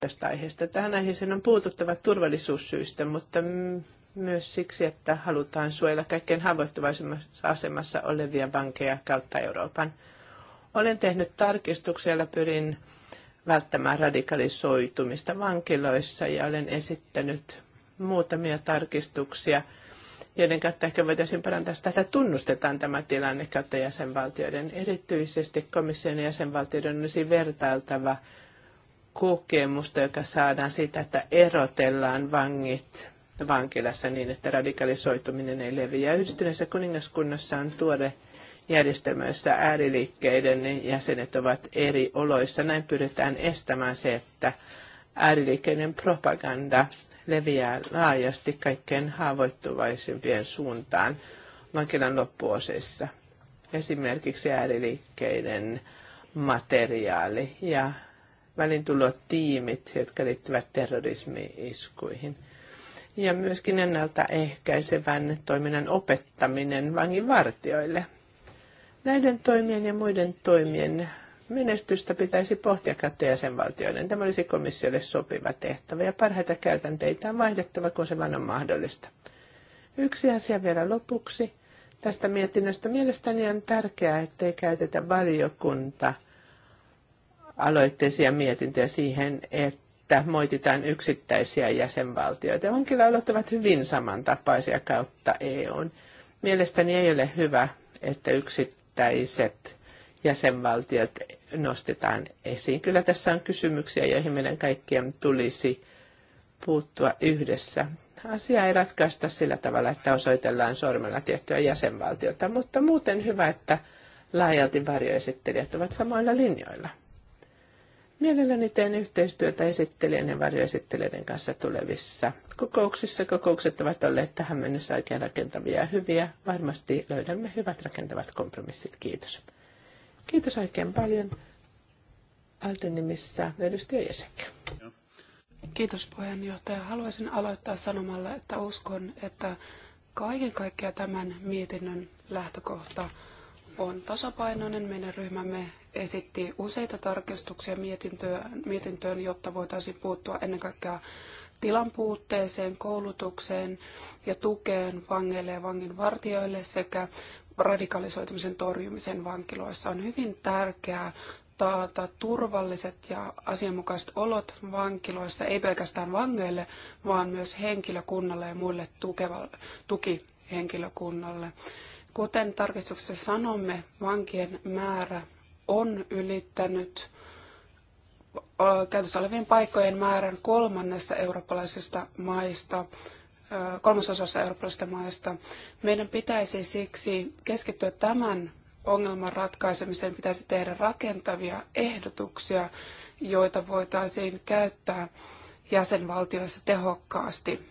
tästä aiheesta. Tähän aiheeseen on puututtava turvallisuussyistä, mutta myös siksi, että halutaan suojella kaikkein haavoittuvaisemmassa asemassa olevia vankeja kautta Euroopan. Olen tehnyt tarkistuksella pyrin välttämään radikalisoitumista vankiloissa ja olen esittänyt muutamia tarkistuksia, joiden kautta ehkä voitaisiin parantaa sitä, että tunnustetaan tämä tilanne kautta jäsenvaltioiden. Erityisesti komission ja jäsenvaltioiden olisi vertailtava kokemusta, joka saadaan siitä, että erotellaan vangit vankilassa niin, että radikalisoituminen ei leviä. Yhdistyneessä kuningaskunnassa on tuore järjestelmä, jossa ääriliikkeiden jäsenet ovat eri oloissa. Näin pyritään estämään se, että ääriliikkeiden propaganda leviää laajasti kaikkein haavoittuvaisimpien suuntaan vankilan loppuosissa. Esimerkiksi ääriliikkeiden materiaali ja tiimit, jotka liittyvät terrorismi-iskuihin. Ja myöskin ennaltaehkäisevän toiminnan opettaminen vanginvartijoille. Näiden toimien ja muiden toimien menestystä pitäisi pohtia kautta jäsenvaltioiden. Tämä olisi komissiolle sopiva tehtävä ja parhaita käytänteitä on vaihdettava, kun se vain on mahdollista. Yksi asia vielä lopuksi. Tästä mietinnöstä mielestäni on tärkeää, ettei käytetä valiokunta – aloitteisia mietintöjä siihen, että moititaan yksittäisiä jäsenvaltioita. Vankilaolot ovat hyvin samantapaisia kautta EUn. Mielestäni ei ole hyvä, että yksittäiset jäsenvaltiot nostetaan esiin. Kyllä tässä on kysymyksiä, joihin meidän kaikkien tulisi puuttua yhdessä. Asia ei ratkaista sillä tavalla, että osoitellaan sormella tiettyä jäsenvaltiota, mutta muuten hyvä, että laajalti varjoesittelijät ovat samoilla linjoilla. Mielelläni teen yhteistyötä esittelijän ja varjoesittelijän kanssa tulevissa kokouksissa. Kokoukset ovat olleet tähän mennessä oikein rakentavia ja hyviä. Varmasti löydämme hyvät rakentavat kompromissit. Kiitos. Kiitos oikein paljon. Alten nimissä edustaja Jesek. Kiitos puheenjohtaja. Haluaisin aloittaa sanomalla, että uskon, että kaiken kaikkiaan tämän mietinnön lähtökohta on tasapainoinen. Meidän ryhmämme esitti useita tarkistuksia mietintöön, mietintöön, jotta voitaisiin puuttua ennen kaikkea tilan puutteeseen, koulutukseen ja tukeen vangeille ja vanginvartijoille sekä radikalisoitumisen torjumisen vankiloissa. On hyvin tärkeää taata turvalliset ja asianmukaiset olot vankiloissa, ei pelkästään vangeille, vaan myös henkilökunnalle ja muille tukevalle, tukihenkilökunnalle. Kuten tarkistuksessa sanomme, vankien määrä on ylittänyt käytössä olevien paikkojen määrän kolmannessa eurooppalaisista maista, kolmasosassa eurooppalaisista maista. Meidän pitäisi siksi keskittyä tämän ongelman ratkaisemiseen, pitäisi tehdä rakentavia ehdotuksia, joita voitaisiin käyttää jäsenvaltioissa tehokkaasti.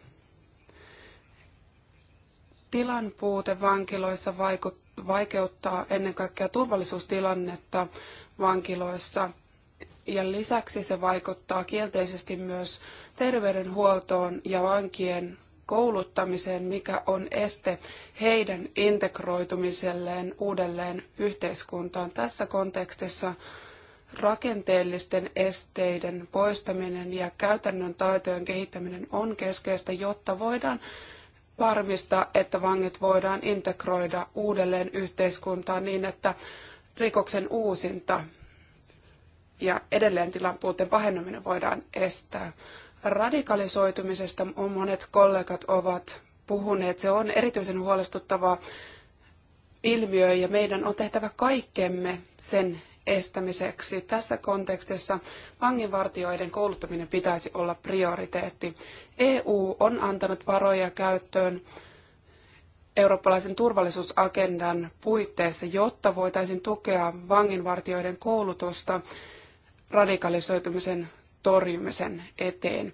Tilan puute vankiloissa vaikuttaa vaikeuttaa ennen kaikkea turvallisuustilannetta vankiloissa ja lisäksi se vaikuttaa kielteisesti myös terveydenhuoltoon ja vankien kouluttamiseen, mikä on este heidän integroitumiselleen uudelleen yhteiskuntaan. Tässä kontekstissa rakenteellisten esteiden poistaminen ja käytännön taitojen kehittäminen on keskeistä, jotta voidaan varmistaa, että vangit voidaan integroida uudelleen yhteiskuntaan niin, että rikoksen uusinta ja edelleen tilan puutteen paheneminen voidaan estää. Radikalisoitumisesta monet kollegat ovat puhuneet. Se on erityisen huolestuttava ilmiö ja meidän on tehtävä kaikkemme sen estämiseksi. Tässä kontekstissa vanginvartijoiden kouluttaminen pitäisi olla prioriteetti. EU on antanut varoja käyttöön eurooppalaisen turvallisuusagendan puitteissa, jotta voitaisiin tukea vanginvartijoiden koulutusta radikalisoitumisen torjumisen eteen.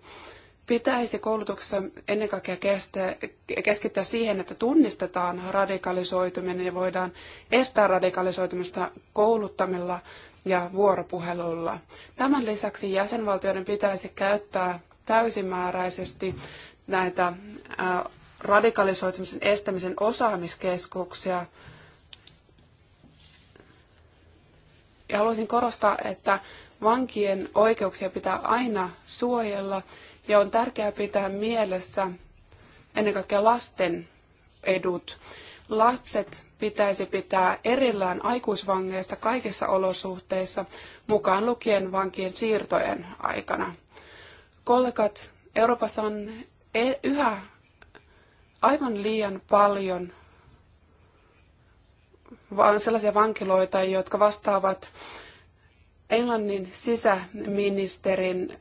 Pitäisi koulutuksessa ennen kaikkea kestää, keskittyä siihen, että tunnistetaan radikalisoituminen ja voidaan estää radikalisoitumista kouluttamilla ja vuoropuhelulla. Tämän lisäksi jäsenvaltioiden pitäisi käyttää täysimääräisesti näitä radikalisoitumisen estämisen osaamiskeskuksia. Ja haluaisin korostaa, että vankien oikeuksia pitää aina suojella ja on tärkeää pitää mielessä ennen kaikkea lasten edut. Lapset pitäisi pitää erillään aikuisvangeista kaikissa olosuhteissa, mukaan lukien vankien siirtojen aikana kollegat, Euroopassa on e- yhä aivan liian paljon vaan sellaisia vankiloita, jotka vastaavat Englannin sisäministerin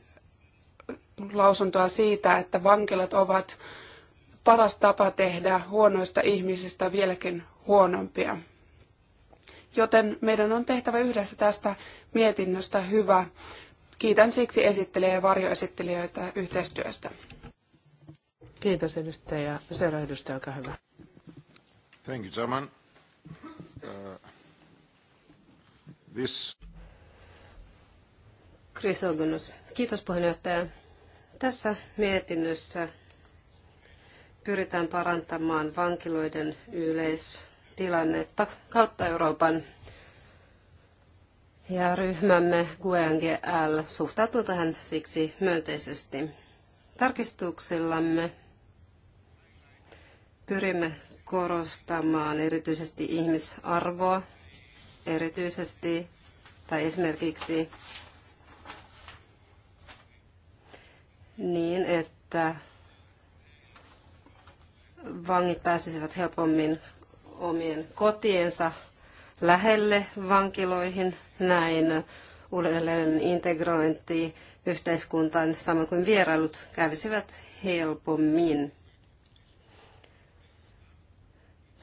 lausuntoa siitä, että vankilat ovat paras tapa tehdä huonoista ihmisistä vieläkin huonompia. Joten meidän on tehtävä yhdessä tästä mietinnöstä hyvä. Kiitän siksi esittelijä ja varjoesittelijöitä yhteistyöstä. Kiitos edustaja. Seuraava edustaja, olkaa hyvä. Thank you, Chairman. Uh, this... Ogunus. Kiitos puheenjohtaja. Tässä mietinnössä pyritään parantamaan vankiloiden yleistilannetta kautta Euroopan ja ryhmämme GUNGL suhtautuu tähän siksi myönteisesti. Tarkistuksillamme pyrimme korostamaan erityisesti ihmisarvoa, erityisesti tai esimerkiksi niin, että vangit pääsisivät helpommin omien kotiensa lähelle vankiloihin näin uudelleen integrointi yhteiskuntaan samoin kuin vierailut kävisivät helpommin.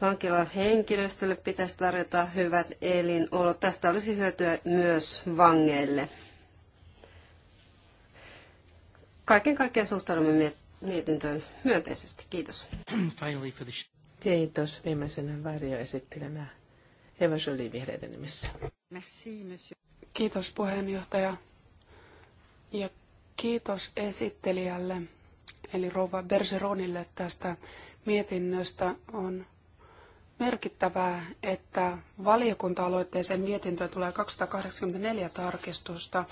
Vankilan henkilöstölle pitäisi tarjota hyvät elinolot. Tästä olisi hyötyä myös vangeille. Kaiken kaikkiaan suhtaudumme mietintöön myönteisesti. Kiitos. Kiitos. Viimeisenä varjoesittelijänä Eva Jolie vihreiden nimissä. Kiitos puheenjohtaja ja kiitos esittelijälle eli rouva Bergeronille tästä mietinnöstä. On merkittävää, että valiokunta-aloitteeseen mietintöön tulee 284 tarkistusta.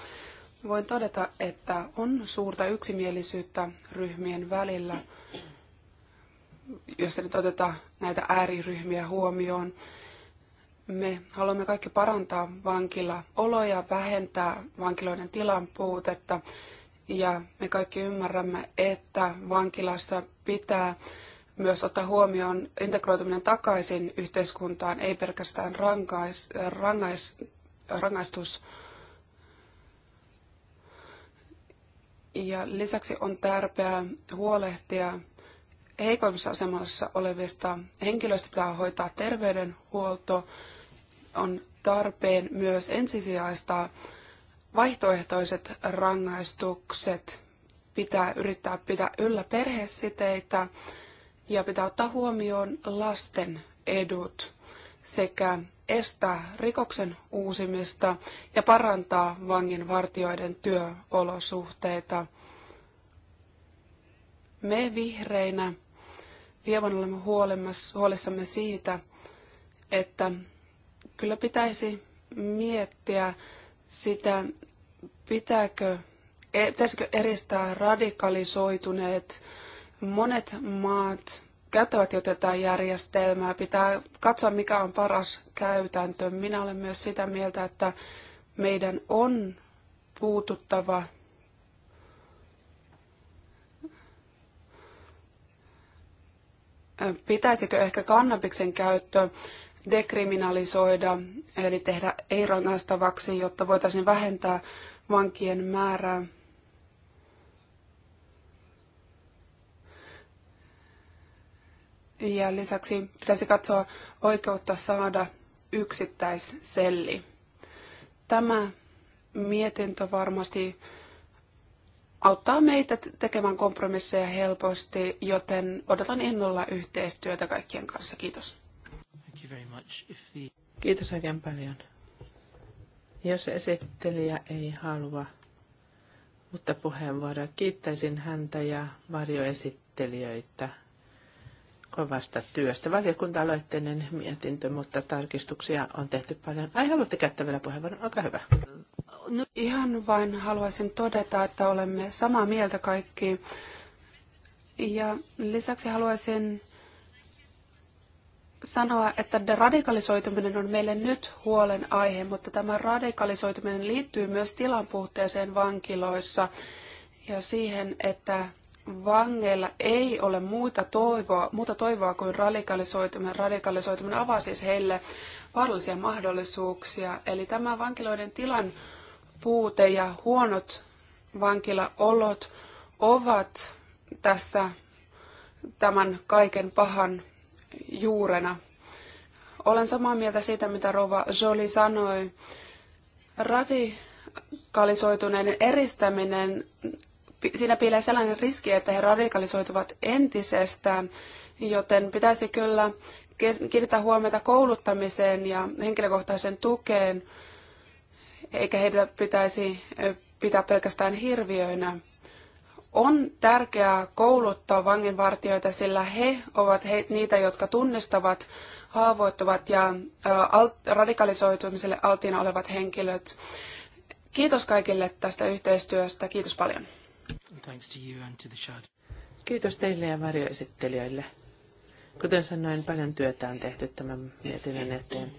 Voin todeta, että on suurta yksimielisyyttä ryhmien välillä, jos nyt oteta näitä ääriryhmiä huomioon. Me haluamme kaikki parantaa vankilaoloja, vähentää vankiloiden tilan puutetta ja me kaikki ymmärrämme, että vankilassa pitää myös ottaa huomioon integroituminen takaisin yhteiskuntaan, ei pelkästään rankais, rangais, rangaistus. Ja lisäksi on tärkeää huolehtia heikoimmassa asemassa olevista henkilöistä, pitää hoitaa terveydenhuolto on tarpeen myös ensisijaistaa vaihtoehtoiset rangaistukset. Pitää yrittää pitää yllä perhesiteitä ja pitää ottaa huomioon lasten edut sekä estää rikoksen uusimista ja parantaa vanginvartijoiden työolosuhteita. Me vihreinä hieman olemme huolissamme siitä, että Kyllä pitäisi miettiä sitä, pitääkö, e, pitäisikö eristää radikalisoituneet. Monet maat käyttävät jo tätä järjestelmää. Pitää katsoa, mikä on paras käytäntö. Minä olen myös sitä mieltä, että meidän on puututtava pitäisikö ehkä kannabiksen käyttö dekriminalisoida, eli tehdä ei rangaistavaksi, jotta voitaisiin vähentää vankien määrää. Ja lisäksi pitäisi katsoa oikeutta saada yksittäisselli. Tämä mietintö varmasti auttaa meitä tekemään kompromisseja helposti, joten odotan innolla yhteistyötä kaikkien kanssa. Kiitos you very much. If the... Kiitos oikein paljon. Jos esittelijä ei halua mutta puheenvuoroa kiittäisin häntä ja varjoesittelijöitä kovasta työstä. Valiokunta-aloitteinen mietintö, mutta tarkistuksia on tehty paljon. Ai, haluatte käyttää vielä puheenvuoron? Olkaa hyvä. No, ihan vain haluaisin todeta, että olemme samaa mieltä kaikki. Ja lisäksi haluaisin sanoa, että radikalisoituminen on meille nyt huolenaihe, mutta tämä radikalisoituminen liittyy myös tilanpuutteeseen vankiloissa ja siihen, että vangeilla ei ole muuta toivoa, muuta toivoa kuin radikalisoituminen. Radikalisoituminen avaa siis heille vaarallisia mahdollisuuksia. Eli tämä vankiloiden tilan puute ja huonot vankilaolot ovat tässä tämän kaiken pahan juurena. Olen samaa mieltä siitä, mitä Rova Joli sanoi. Radikalisoituneiden eristäminen, siinä piilee sellainen riski, että he radikalisoituvat entisestään, joten pitäisi kyllä kiinnittää huomiota kouluttamiseen ja henkilökohtaisen tukeen, eikä heitä pitäisi eh, pitää pelkästään hirviöinä. On tärkeää kouluttaa vanginvartijoita, sillä he ovat he, niitä, jotka tunnistavat haavoittuvat ja alt, radikalisoitumiselle alttiina olevat henkilöt. Kiitos kaikille tästä yhteistyöstä. Kiitos paljon. Kiitos teille ja varjoesittelijöille. Kuten sanoin, paljon työtä on tehty tämän mietinnön eteen.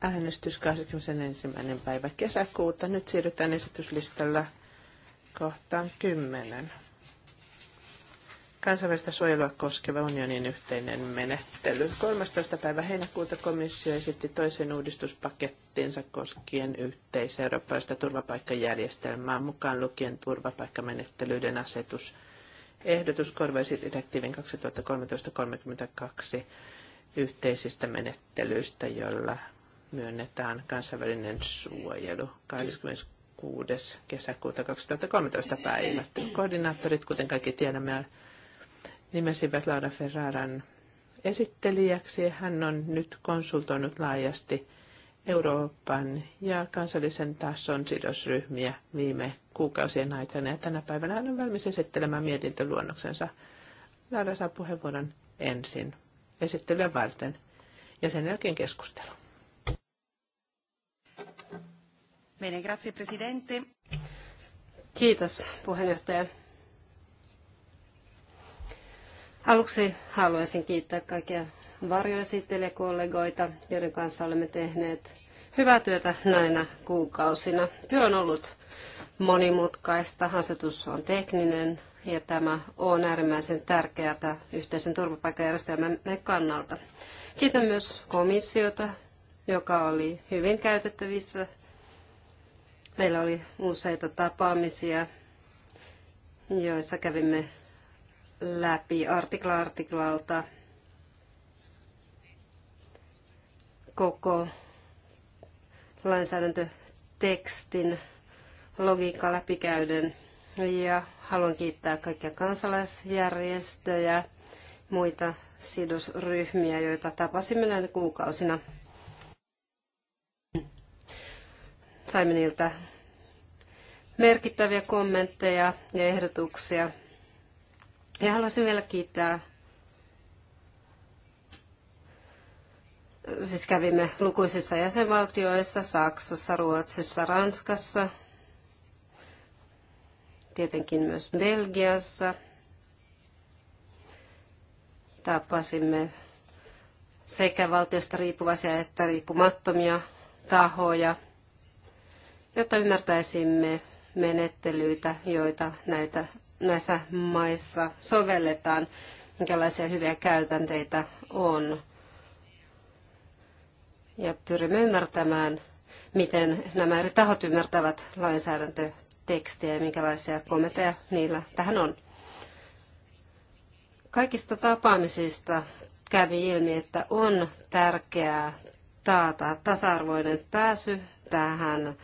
Äänestys 21. päivä kesäkuuta. Nyt siirrytään esityslistalla kohtaan 10 kansainvälistä suojelua koskeva unionin yhteinen menettely. 13. päivä heinäkuuta komissio esitti toisen uudistuspakettinsa koskien yhteiseurooppalaista turvapaikkajärjestelmää, mukaan lukien turvapaikkamenettelyiden asetus. Ehdotus korvaisi direktiivin 2013-32 yhteisistä menettelyistä, jolla myönnetään kansainvälinen suojelu 26. kesäkuuta 2013 päivä. Koordinaattorit, kuten kaikki tiedämme, nimesivät Laura Ferraran esittelijäksi. Hän on nyt konsultoinut laajasti Euroopan ja kansallisen tason sidosryhmiä viime kuukausien aikana. Ja tänä päivänä hän on valmis esittelemään mietintöluonnoksensa. Laura saa puheenvuoron ensin esittelyä varten ja sen jälkeen keskustelu. Bene, grazie Presidente. Kiitos puheenjohtaja. Aluksi haluaisin kiittää kaikkia varjoesittelijäkollegoita, joiden kanssa olemme tehneet hyvää työtä näinä kuukausina. Työ on ollut monimutkaista, asetus on tekninen ja tämä on äärimmäisen tärkeää yhteisen turvapaikkajärjestelmämme kannalta. Kiitän myös komissiota, joka oli hyvin käytettävissä. Meillä oli useita tapaamisia, joissa kävimme läpi artikla artiklalta koko lainsäädäntötekstin logiikka läpikäyden. Ja haluan kiittää kaikkia kansalaisjärjestöjä, muita sidosryhmiä, joita tapasimme näinä kuukausina. Saimme niiltä merkittäviä kommentteja ja ehdotuksia. Ja haluaisin vielä kiittää. Siis kävimme lukuisissa jäsenvaltioissa, Saksassa, Ruotsissa, Ranskassa, tietenkin myös Belgiassa. Tapasimme sekä valtiosta riippuvaisia että riippumattomia tahoja, jotta ymmärtäisimme menettelyitä, joita näitä näissä maissa sovelletaan, minkälaisia hyviä käytänteitä on. Ja pyrimme ymmärtämään, miten nämä eri tahot ymmärtävät lainsäädäntötekstiä ja minkälaisia kommentteja niillä tähän on. Kaikista tapaamisista kävi ilmi, että on tärkeää taata tasa-arvoinen pääsy tähän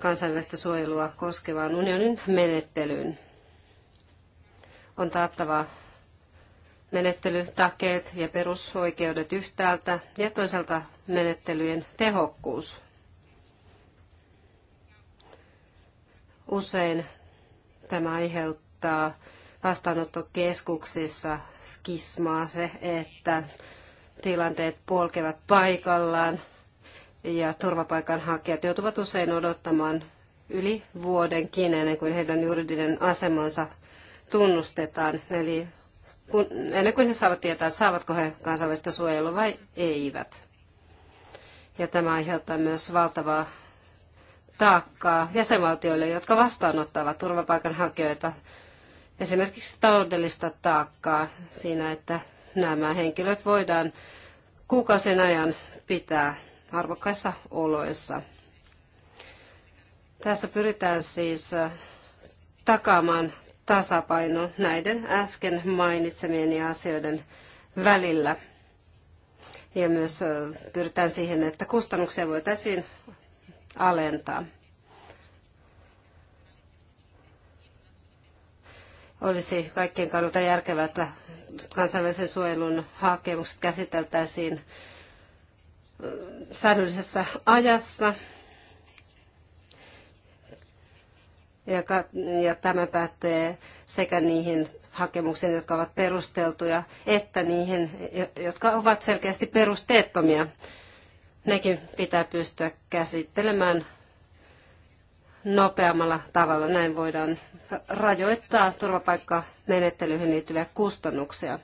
kansainvälistä suojelua koskevaan unionin menettelyyn. On taattava menettelytakeet ja perusoikeudet yhtäältä ja toisaalta menettelyjen tehokkuus. Usein tämä aiheuttaa vastaanottokeskuksissa skismaa se, että tilanteet polkevat paikallaan ja turvapaikanhakijat joutuvat usein odottamaan yli vuodenkin ennen kuin heidän juridinen asemansa tunnustetaan. Eli kun, ennen kuin he saavat tietää, saavatko he kansainvälistä suojelua vai eivät. Ja tämä aiheuttaa myös valtavaa taakkaa jäsenvaltioille, jotka vastaanottavat turvapaikanhakijoita. Esimerkiksi taloudellista taakkaa siinä, että nämä henkilöt voidaan kuukausien ajan pitää arvokkaissa oloissa. Tässä pyritään siis takaamaan tasapaino näiden äsken mainitsemieni asioiden välillä. Ja myös pyritään siihen, että kustannuksia voitaisiin alentaa. Olisi kaikkien kannalta järkevää, että kansainvälisen suojelun hakemukset käsiteltäisiin säännöllisessä ajassa. Ja, ja tämä pätee sekä niihin hakemuksiin, jotka ovat perusteltuja, että niihin, jotka ovat selkeästi perusteettomia. Nekin pitää pystyä käsittelemään nopeammalla tavalla. Näin voidaan rajoittaa turvapaikkamenettelyihin liittyviä kustannuksia.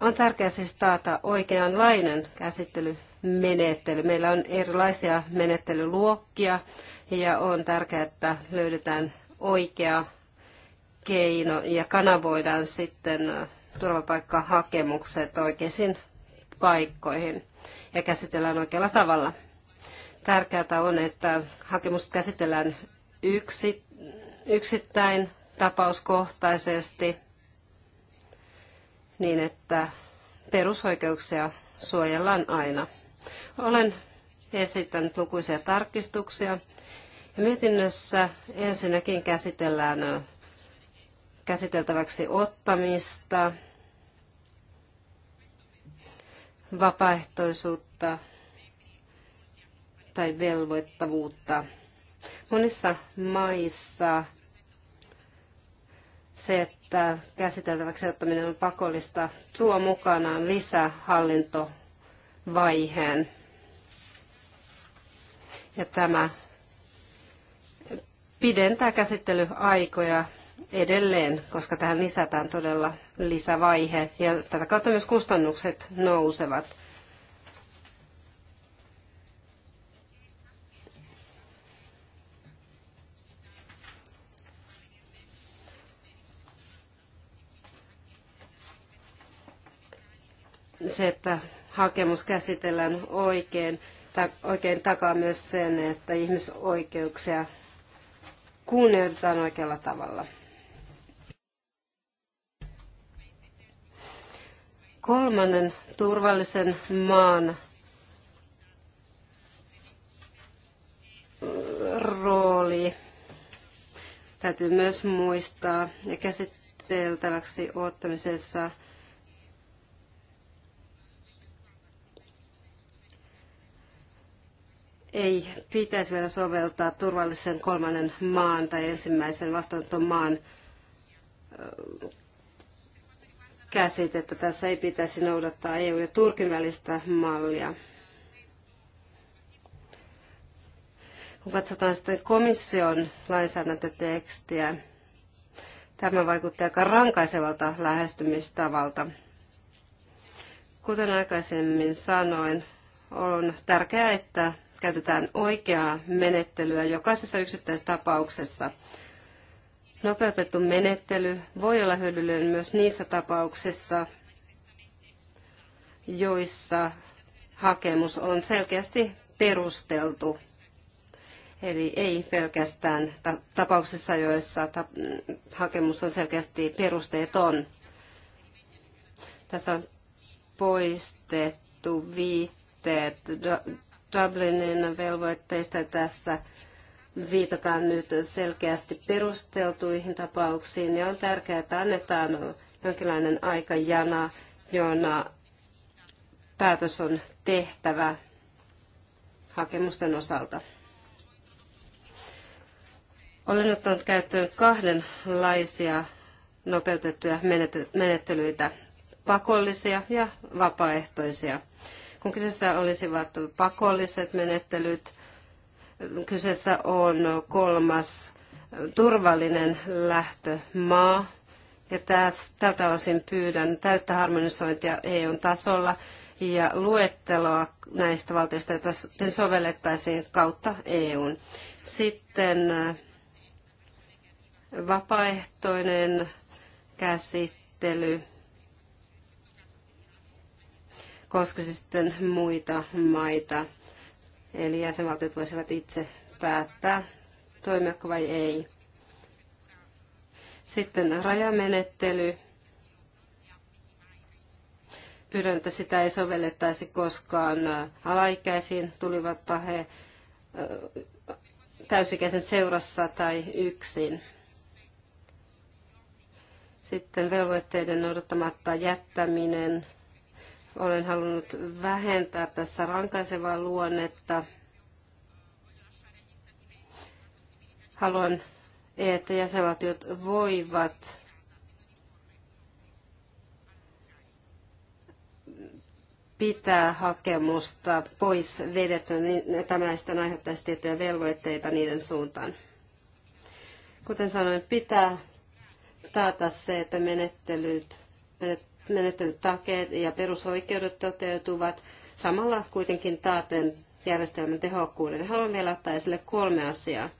On tärkeää siis taata oikeanlainen käsittely menettely. Meillä on erilaisia menettelyluokkia ja on tärkeää, että löydetään oikea keino ja kanavoidaan sitten äh, turvapaikkahakemukset oikeisiin paikkoihin ja käsitellään oikealla tavalla. Tärkeää on, että hakemukset käsitellään yksi, yksittäin tapauskohtaisesti niin, että perusoikeuksia suojellaan aina. Olen esittänyt lukuisia tarkistuksia. Ja mietinnössä ensinnäkin käsitellään käsiteltäväksi ottamista, vapaaehtoisuutta tai velvoittavuutta. Monissa maissa se, että käsiteltäväksi ottaminen on pakollista, tuo mukanaan lisää vaiheen. Ja tämä pidentää käsittelyaikoja edelleen, koska tähän lisätään todella lisävaihe ja tätä kautta myös kustannukset nousevat. Se, että hakemus käsitellään oikein, ta, oikein takaa myös sen, että ihmisoikeuksia kunnioitetaan oikealla tavalla. Kolmannen turvallisen maan äh, rooli täytyy myös muistaa ja käsiteltäväksi ottamisessa – ei pitäisi vielä soveltaa turvallisen kolmannen maan tai ensimmäisen maan käsitettä. Tässä ei pitäisi noudattaa EU- ja Turkin välistä mallia. Kun katsotaan sitten komission lainsäädäntötekstiä, tämä vaikuttaa aika rankaisevalta lähestymistavalta. Kuten aikaisemmin sanoin, on tärkeää, että käytetään oikeaa menettelyä jokaisessa tapauksessa Nopeutettu menettely voi olla hyödyllinen myös niissä tapauksissa, joissa hakemus on selkeästi perusteltu. Eli ei pelkästään tapauksissa, joissa hakemus on selkeästi perusteeton. Tässä on poistettu viitteet Dublinin velvoitteista. Tässä viitataan nyt selkeästi perusteltuihin tapauksiin ja on tärkeää, että annetaan jonkinlainen aikajana, jona päätös on tehtävä hakemusten osalta. Olen ottanut käyttöön kahdenlaisia nopeutettuja menettelyitä, pakollisia ja vapaaehtoisia kun kyseessä olisivat pakolliset menettelyt, kyseessä on kolmas turvallinen lähtömaa, ja tältä osin pyydän täyttä harmonisointia EUn tasolla ja luetteloa näistä valtioista, joita sovellettaisiin kautta EUn. Sitten äh, vapaaehtoinen käsittely koskisi sitten muita maita. Eli jäsenvaltiot voisivat itse päättää, toimiako vai ei. Sitten rajamenettely. Pyydän, että sitä ei sovellettaisi koskaan äh, alaikäisiin, tulivatpa he äh, täysikäisen seurassa tai yksin. Sitten velvoitteiden odottamatta jättäminen olen halunnut vähentää tässä rankaisevaa luonnetta. Haluan, että jäsenvaltiot voivat pitää hakemusta pois vedetty, niin tämä sitten aiheuttaisi tiettyjä velvoitteita niiden suuntaan. Kuten sanoin, pitää taata se, että menettelyt, menettelytakeet ja perusoikeudet toteutuvat samalla kuitenkin taaten järjestelmän tehokkuuden. Haluan vielä ottaa esille kolme asiaa.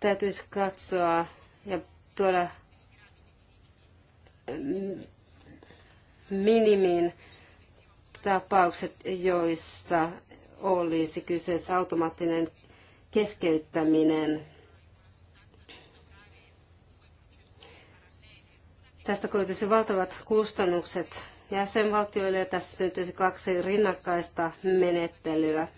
Täytyisi katsoa ja tuoda minimiin tapaukset, joissa olisi kyseessä automaattinen keskeyttäminen Tästä koituisi valtavat kustannukset jäsenvaltioille ja tässä syntyisi kaksi rinnakkaista menettelyä.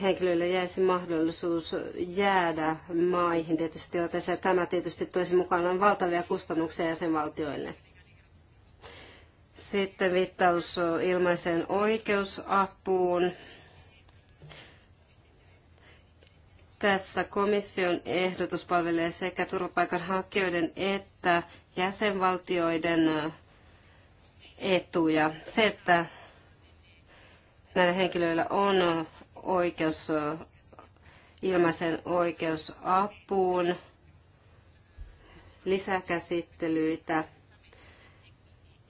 henkilöille jäisi mahdollisuus jäädä maihin tietysti tilanteessa. Tämä tietysti toisi mukanaan valtavia kustannuksia jäsenvaltioille. Sitten viittaus ilmaiseen oikeusapuun. Tässä komission ehdotus palvelee sekä turvapaikanhakijoiden että jäsenvaltioiden etuja. Se, että näillä henkilöillä on oikeus ilmaisen oikeusapuun, lisäkäsittelyitä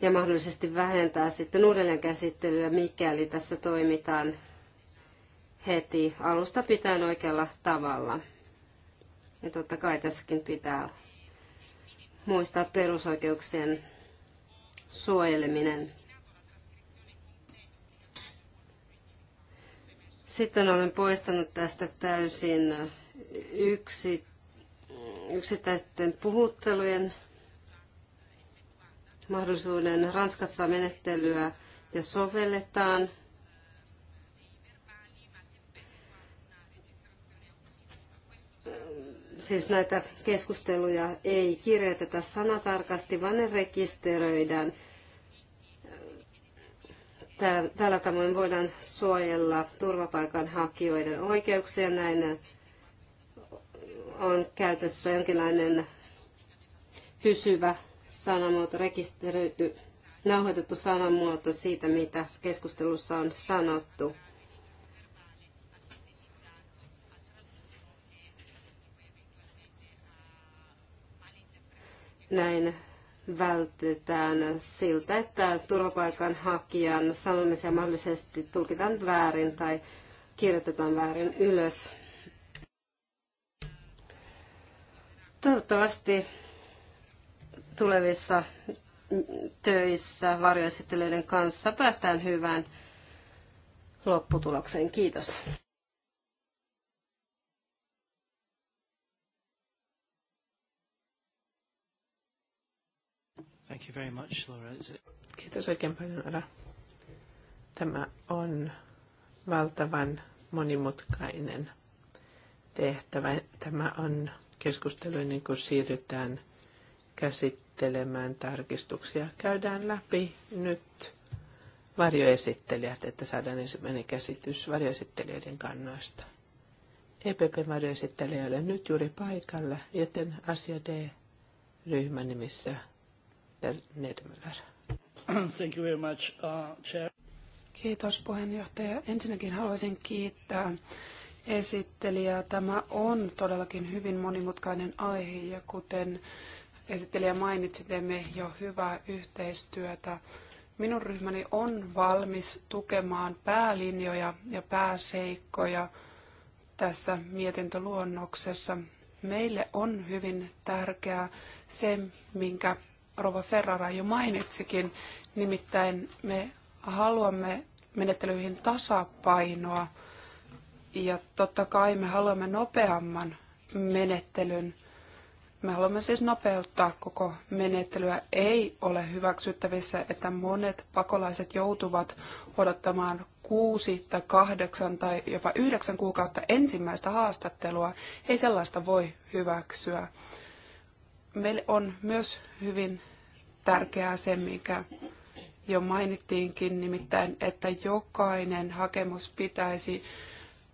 ja mahdollisesti vähentää sitten uudelleenkäsittelyä, mikäli tässä toimitaan heti alusta pitäen oikealla tavalla. Ja totta kai tässäkin pitää muistaa perusoikeuksien suojeleminen. Sitten olen poistanut tästä täysin yksi, yksittäisten puhuttelujen mahdollisuuden. Ranskassa menettelyä ja sovelletaan siis näitä keskusteluja ei kirjoiteta sanatarkasti, vaan ne rekisteröidään. Tällä tavoin voidaan suojella turvapaikanhakijoiden oikeuksia. Näin on käytössä jonkinlainen pysyvä sanamuoto, rekisteröity, nauhoitettu sanamuoto siitä, mitä keskustelussa on sanottu. Näin vältytään siltä, että turvapaikanhakijan sanomisia mahdollisesti tulkitaan väärin tai kirjoitetaan väärin ylös. Toivottavasti tulevissa töissä varjoisitteleiden kanssa päästään hyvään lopputulokseen. Kiitos. Thank you very much, Laura. It... Kiitos oikein paljon, Laura. Tämä on valtavan monimutkainen tehtävä. Tämä on keskustelu, niin kun siirrytään käsittelemään tarkistuksia. Käydään läpi nyt varjoesittelijät, että saadaan ensimmäinen käsitys varjoesittelijöiden kannoista. EPP-varjoesittelijä ei ole nyt juuri paikalla, joten asia D ryhmän nimissä Thank you very much, uh, Chair. Kiitos puheenjohtaja. Ensinnäkin haluaisin kiittää esittelijää. Tämä on todellakin hyvin monimutkainen aihe ja kuten esittelijä mainitsi, teemme jo hyvää yhteistyötä. Minun ryhmäni on valmis tukemaan päälinjoja ja pääseikkoja tässä mietintöluonnoksessa. Meille on hyvin tärkeää se, minkä Rova Ferrara jo mainitsikin, nimittäin me haluamme menettelyihin tasapainoa ja totta kai me haluamme nopeamman menettelyn. Me haluamme siis nopeuttaa koko menettelyä. Ei ole hyväksyttävissä, että monet pakolaiset joutuvat odottamaan kuusi tai kahdeksan tai jopa yhdeksän kuukautta ensimmäistä haastattelua. Ei sellaista voi hyväksyä. Meille on myös hyvin tärkeää se, mikä jo mainittiinkin, nimittäin, että jokainen hakemus pitäisi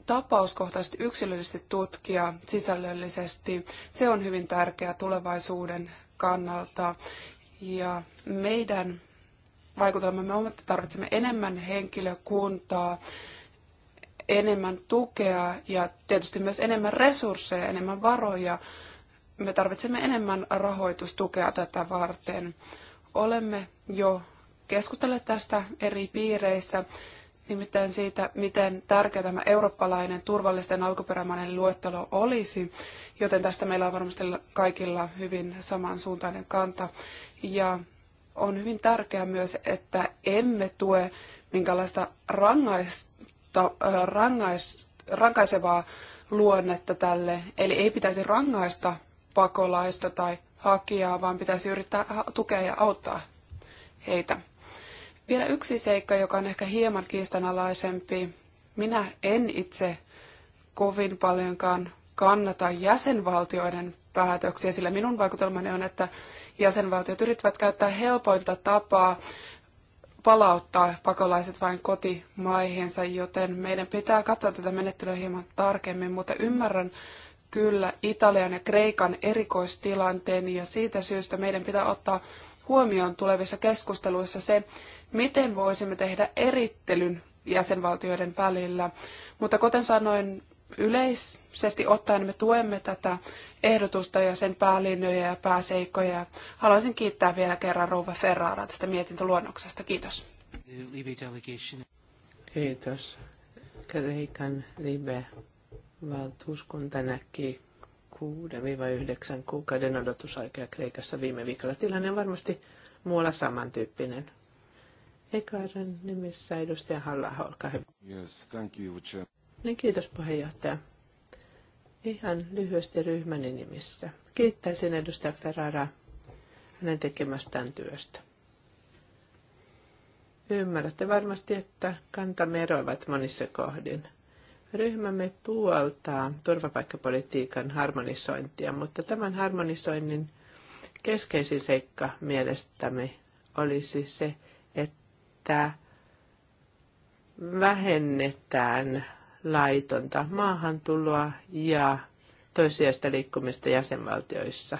tapauskohtaisesti yksilöllisesti tutkia sisällöllisesti. Se on hyvin tärkeää tulevaisuuden kannalta. Ja meidän vaikutelmamme on, että tarvitsemme enemmän henkilökuntaa, enemmän tukea ja tietysti myös enemmän resursseja, enemmän varoja. Me tarvitsemme enemmän rahoitustukea tätä varten. Olemme jo keskustelleet tästä eri piireissä, nimittäin siitä, miten tärkeä tämä eurooppalainen turvallisten alkuperämainen luettelo olisi, joten tästä meillä on varmasti kaikilla hyvin samansuuntainen kanta. Ja on hyvin tärkeää myös, että emme tue minkälaista rangaista, rangais, rankaisevaa luonnetta tälle. Eli ei pitäisi rangaista pakolaista tai hakijaa, vaan pitäisi yrittää tukea ja auttaa heitä. Vielä yksi seikka, joka on ehkä hieman kiistanalaisempi. Minä en itse kovin paljonkaan kannata jäsenvaltioiden päätöksiä, sillä minun vaikutelmani on, että jäsenvaltiot yrittävät käyttää helpointa tapaa palauttaa pakolaiset vain kotimaihinsa, joten meidän pitää katsoa tätä menettelyä hieman tarkemmin, mutta ymmärrän kyllä Italian ja Kreikan erikoistilanteen ja siitä syystä meidän pitää ottaa huomioon tulevissa keskusteluissa se, miten voisimme tehdä erittelyn jäsenvaltioiden välillä. Mutta kuten sanoin, yleisesti ottaen me tuemme tätä ehdotusta ja sen päälinjoja ja pääseikkoja. Haluaisin kiittää vielä kerran Rouva Ferrara tästä mietintöluonnoksesta. Kiitos. Kiitos. Kreikan Libe Valtuuskunta näki 6-9 kuukauden odotusaikaa Kreikassa viime viikolla. Tilanne on varmasti muualla samantyyppinen. Ekaaren nimissä edustaja halla olkaa hyvä. Yes, thank you, chair. Niin, kiitos puheenjohtaja. Ihan lyhyesti ryhmäni nimissä. Kiittäisin edustaja Ferrara hänen tekemästään työstä. Ymmärrätte varmasti, että kantamme eroivat monissa kohdin – Ryhmämme puoltaa turvapaikkapolitiikan harmonisointia, mutta tämän harmonisoinnin keskeisin seikka mielestämme olisi se, että vähennetään laitonta maahantuloa ja toisiasta liikkumista jäsenvaltioissa.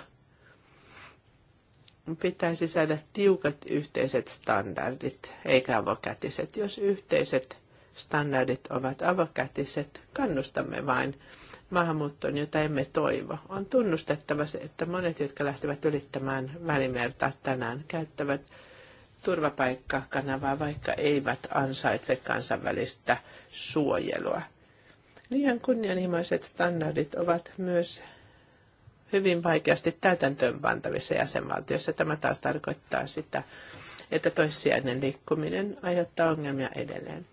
Pitäisi saada tiukat yhteiset standardit, eikä avokätiset. Jos yhteiset standardit ovat avokätiset. Kannustamme vain maahanmuuttoon, jota emme toivo. On tunnustettava se, että monet, jotka lähtevät ylittämään välimerta tänään, käyttävät turvapaikkakanavaa, vaikka eivät ansaitse kansainvälistä suojelua. Liian kunnianhimoiset standardit ovat myös hyvin vaikeasti täytäntöön pantavissa jäsenvaltioissa. Tämä taas tarkoittaa sitä, että toissijainen liikkuminen aiheuttaa ongelmia edelleen.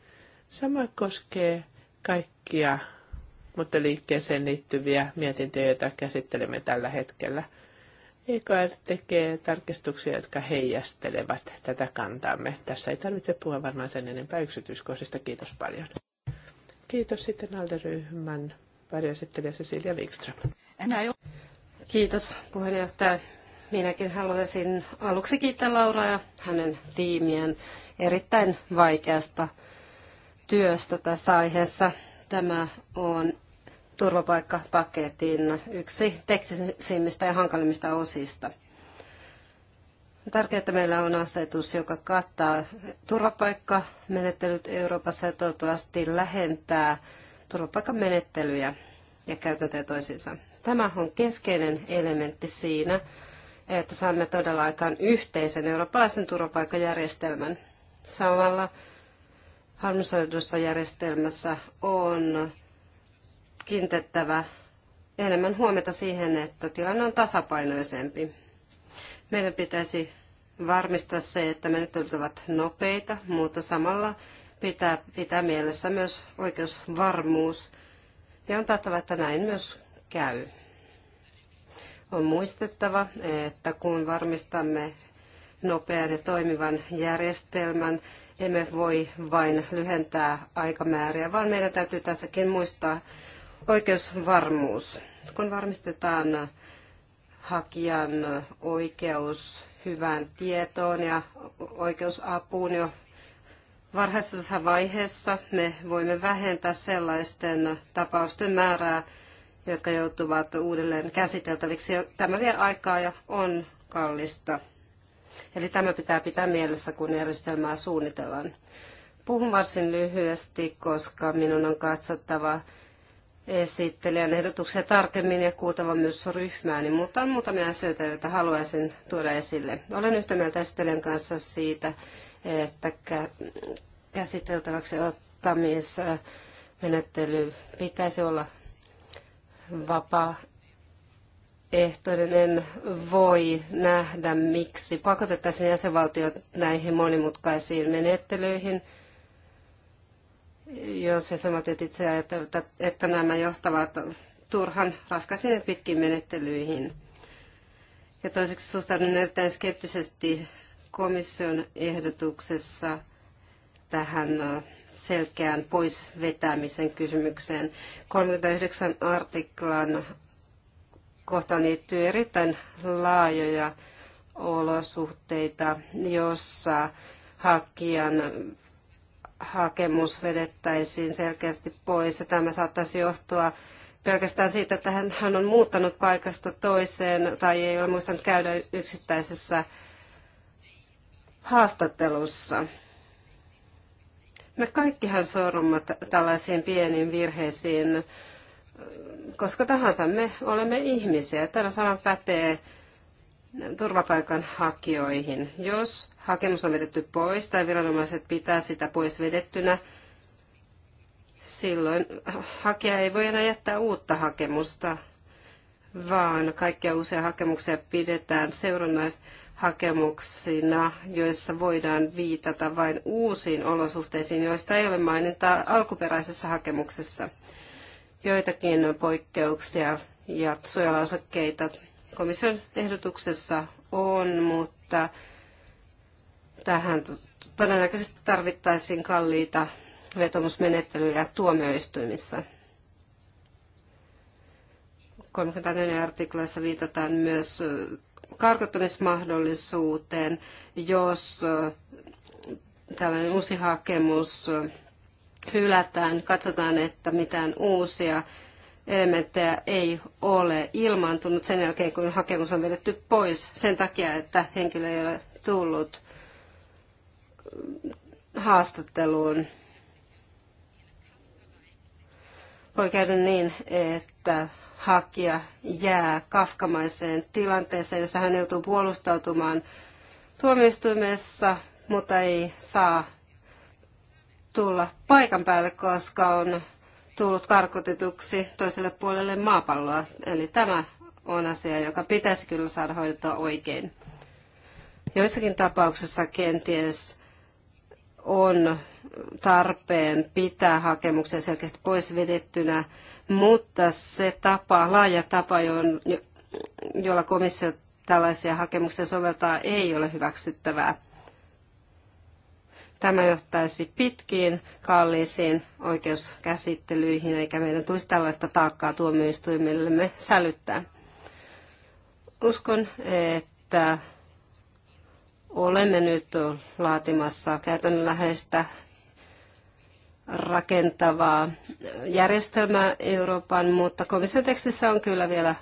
Sama koskee kaikkia mutta liikkeeseen liittyviä mietintöjä, joita käsittelemme tällä hetkellä. EKR tekee tarkistuksia, jotka heijastelevat tätä kantaamme. Tässä ei tarvitse puhua varmaan sen enempää yksityiskohdista. Kiitos paljon. Kiitos sitten ALDE-ryhmän varjoesittelijä Cecilia Wikström. Kiitos puheenjohtaja. Minäkin haluaisin aluksi kiittää Lauraa ja hänen tiimien erittäin vaikeasta työstä tässä aiheessa. Tämä on turvapaikkapaketin yksi teknisimmistä ja hankalimmista osista. tärkeää, että meillä on asetus, joka kattaa turvapaikkamenettelyt Euroopassa ja toivottavasti lähentää turvapaikkamenettelyjä ja käytäntöjä toisiinsa. Tämä on keskeinen elementti siinä, että saamme todella aikaan yhteisen eurooppalaisen turvapaikkajärjestelmän. Samalla harmonisoidussa järjestelmässä on kiinnitettävä enemmän huomiota siihen, että tilanne on tasapainoisempi. Meidän pitäisi varmistaa se, että menettelyt ovat nopeita, mutta samalla pitää, pitää mielessä myös oikeusvarmuus. Ja on taattava, että näin myös käy. On muistettava, että kun varmistamme nopean ja toimivan järjestelmän, emme voi vain lyhentää aikamääriä, vaan meidän täytyy tässäkin muistaa oikeusvarmuus. Kun varmistetaan hakijan oikeus hyvään tietoon ja oikeusapuun jo varhaisessa vaiheessa, me voimme vähentää sellaisten tapausten määrää, jotka joutuvat uudelleen käsiteltäviksi. Tämä vie aikaa ja on kallista. Eli tämä pitää pitää mielessä, kun järjestelmää suunnitellaan. Puhun varsin lyhyesti, koska minun on katsottava esittelijän ehdotuksia tarkemmin ja kuultava myös ryhmääni, mutta on muutamia asioita, joita haluaisin tuoda esille. Olen yhtä mieltä esittelijän kanssa siitä, että käsiteltäväksi ottamismenettely pitäisi olla vapaa ehtoinen voi nähdä, miksi pakotettaisiin jäsenvaltiot näihin monimutkaisiin menettelyihin, jos jäsenvaltiot itse ajattelevat, että nämä johtavat turhan raskaisiin ja pitkiin menettelyihin. Ja toiseksi suhtaudun erittäin skeptisesti komission ehdotuksessa tähän äh, selkeään vetämisen kysymykseen. 39 artiklan kohtaan liittyy erittäin laajoja olosuhteita, jossa hakijan hakemus vedettäisiin selkeästi pois. Ja tämä saattaisi johtua pelkästään siitä, että hän on muuttanut paikasta toiseen tai ei ole muistanut käydä yksittäisessä haastattelussa. Me kaikkihan sorrumme tällaisiin pieniin virheisiin koska tahansa me olemme ihmisiä. Tämä sama pätee turvapaikanhakijoihin. Jos hakemus on vedetty pois tai viranomaiset pitää sitä pois vedettynä, silloin hakija ei voi enää jättää uutta hakemusta, vaan kaikkia uusia hakemuksia pidetään seurannaishakemuksina, joissa voidaan viitata vain uusiin olosuhteisiin, joista ei ole mainintaa alkuperäisessä hakemuksessa joitakin poikkeuksia ja suojalausekkeita komission ehdotuksessa on, mutta tähän todennäköisesti tarvittaisiin kalliita vetomusmenettelyjä tuomioistuimissa. 34 artiklassa viitataan myös karkottamismahdollisuuteen, jos tällainen uusi hakemus hylätään, katsotaan, että mitään uusia elementtejä ei ole ilmaantunut sen jälkeen, kun hakemus on vedetty pois sen takia, että henkilö ei ole tullut haastatteluun. Voi käydä niin, että hakija jää kafkamaiseen tilanteeseen, jossa hän joutuu puolustautumaan tuomioistuimessa, mutta ei saa tulla paikan päälle, koska on tullut karkotetuksi toiselle puolelle maapalloa. Eli tämä on asia, joka pitäisi kyllä saada hoidettua oikein. Joissakin tapauksissa kenties on tarpeen pitää hakemuksia selkeästi pois vedettynä, mutta se tapa, laaja tapa, jolla komissio tällaisia hakemuksia soveltaa, ei ole hyväksyttävää. Tämä johtaisi pitkiin, kalliisiin oikeuskäsittelyihin, eikä meidän tulisi tällaista taakkaa tuomioistuimillemme sälyttää. Uskon, että olemme nyt laatimassa käytännönläheistä rakentavaa järjestelmää Euroopan, mutta komission tekstissä on kyllä vielä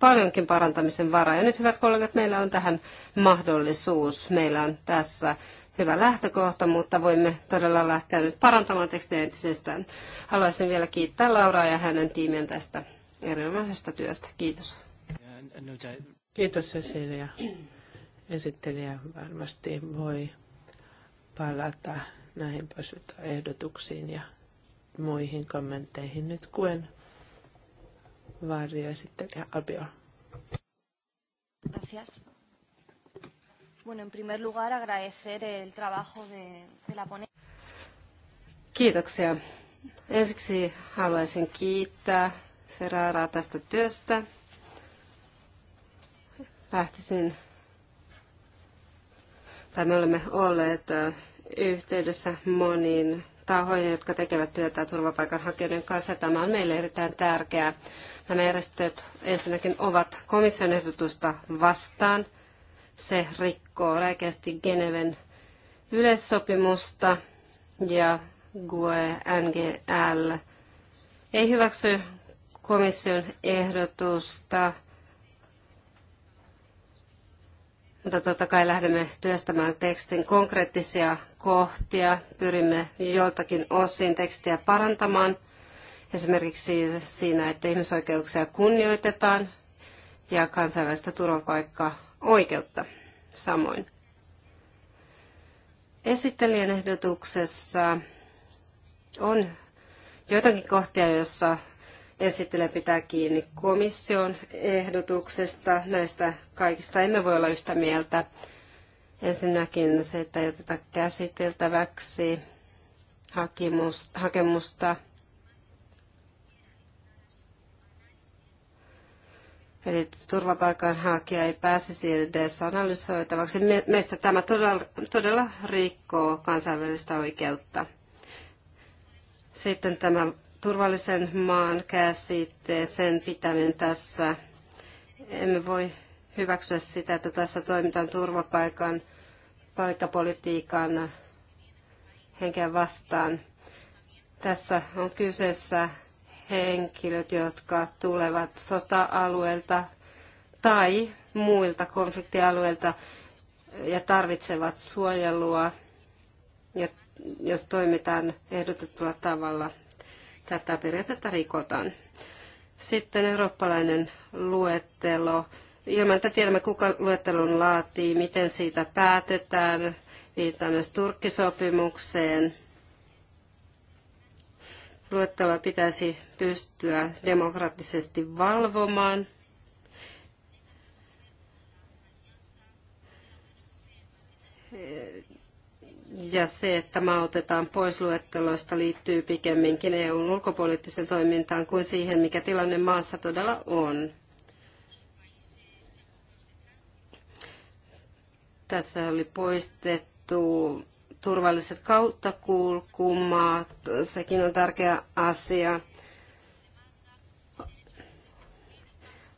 paljonkin parantamisen varaa. Ja nyt, hyvät kollegat, meillä on tähän mahdollisuus. Meillä on tässä hyvä lähtökohta, mutta voimme todella lähteä nyt parantamaan tekstiä entisestään. Haluaisin vielä kiittää Lauraa ja hänen tiimien tästä erinomaisesta työstä. Kiitos. Kiitos Cecilia. Esittelijä varmasti voi palata näihin ehdotuksiin ja muihin kommentteihin nyt kuin varjoesittelijä Albiol. Gracias. Bueno, en primer lugar agradecer el trabajo de, de la ponente. Kiitoksia. Ensiksi haluaisin kiittää Ferraraa tästä työstä. Lähtisin, tai me olemme olleet yhteydessä moniin tahoihin, jotka tekevät työtä turvapaikanhakijoiden kanssa. Tämä on meille erittäin tärkeää. Nämä järjestöt ensinnäkin ovat komission ehdotusta vastaan – se rikkoo räikeästi Geneven yleissopimusta ja GUE NGL ei hyväksy komission ehdotusta, mutta totta kai lähdemme työstämään tekstin konkreettisia kohtia. Pyrimme joltakin osin tekstiä parantamaan, esimerkiksi siinä, että ihmisoikeuksia kunnioitetaan ja kansainvälistä turvapaikkaa oikeutta samoin. Esittelijän ehdotuksessa on joitakin kohtia, joissa esittelijä pitää kiinni komission ehdotuksesta. Näistä kaikista emme voi olla yhtä mieltä. Ensinnäkin se, että ei oteta käsiteltäväksi hakemusta Eli turvapaikanhakija ei pääsisi edes analysoitavaksi. Meistä tämä todella, todella rikkoo kansainvälistä oikeutta. Sitten tämä turvallisen maan käsite, sen pitäminen tässä. Emme voi hyväksyä sitä, että tässä toimitaan turvapaikan paikkapolitiikan henkeä vastaan. Tässä on kyseessä henkilöt, jotka tulevat sota-alueelta tai muilta konfliktialueilta ja tarvitsevat suojelua, ja jos toimitaan ehdotetulla tavalla. Tätä periaatetta rikotaan. Sitten eurooppalainen luettelo. Ilman, että tiedämme, kuka luettelon laatii, miten siitä päätetään, viittaan myös Turkkisopimukseen – Luettelua pitäisi pystyä demokraattisesti valvomaan. Ja se, että maa otetaan pois luettelosta, liittyy pikemminkin EUn ulkopoliittiseen toimintaan kuin siihen, mikä tilanne maassa todella on. Tässä oli poistettu turvalliset kauttakulkumaat, sekin on tärkeä asia.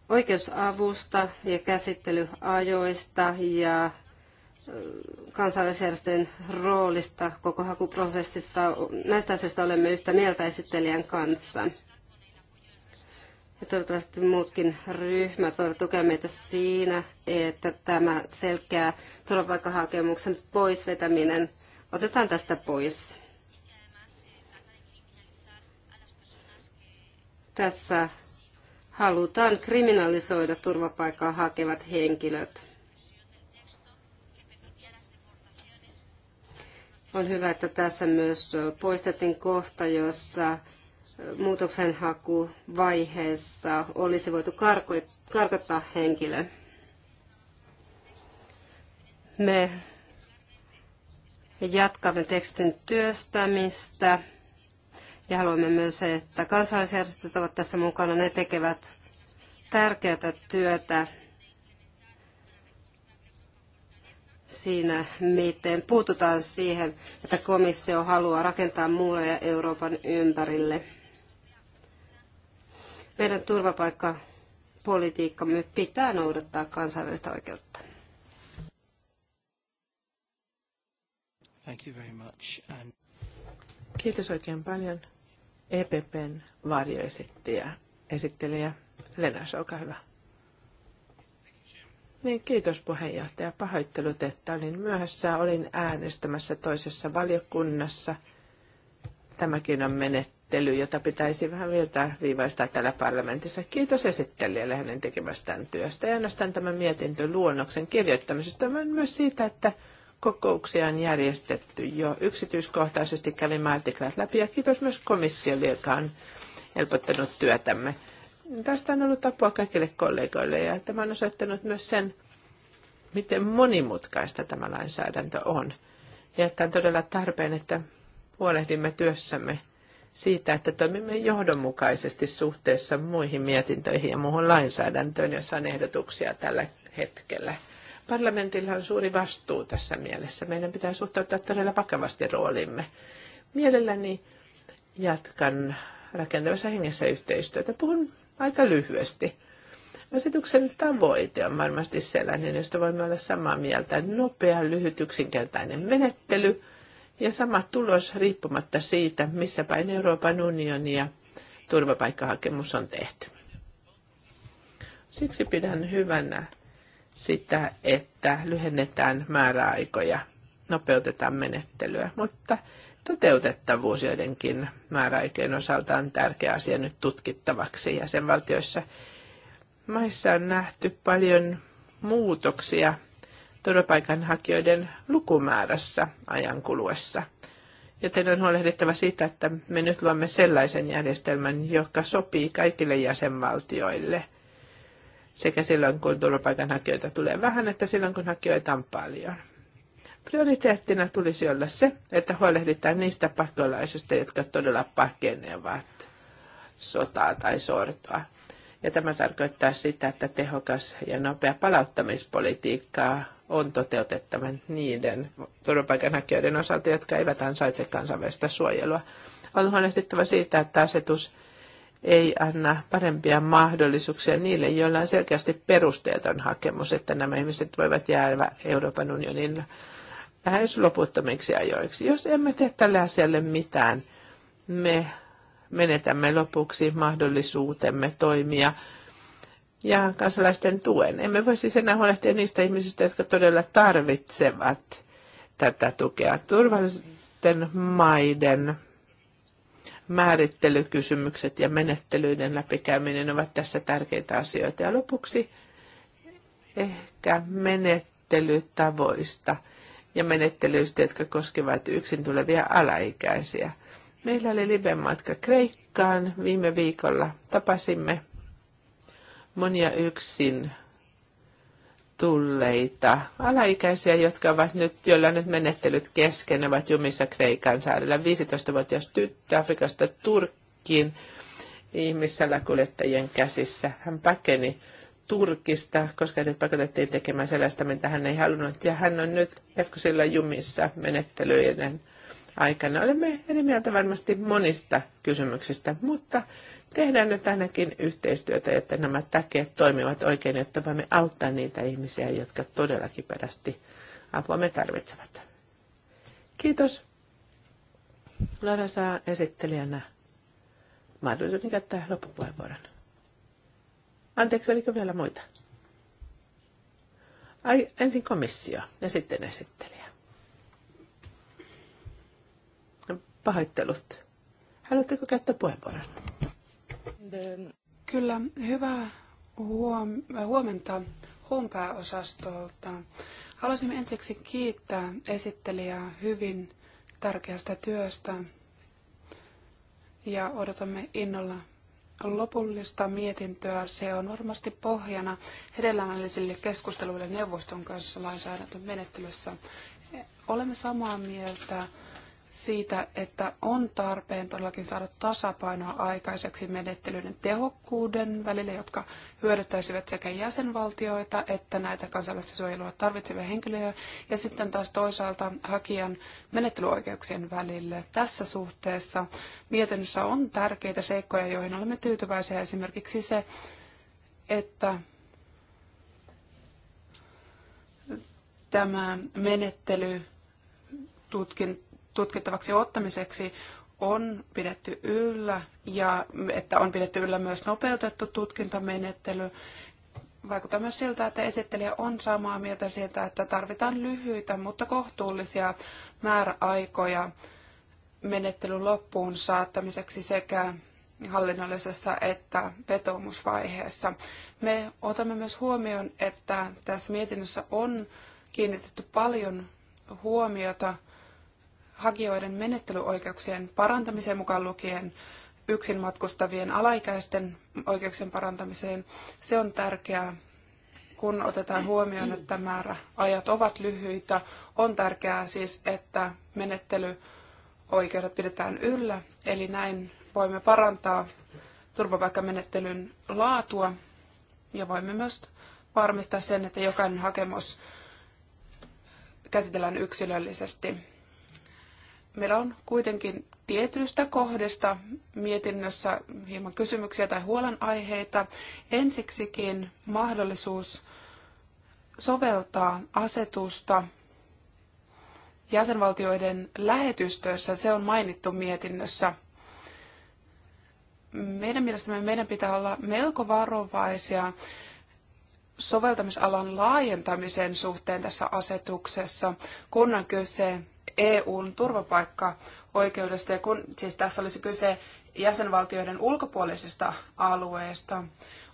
Oikeusavusta ja käsittelyajoista ja kansalaisjärjestöjen roolista koko hakuprosessissa. Näistä asioista olemme yhtä mieltä esittelijän kanssa. Ja toivottavasti muutkin ryhmät voivat tukea meitä siinä, että tämä selkeä turvapaikkahakemuksen poisvetäminen otetaan tästä pois. Tässä halutaan kriminalisoida turvapaikkaa hakevat henkilöt. On hyvä, että tässä myös poistettiin kohta, jossa muutoksenhakuvaiheessa olisi voitu karkottaa henkilö. Me Jatkamme tekstin työstämistä ja haluamme myös, että kansalaisjärjestöt ovat tässä mukana. Ne tekevät tärkeää työtä siinä, miten puututaan siihen, että komissio haluaa rakentaa muureja Euroopan ympärille. Meidän turvapaikkapolitiikkamme pitää noudattaa kansainvälistä oikeutta. Thank you very much. And... Kiitos oikein paljon EPPn varjoesittäjä, esittelijä Lenas, olkaa hyvä. Niin, kiitos puheenjohtaja. Pahoittelut, että olin myöhässä. Olin äänestämässä toisessa valiokunnassa. Tämäkin on menettely, jota pitäisi vähän vielä viivaistaa täällä parlamentissa. Kiitos esittelijälle hänen tekemästään työstä. Ja ainoastaan tämän mietintöluonnoksen kirjoittamisesta, vaan myös siitä, että kokouksia on järjestetty jo yksityiskohtaisesti. Kävimme artiklat läpi ja kiitos myös komissiolle, joka on helpottanut työtämme. Tästä on ollut apua kaikille kollegoille ja tämä on osoittanut myös sen, miten monimutkaista tämä lainsäädäntö on. Ja että on todella tarpeen, että huolehdimme työssämme siitä, että toimimme johdonmukaisesti suhteessa muihin mietintöihin ja muuhun lainsäädäntöön, jossa on ehdotuksia tällä hetkellä. Parlamentilla on suuri vastuu tässä mielessä. Meidän pitää suhtautua todella vakavasti roolimme. Mielelläni jatkan rakentavassa hengessä yhteistyötä. Puhun aika lyhyesti. Asetuksen tavoite on varmasti sellainen, josta voimme olla samaa mieltä. Nopea, lyhyt, yksinkertainen menettely ja sama tulos riippumatta siitä, missä päin Euroopan unionia turvapaikkahakemus on tehty. Siksi pidän hyvänä sitä, että lyhennetään määräaikoja, nopeutetaan menettelyä, mutta toteutettavuus joidenkin määräaikojen osalta on tärkeä asia nyt tutkittavaksi. ja sen valtioissa maissa on nähty paljon muutoksia turvapaikanhakijoiden lukumäärässä ajan kuluessa. Joten on huolehdittava siitä, että me nyt luomme sellaisen järjestelmän, joka sopii kaikille jäsenvaltioille – sekä silloin, kun turvapaikanhakijoita tulee vähän, että silloin, kun hakijoita on paljon. Prioriteettina tulisi olla se, että huolehditaan niistä pakolaisista, jotka todella pakenevat sotaa tai sortoa. Ja tämä tarkoittaa sitä, että tehokas ja nopea palauttamispolitiikka on toteutettava niiden turvapaikanhakijoiden osalta, jotka eivät ansaitse kansainvälistä suojelua. On huolehdittava siitä, että asetus ei anna parempia mahdollisuuksia niille, joilla on selkeästi perusteeton hakemus, että nämä ihmiset voivat jäädä Euroopan unionin lähes loputtomiksi ajoiksi. Jos emme tee tälle asialle mitään, me menetämme lopuksi mahdollisuutemme toimia ja kansalaisten tuen. Emme voi siis enää huolehtia niistä ihmisistä, jotka todella tarvitsevat tätä tukea. Turvallisten maiden määrittelykysymykset ja menettelyiden läpikäyminen ovat tässä tärkeitä asioita. Ja lopuksi ehkä menettelytavoista ja menettelyistä, jotka koskevat yksin tulevia alaikäisiä. Meillä oli libematka Kreikkaan viime viikolla. Tapasimme monia yksin tulleita alaikäisiä, jotka ovat nyt, joilla nyt menettelyt kesken, ovat jumissa Kreikan saarella. 15-vuotias tyttö Afrikasta Turkkiin kuljettajien käsissä. Hän pakeni Turkista, koska hänet pakotettiin tekemään sellaista, mitä hän ei halunnut. Ja hän on nyt Efkosilla jumissa menettelyiden aikana. Olemme eri mieltä varmasti monista kysymyksistä, mutta Tehdään nyt ainakin yhteistyötä, että nämä takeet toimivat oikein, jotta voimme auttaa niitä ihmisiä, jotka todellakin perästi apua me tarvitsevat. Kiitos. Laura saa esittelijänä mahdollisuuden käyttää loppupuheenvuoron. Anteeksi, oliko vielä muita? Ai, ensin komissio ja sitten esittelijä. Pahoittelut. Haluatteko käyttää puheenvuoron? Kyllä, hyvää huom- huomenta HUM pääosastolta. Haluaisimme ensiksi kiittää esittelijää hyvin tärkeästä työstä ja odotamme innolla lopullista mietintöä. Se on varmasti pohjana hedelmällisille keskusteluille neuvoston kanssa lainsäädäntömenettelyssä. Olemme samaa mieltä siitä, että on tarpeen todellakin saada tasapainoa aikaiseksi menettelyiden tehokkuuden välillä, jotka hyödyttäisivät sekä jäsenvaltioita että näitä kansallista suojelua tarvitsevia henkilöjä ja sitten taas toisaalta hakijan menettelyoikeuksien välille. Tässä suhteessa mietinnössä on tärkeitä seikkoja, joihin olemme tyytyväisiä, esimerkiksi se, että tämä menettely tutkinta tutkittavaksi ottamiseksi on pidetty yllä ja että on pidetty yllä myös nopeutettu tutkintamenettely. Vaikuttaa myös siltä, että esittelijä on samaa mieltä siitä, että tarvitaan lyhyitä, mutta kohtuullisia määräaikoja menettelyn loppuun saattamiseksi sekä hallinnollisessa että vetoomusvaiheessa. Me otamme myös huomioon, että tässä mietinnössä on kiinnitetty paljon huomiota hakijoiden menettelyoikeuksien parantamiseen mukaan lukien yksin matkustavien alaikäisten oikeuksien parantamiseen. Se on tärkeää, kun otetaan huomioon, että määräajat ovat lyhyitä. On tärkeää siis, että menettelyoikeudet pidetään yllä, eli näin voimme parantaa turvapaikkamenettelyn laatua ja voimme myös varmistaa sen, että jokainen hakemus käsitellään yksilöllisesti Meillä on kuitenkin tietyistä kohdista mietinnössä hieman kysymyksiä tai huolenaiheita. Ensiksikin mahdollisuus soveltaa asetusta jäsenvaltioiden lähetystöissä, se on mainittu mietinnössä. Meidän mielestämme meidän pitää olla melko varovaisia soveltamisalan laajentamisen suhteen tässä asetuksessa, kun on kyse EUn turvapaikkaoikeudesta, ja kun, siis tässä olisi kyse jäsenvaltioiden ulkopuolisista alueista.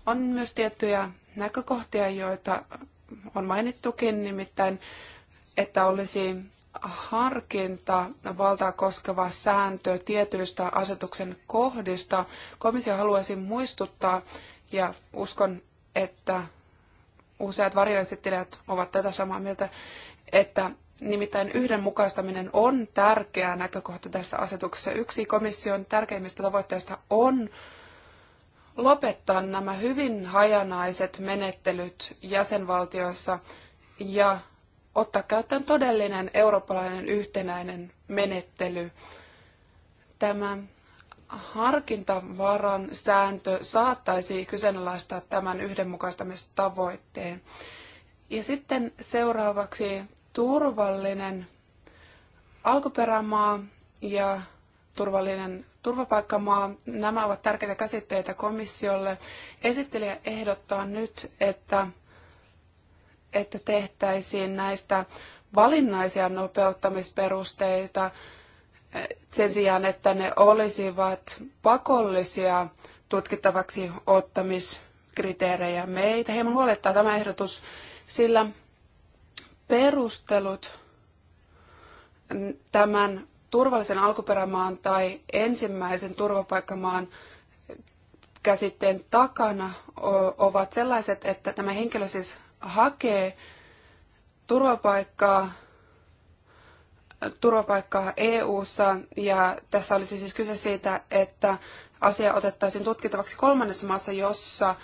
On myös tiettyjä näkökohtia, joita on mainittukin, nimittäin, että olisi harkinta valtaa koskeva sääntö tietyistä asetuksen kohdista. Komissio haluaisi muistuttaa, ja uskon, että useat varjoesittelijät ovat tätä samaa mieltä, että Nimittäin yhdenmukaistaminen on tärkeä näkökohta tässä asetuksessa. Yksi komission tärkeimmistä tavoitteista on lopettaa nämä hyvin hajanaiset menettelyt jäsenvaltioissa ja ottaa käyttöön todellinen eurooppalainen yhtenäinen menettely. Tämä harkintavaran sääntö saattaisi kyseenalaistaa tämän yhdenmukaistamistavoitteen. Ja sitten seuraavaksi turvallinen alkuperämaa ja turvallinen turvapaikkamaa. Nämä ovat tärkeitä käsitteitä komissiolle. Esittelijä ehdottaa nyt, että, että tehtäisiin näistä valinnaisia nopeuttamisperusteita sen sijaan, että ne olisivat pakollisia tutkittavaksi ottamiskriteerejä. Meitä hieman huolettaa tämä ehdotus, sillä perustelut tämän turvallisen alkuperämaan tai ensimmäisen turvapaikkamaan käsitteen takana ovat sellaiset, että tämä henkilö siis hakee turvapaikkaa, turvapaikkaa EU-ssa ja tässä olisi siis kyse siitä, että asia otettaisiin tutkittavaksi kolmannessa maassa, jossa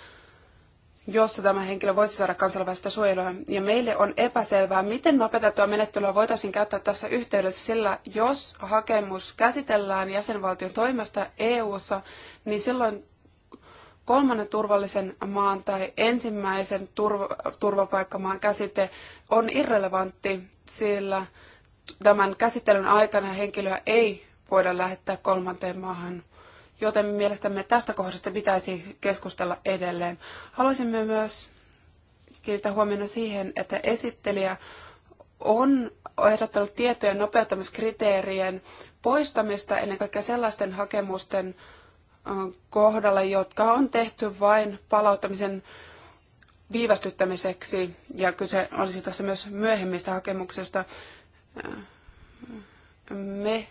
jossa tämä henkilö voisi saada kansainvälistä suojelua. Ja meille on epäselvää, miten nopeutettua menettelyä voitaisiin käyttää tässä yhteydessä, sillä jos hakemus käsitellään jäsenvaltion toimesta EU-ssa, niin silloin kolmannen turvallisen maan tai ensimmäisen turvapaikkamaan käsite on irrelevantti, sillä tämän käsittelyn aikana henkilöä ei voida lähettää kolmanteen maahan joten mielestämme tästä kohdasta pitäisi keskustella edelleen. Haluaisimme myös kiinnittää huomiota siihen, että esittelijä on ehdottanut tietojen nopeuttamiskriteerien poistamista ennen kaikkea sellaisten hakemusten kohdalla, jotka on tehty vain palauttamisen viivästyttämiseksi, ja kyse olisi tässä myös myöhemmistä hakemuksista. Me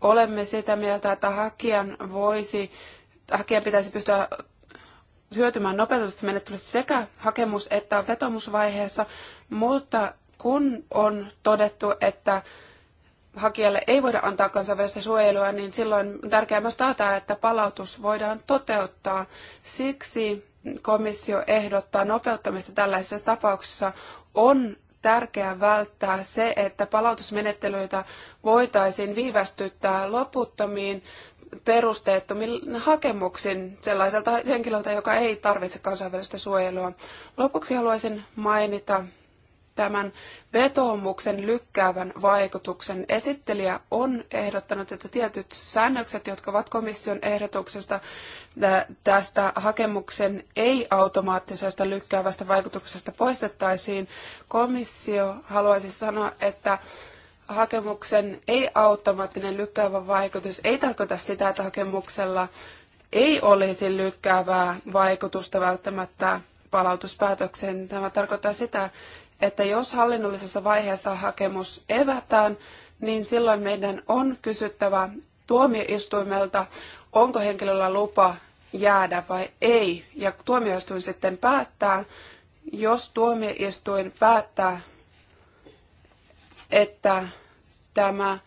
Olemme sitä mieltä, että hakijan, voisi, hakijan pitäisi pystyä hyötymään nopeutetusta menettelystä sekä hakemus- että vetomusvaiheessa, mutta kun on todettu, että hakijalle ei voida antaa kansainvälistä suojelua, niin silloin on tärkeää myös taata, että palautus voidaan toteuttaa. Siksi komissio ehdottaa nopeuttamista tällaisessa tapauksessa on tärkeää välttää se, että palautusmenettelyitä voitaisiin viivästyttää loputtomiin perusteettomin hakemuksin sellaiselta henkilöltä, joka ei tarvitse kansainvälistä suojelua. Lopuksi haluaisin mainita tämän vetoomuksen lykkäävän vaikutuksen. Esittelijä on ehdottanut, että tietyt säännökset, jotka ovat komission ehdotuksesta tästä hakemuksen ei-automaattisesta lykkäävästä vaikutuksesta poistettaisiin. Komissio haluaisi sanoa, että hakemuksen ei-automaattinen lykkäävä vaikutus ei tarkoita sitä, että hakemuksella ei olisi lykkäävää vaikutusta välttämättä palautuspäätökseen. Tämä tarkoittaa sitä, että jos hallinnollisessa vaiheessa hakemus evätään, niin silloin meidän on kysyttävä tuomioistuimelta, onko henkilöllä lupa jäädä vai ei. Ja tuomioistuin sitten päättää, jos tuomioistuin päättää, että tämä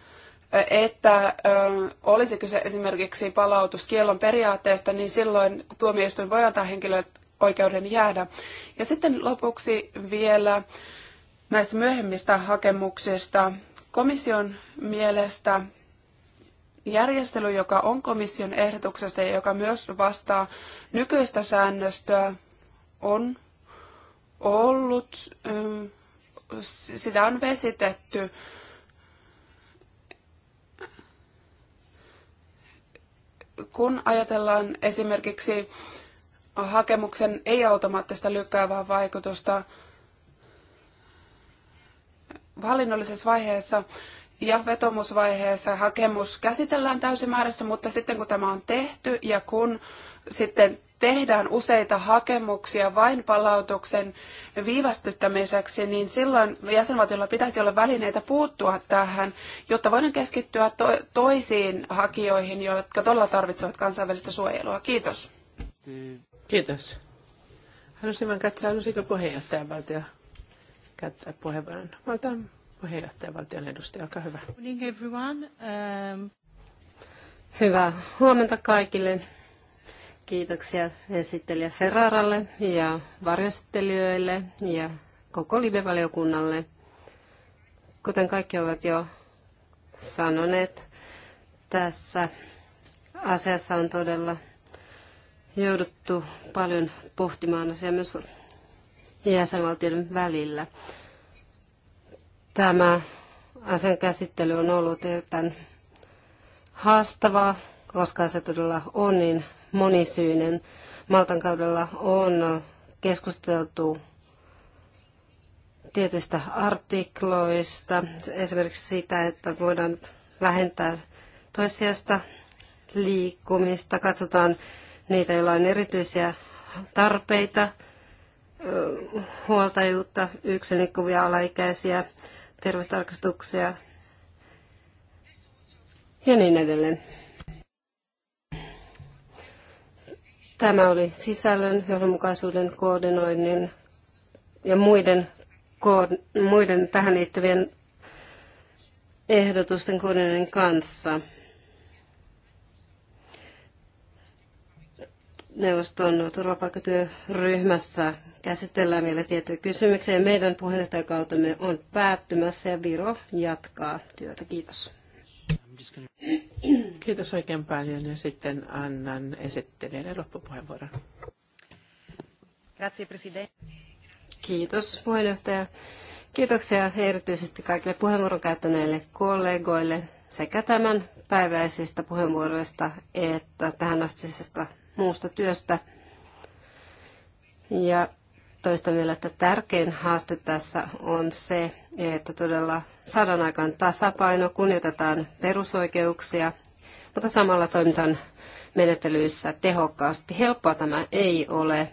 että ö, olisi kyse esimerkiksi palautuskielon periaatteesta, niin silloin tuomioistuin voi antaa henkilölle oikeuden jäädä. Ja sitten lopuksi vielä näistä myöhemmistä hakemuksista. Komission mielestä järjestely, joka on komission ehdotuksesta ja joka myös vastaa nykyistä säännöstöä, on ollut, mm, sitä on vesitetty. Kun ajatellaan esimerkiksi hakemuksen ei-automaattista lykkäävää vaikutusta hallinnollisessa vaiheessa ja vetomusvaiheessa hakemus käsitellään täysimääräistä, mutta sitten kun tämä on tehty ja kun sitten tehdään useita hakemuksia vain palautuksen viivästyttämiseksi, niin silloin jäsenvaltiolla pitäisi olla välineitä puuttua tähän, jotta voidaan keskittyä to- toisiin hakijoihin, jotka todella tarvitsevat kansainvälistä suojelua. Kiitos. Kiitos. Halusin vain katsoa, halusiko puheenjohtajavaltio käyttää puheenvuoron. Mä otan puheenjohtajavaltion edustaja, olkaa hyvä. everyone. Um, Hyvää huomenta kaikille. Kiitoksia esittelijä Ferraralle ja varjostelijoille ja koko live-valiokunnalle. Kuten kaikki ovat jo sanoneet, tässä asiassa on todella jouduttu paljon pohtimaan asiaa myös jäsenvaltioiden välillä. Tämä asian käsittely on ollut erittäin haastavaa, koska se todella on niin monisyinen. Maltan kaudella on keskusteltu tietyistä artikloista, esimerkiksi sitä, että voidaan vähentää toisiasta liikkumista, katsotaan niitä, joilla on erityisiä tarpeita, huoltajuutta, yksinikkuvia alaikäisiä, terveystarkastuksia ja niin edelleen. Tämä oli sisällön, johdonmukaisuuden, koordinoinnin ja muiden, muiden tähän liittyvien ehdotusten koordinoinnin kanssa. neuvoston turvapaikkatyöryhmässä käsitellään vielä tiettyjä kysymyksiä. Meidän puheenjohtajakautemme on päättymässä ja Viro jatkaa työtä. Kiitos. Kiitos oikein paljon ja sitten annan esittelijälle loppupuheenvuoron. Grazie, presidente. Kiitos puheenjohtaja. Kiitoksia erityisesti kaikille puheenvuoron käyttäneille kollegoille sekä tämän päiväisistä puheenvuoroista että tähän astisesta muusta työstä. Ja toista vielä, että tärkein haaste tässä on se, että todella saadaan aikaan tasapaino, kunnioitetaan perusoikeuksia, mutta samalla toimitaan menettelyissä tehokkaasti. Helppoa tämä ei ole.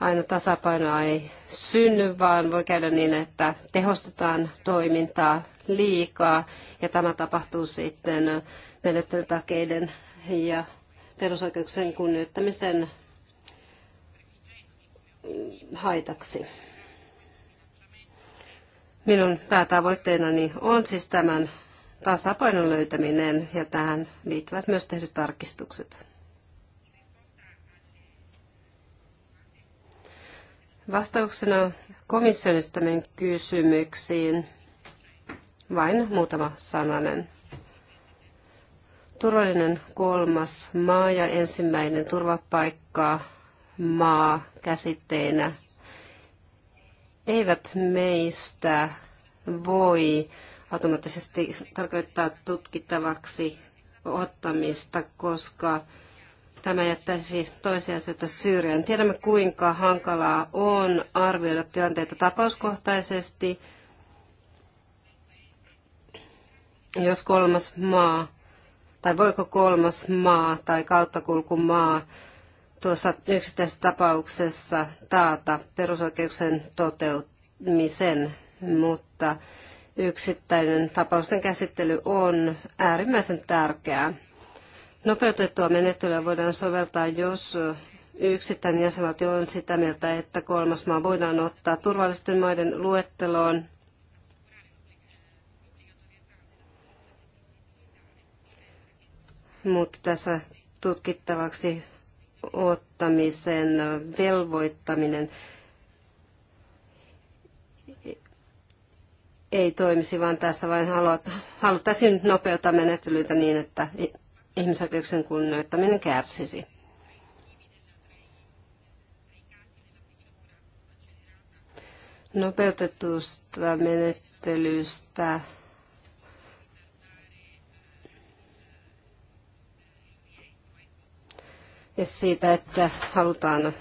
Aina tasapainoa ei synny, vaan voi käydä niin, että tehostetaan toimintaa liikaa, ja tämä tapahtuu sitten menettelytakeiden ja perusoikeuksien kunnioittamisen haitaksi. Minun päätavoitteenani on siis tämän tasapainon löytäminen ja tähän liittyvät myös tehdyt tarkistukset. Vastauksena komission kysymyksiin vain muutama sananen turvallinen kolmas maa ja ensimmäinen turvapaikka maa käsitteinä eivät meistä voi automaattisesti tarkoittaa tutkittavaksi ottamista, koska tämä jättäisi toisiaisuutta syrjään. Tiedämme, kuinka hankalaa on arvioida tilanteita tapauskohtaisesti, jos kolmas maa tai voiko kolmas maa tai kauttakulkumaa tuossa yksittäisessä tapauksessa taata perusoikeuksien toteutumisen, mutta yksittäinen tapausten käsittely on äärimmäisen tärkeää. Nopeutettua menettelyä voidaan soveltaa, jos yksittäinen jäsenvaltio on sitä mieltä, että kolmas maa voidaan ottaa turvallisten maiden luetteloon mutta tässä tutkittavaksi ottamisen velvoittaminen ei toimisi, vaan tässä vain haluttaisiin nopeuttaa menettelyitä niin, että ihmisoikeuksien kunnioittaminen kärsisi. Nopeutetusta menettelystä ja siitä, että halutaan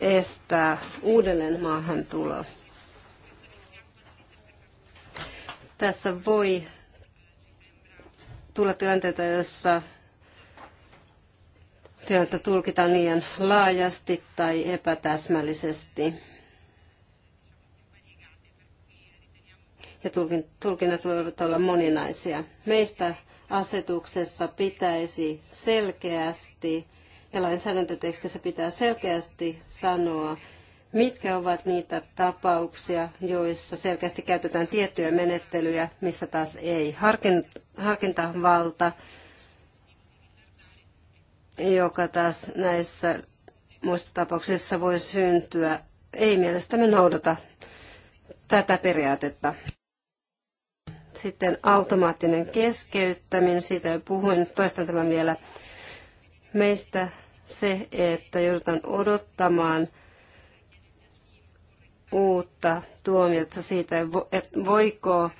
estää uudelleen maahantulo. Tässä voi tulla tilanteita, joissa tilannetta tulkitaan liian laajasti tai epätäsmällisesti. Ja tulkinnat voivat olla moninaisia. Meistä asetuksessa pitäisi selkeästi ja lainsäädäntötekstissä pitää selkeästi sanoa, mitkä ovat niitä tapauksia, joissa selkeästi käytetään tiettyjä menettelyjä, missä taas ei. Harkintavalta, joka taas näissä muissa tapauksissa voi syntyä, ei mielestämme noudata tätä periaatetta. Sitten automaattinen keskeyttäminen, siitä jo puhuin, toistan tämän vielä. Meistä se, että joudutaan odottamaan uutta tuomiota siitä, että voiko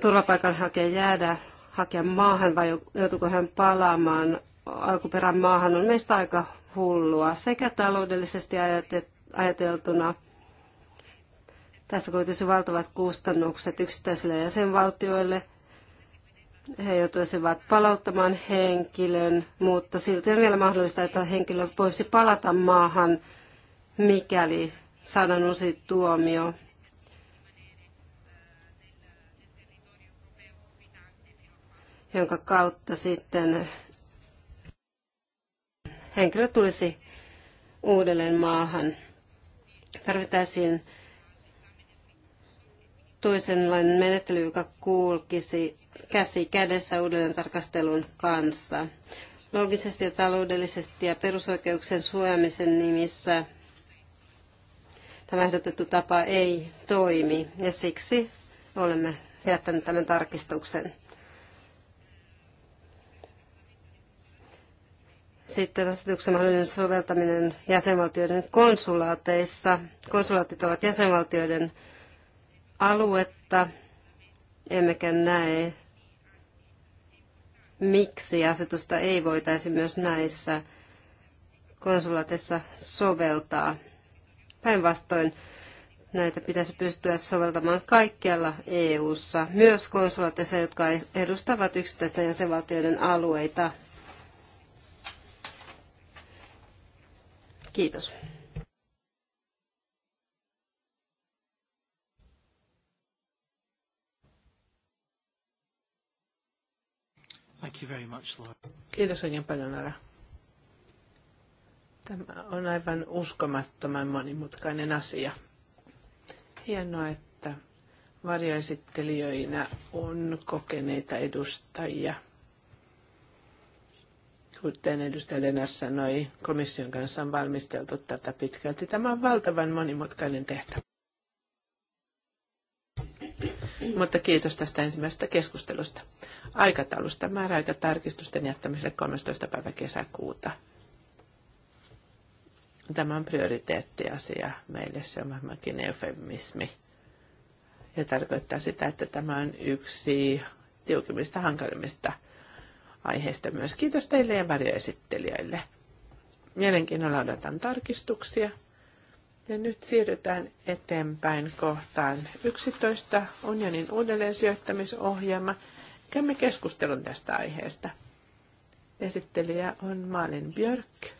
turvapaikanhakija jäädä hakea maahan vai joutuuko hän palaamaan alkuperän maahan, on meistä aika hullua sekä taloudellisesti ajateltuna. Tästä koituisi valtavat kustannukset yksittäisille jäsenvaltioille – he joutuisivat palauttamaan henkilön, mutta silti on vielä mahdollista, että henkilö voisi palata maahan, mikäli saadaan uusi tuomio. jonka kautta sitten henkilö tulisi uudelleen maahan. Tarvittaisiin toisenlainen menettely, joka kulkisi käsi kädessä uudelleen tarkastelun kanssa. Loogisesti ja taloudellisesti ja perusoikeuksien suojaamisen nimissä tämä ehdotettu tapa ei toimi ja siksi olemme jättäneet tämän tarkistuksen. Sitten asetuksen mahdollinen soveltaminen jäsenvaltioiden konsulaateissa. Konsulaatit ovat jäsenvaltioiden aluetta, emmekä näe miksi asetusta ei voitaisi myös näissä konsulaateissa soveltaa. Päinvastoin näitä pitäisi pystyä soveltamaan kaikkialla EU-ssa, myös konsulaateissa, jotka edustavat yksittäisten jäsenvaltioiden alueita. Kiitos. Thank you very much, Laura. Kiitos oikein paljon, Laura. Tämä on aivan uskomattoman monimutkainen asia. Hienoa, että varjoesittelijöinä on kokeneita edustajia. Kuten edustaja Lennart sanoi, komission kanssa on valmisteltu tätä pitkälti. Tämä on valtavan monimutkainen tehtävä. Mutta kiitos tästä ensimmäisestä keskustelusta. Aikataulusta määräaika tarkistusten jättämiselle 13. päivä kesäkuuta. Tämä on prioriteettiasia meille, se on vähemmänkin eufemismi. Ja tarkoittaa sitä, että tämä on yksi tiukimmista, hankalimmista aiheista myös. Kiitos teille ja varjoesittelijöille. Mielenkiinnolla odotan tarkistuksia. Ja nyt siirrytään eteenpäin kohtaan 11, unionin uudelleensijoittamisohjelma. Käymme keskustelun tästä aiheesta. Esittelijä on Malin Björk.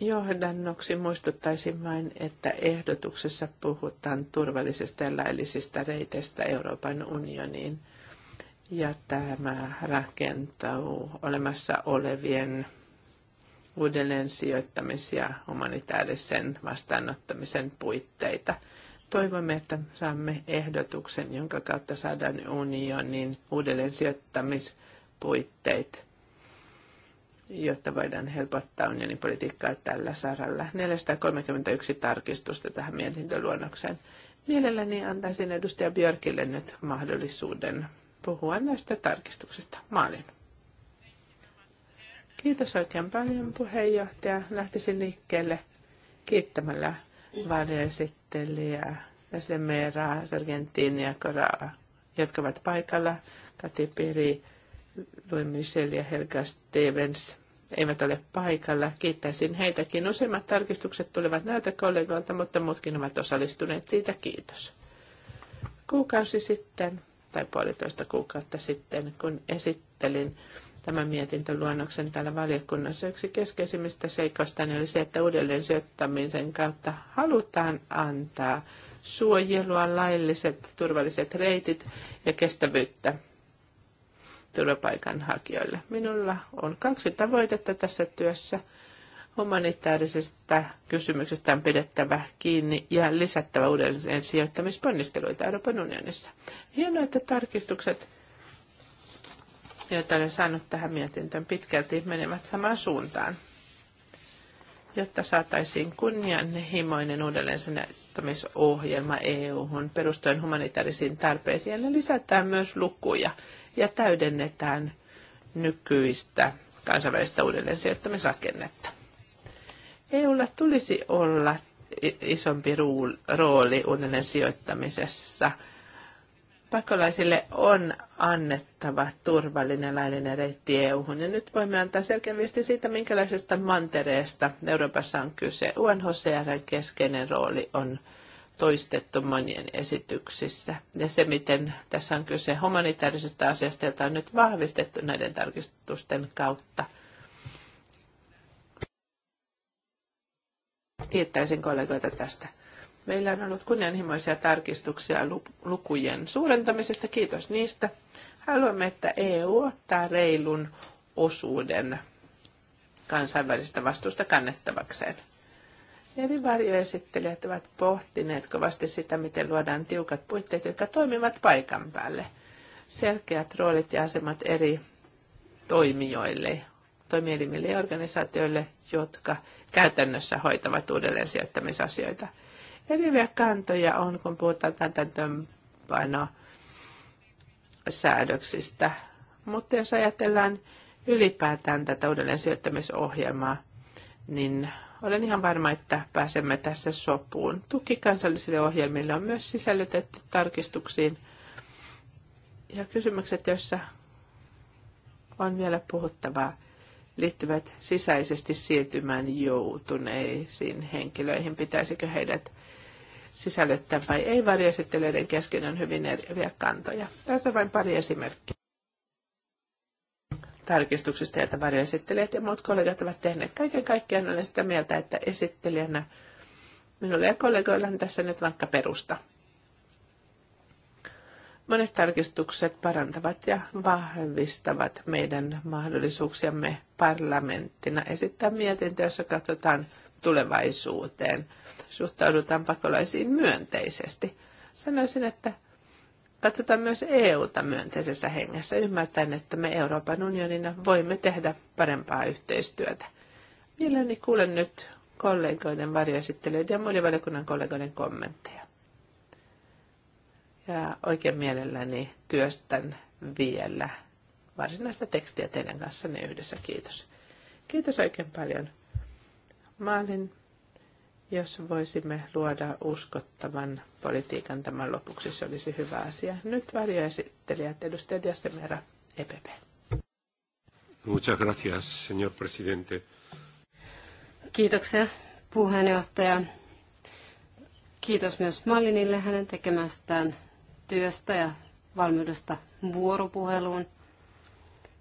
Johdannoksi muistuttaisin vain, että ehdotuksessa puhutaan turvallisista ja laillisista reiteistä Euroopan unioniin. Ja tämä rakentuu olemassa olevien uudelleen sijoittamisia humanitaarisen vastaanottamisen puitteita. Toivomme, että saamme ehdotuksen, jonka kautta saadaan unionin uudelleen sijoittamispuitteet, jotta voidaan helpottaa unionin politiikkaa tällä saralla. 431 tarkistusta tähän mietintöluonnokseen. Mielelläni antaisin edustaja Björkille nyt mahdollisuuden puhua näistä tarkistuksista. Maalin. Kiitos oikein paljon puheenjohtaja. Lähtisin liikkeelle kiittämällä varjoesittelijää Esimera, Sargentini ja Koraa, jotka ovat paikalla. Kati Piri, Louis Michel ja Helga Stevens eivät ole paikalla. Kiittäisin heitäkin. Useimmat tarkistukset tulevat näiltä kollegoilta, mutta muutkin ovat osallistuneet. Siitä kiitos. Kuukausi sitten tai puolitoista kuukautta sitten, kun esittelin tämän mietintöluonnoksen täällä valiokunnassa. Yksi keskeisimmistä seikoista oli se, että uudelleen sijoittamisen kautta halutaan antaa suojelua, lailliset, turvalliset reitit ja kestävyyttä turvapaikanhakijoille. Minulla on kaksi tavoitetta tässä työssä. Humanitaarisesta kysymyksestä on pidettävä kiinni ja lisättävä uudelleen sijoittamisponnisteluita Euroopan unionissa. Hienoa, että tarkistukset joita olen saanut tähän mietintöön, pitkälti menevät samaan suuntaan, jotta saataisiin kunnianhimoinen uudelleensanettamisohjelma EU-hun perustuen humanitaarisiin tarpeisiin. Ja lisätään myös lukuja ja täydennetään nykyistä kansainvälistä uudelleensijoittamisrakennetta. EUlla tulisi olla isompi rooli uudelleen sijoittamisessa – Pakolaisille on annettava turvallinen laillinen reitti EU-hun. Ja nyt voimme antaa selkeän viesti siitä, minkälaisesta mantereesta Euroopassa on kyse. UNHCRn keskeinen rooli on toistettu monien esityksissä. Ja se, miten tässä on kyse humanitaarisesta asiasta, jota on nyt vahvistettu näiden tarkistusten kautta. Kiittäisin kollegoita tästä. Meillä on ollut kunnianhimoisia tarkistuksia lukujen suurentamisesta. Kiitos niistä. Haluamme, että EU ottaa reilun osuuden kansainvälistä vastuusta kannettavakseen. Eri varjoesittelijät ovat pohtineet kovasti sitä, miten luodaan tiukat puitteet, jotka toimivat paikan päälle. Selkeät roolit ja asemat eri toimijoille, toimielimille ja organisaatioille, jotka käytännössä hoitavat uudelleen sijoittamisasioita. Eriviä kantoja on, kun puhutaan täytäntöönpano säädöksistä. Mutta jos ajatellaan ylipäätään tätä uudelleen sijoittamisohjelmaa, niin olen ihan varma, että pääsemme tässä sopuun. Tuki kansallisille ohjelmille on myös sisällytetty tarkistuksiin. Ja kysymykset, joissa on vielä puhuttavaa, liittyvät sisäisesti siirtymään joutuneisiin henkilöihin. Pitäisikö heidät sisällyttää vai ei. Varjoesittelyiden kesken on hyvin eriäviä kantoja. Tässä on vain pari esimerkkiä tarkistuksista, joita varjoesittelijät ja muut kollegat ovat tehneet. Kaiken kaikkiaan olen sitä mieltä, että esittelijänä minulla ja kollegoilla on tässä nyt vankka perusta. Monet tarkistukset parantavat ja vahvistavat meidän mahdollisuuksiamme parlamenttina esittää mietintöä, jossa katsotaan tulevaisuuteen, suhtaudutaan pakolaisiin myönteisesti. Sanoisin, että katsotaan myös EUta myönteisessä hengessä, ymmärtäen, että me Euroopan unionina voimme tehdä parempaa yhteistyötä. Mielelläni kuulen nyt kollegoiden varjoesittelyiden ja muiden valiokunnan kollegoiden kommentteja. Ja oikein mielelläni työstän vielä varsinaista tekstiä teidän kanssanne yhdessä. Kiitos. Kiitos oikein paljon maalin, jos voisimme luoda uskottavan politiikan tämän lopuksi, se olisi hyvä asia. Nyt varjoesittelijät, edustaja Diastemera, EPP. Muchas gracias, señor presidente. Kiitoksia puheenjohtaja. Kiitos myös Malinille hänen tekemästään työstä ja valmiudesta vuoropuheluun.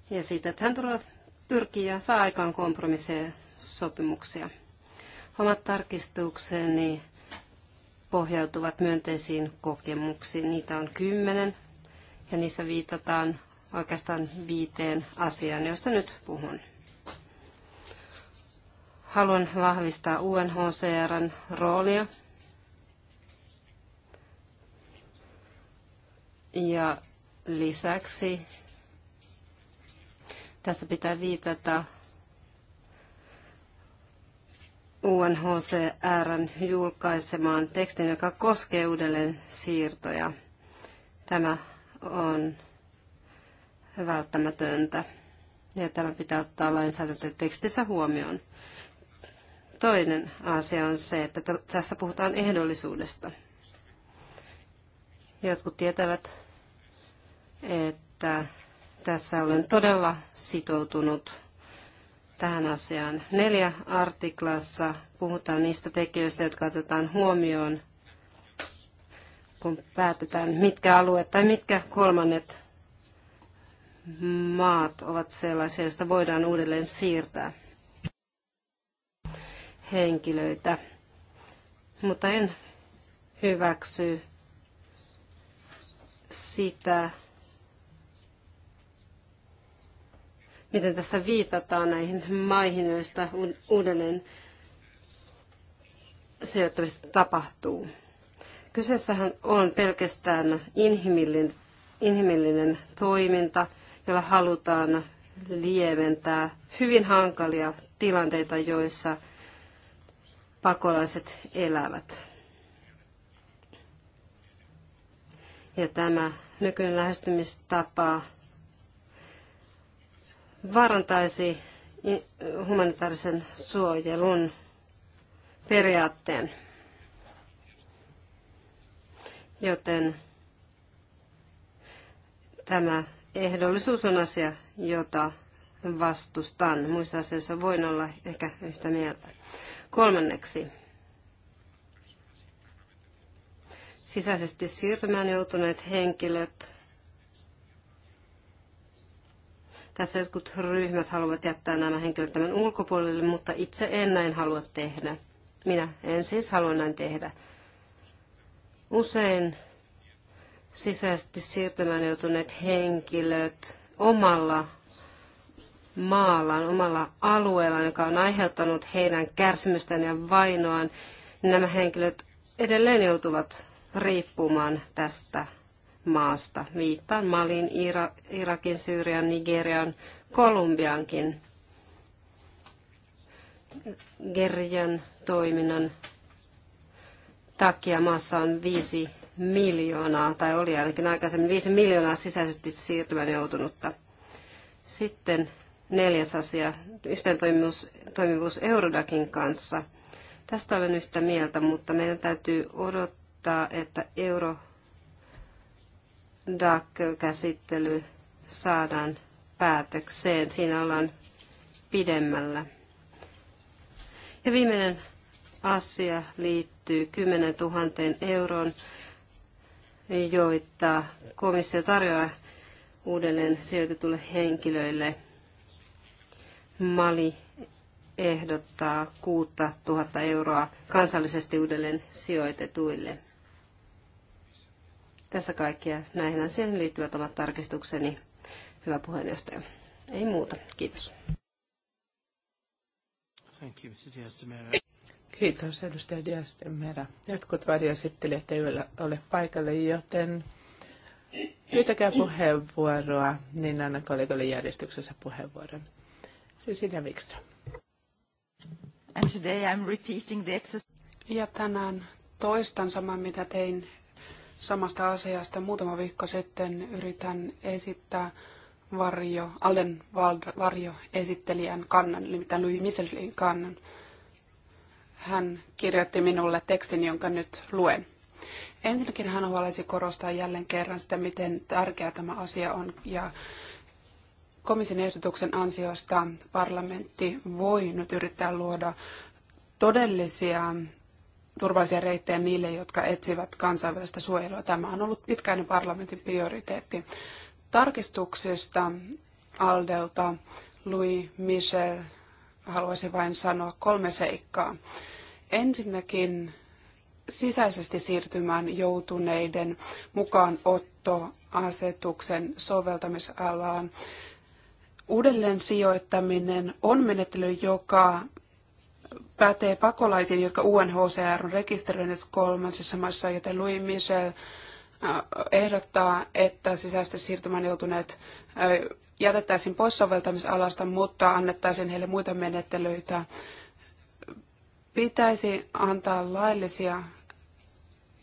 Ja siitä, että hän todella pyrkii ja saa aikaan kompromisseja sopimuksia. Omat tarkistukseni pohjautuvat myönteisiin kokemuksiin. Niitä on kymmenen ja niissä viitataan oikeastaan viiteen asiaan, josta nyt puhun. Haluan vahvistaa UNHCRn roolia ja lisäksi tässä pitää viitata UNHCRn julkaisemaan tekstin, joka koskee uudelleen siirtoja. Tämä on välttämätöntä ja tämä pitää ottaa lainsäädäntötekstissä huomioon. Toinen asia on se, että tässä puhutaan ehdollisuudesta. Jotkut tietävät, että tässä olen todella sitoutunut tähän asiaan. Neljä artiklassa puhutaan niistä tekijöistä, jotka otetaan huomioon, kun päätetään, mitkä alueet tai mitkä kolmannet maat ovat sellaisia, joista voidaan uudelleen siirtää henkilöitä. Mutta en hyväksy sitä, miten tässä viitataan näihin maihin, joista uudelleen sijoittamista tapahtuu. Kyseessähän on pelkästään inhimillinen, inhimillinen toiminta, jolla halutaan lieventää hyvin hankalia tilanteita, joissa pakolaiset elävät. Ja tämä nykyinen lähestymistapa vaarantaisi humanitaarisen suojelun periaatteen. Joten tämä ehdollisuus on asia, jota vastustan. Muissa asioissa voin olla ehkä yhtä mieltä. Kolmanneksi. Sisäisesti siirtymään joutuneet henkilöt Tässä jotkut ryhmät haluavat jättää nämä henkilöt tämän ulkopuolelle, mutta itse en näin halua tehdä. Minä en siis halua näin tehdä. Usein sisäisesti siirtymään joutuneet henkilöt omalla maallaan, omalla alueellaan, joka on aiheuttanut heidän kärsimystään ja vainoaan, niin nämä henkilöt edelleen joutuvat riippumaan tästä maasta. Viittaan Malin, Ira, Irakin, Syyrian, Nigerian, Kolumbiankin gerjan toiminnan takia maassa on viisi miljoonaa, tai oli ainakin aikaisemmin viisi miljoonaa sisäisesti siirtymään joutunutta. Sitten neljäs asia, yhteen toimivuus, toimivuus Eurodakin kanssa. Tästä olen yhtä mieltä, mutta meidän täytyy odottaa, että Euro DAC-käsittely saadaan päätökseen. Siinä ollaan pidemmällä. Ja viimeinen asia liittyy 10 000 euron, joita komissio tarjoaa uudelleen sijoitetulle henkilöille. Mali ehdottaa 6 000 euroa kansallisesti uudelleen sijoitetuille. Tässä kaikkia näihin asioihin liittyvät omat tarkistukseni. Hyvä puheenjohtaja. Ei muuta. Kiitos. Thank you, Mr. Diaz Kiitos, edustaja Diaz de Mera. Jotkut varjoesittelijät eivät ole paikalle, joten pyytäkää puheenvuoroa, niin annan kollegoille järjestyksessä puheenvuoron. Cecilia Wikström. And today I'm repeating the exercise. Ja tänään toistan saman, mitä tein samasta asiasta. Muutama viikko sitten yritän esittää varjo, Alden varjo esittelijän kannan, mitä Louis Michelin kannan. Hän kirjoitti minulle tekstin, jonka nyt luen. Ensinnäkin hän haluaisi korostaa jälleen kerran sitä, miten tärkeä tämä asia on ja komission ehdotuksen ansiosta parlamentti voi nyt yrittää luoda todellisia turvallisia reittejä niille, jotka etsivät kansainvälistä suojelua. Tämä on ollut pitkään parlamentin prioriteetti. Tarkistuksista Aldelta Louis Michel haluaisi vain sanoa kolme seikkaa. Ensinnäkin sisäisesti siirtymään joutuneiden mukaanotto asetuksen soveltamisalaan. Uudelleen sijoittaminen on menettely, joka pätee pakolaisiin, jotka UNHCR on rekisteröinyt kolmansissa maissa, joten Louis Michel äh, ehdottaa, että sisäisesti siirtymään joutuneet äh, jätettäisiin pois soveltamisalasta, mutta annettaisiin heille muita menettelyitä. Pitäisi antaa laillisia,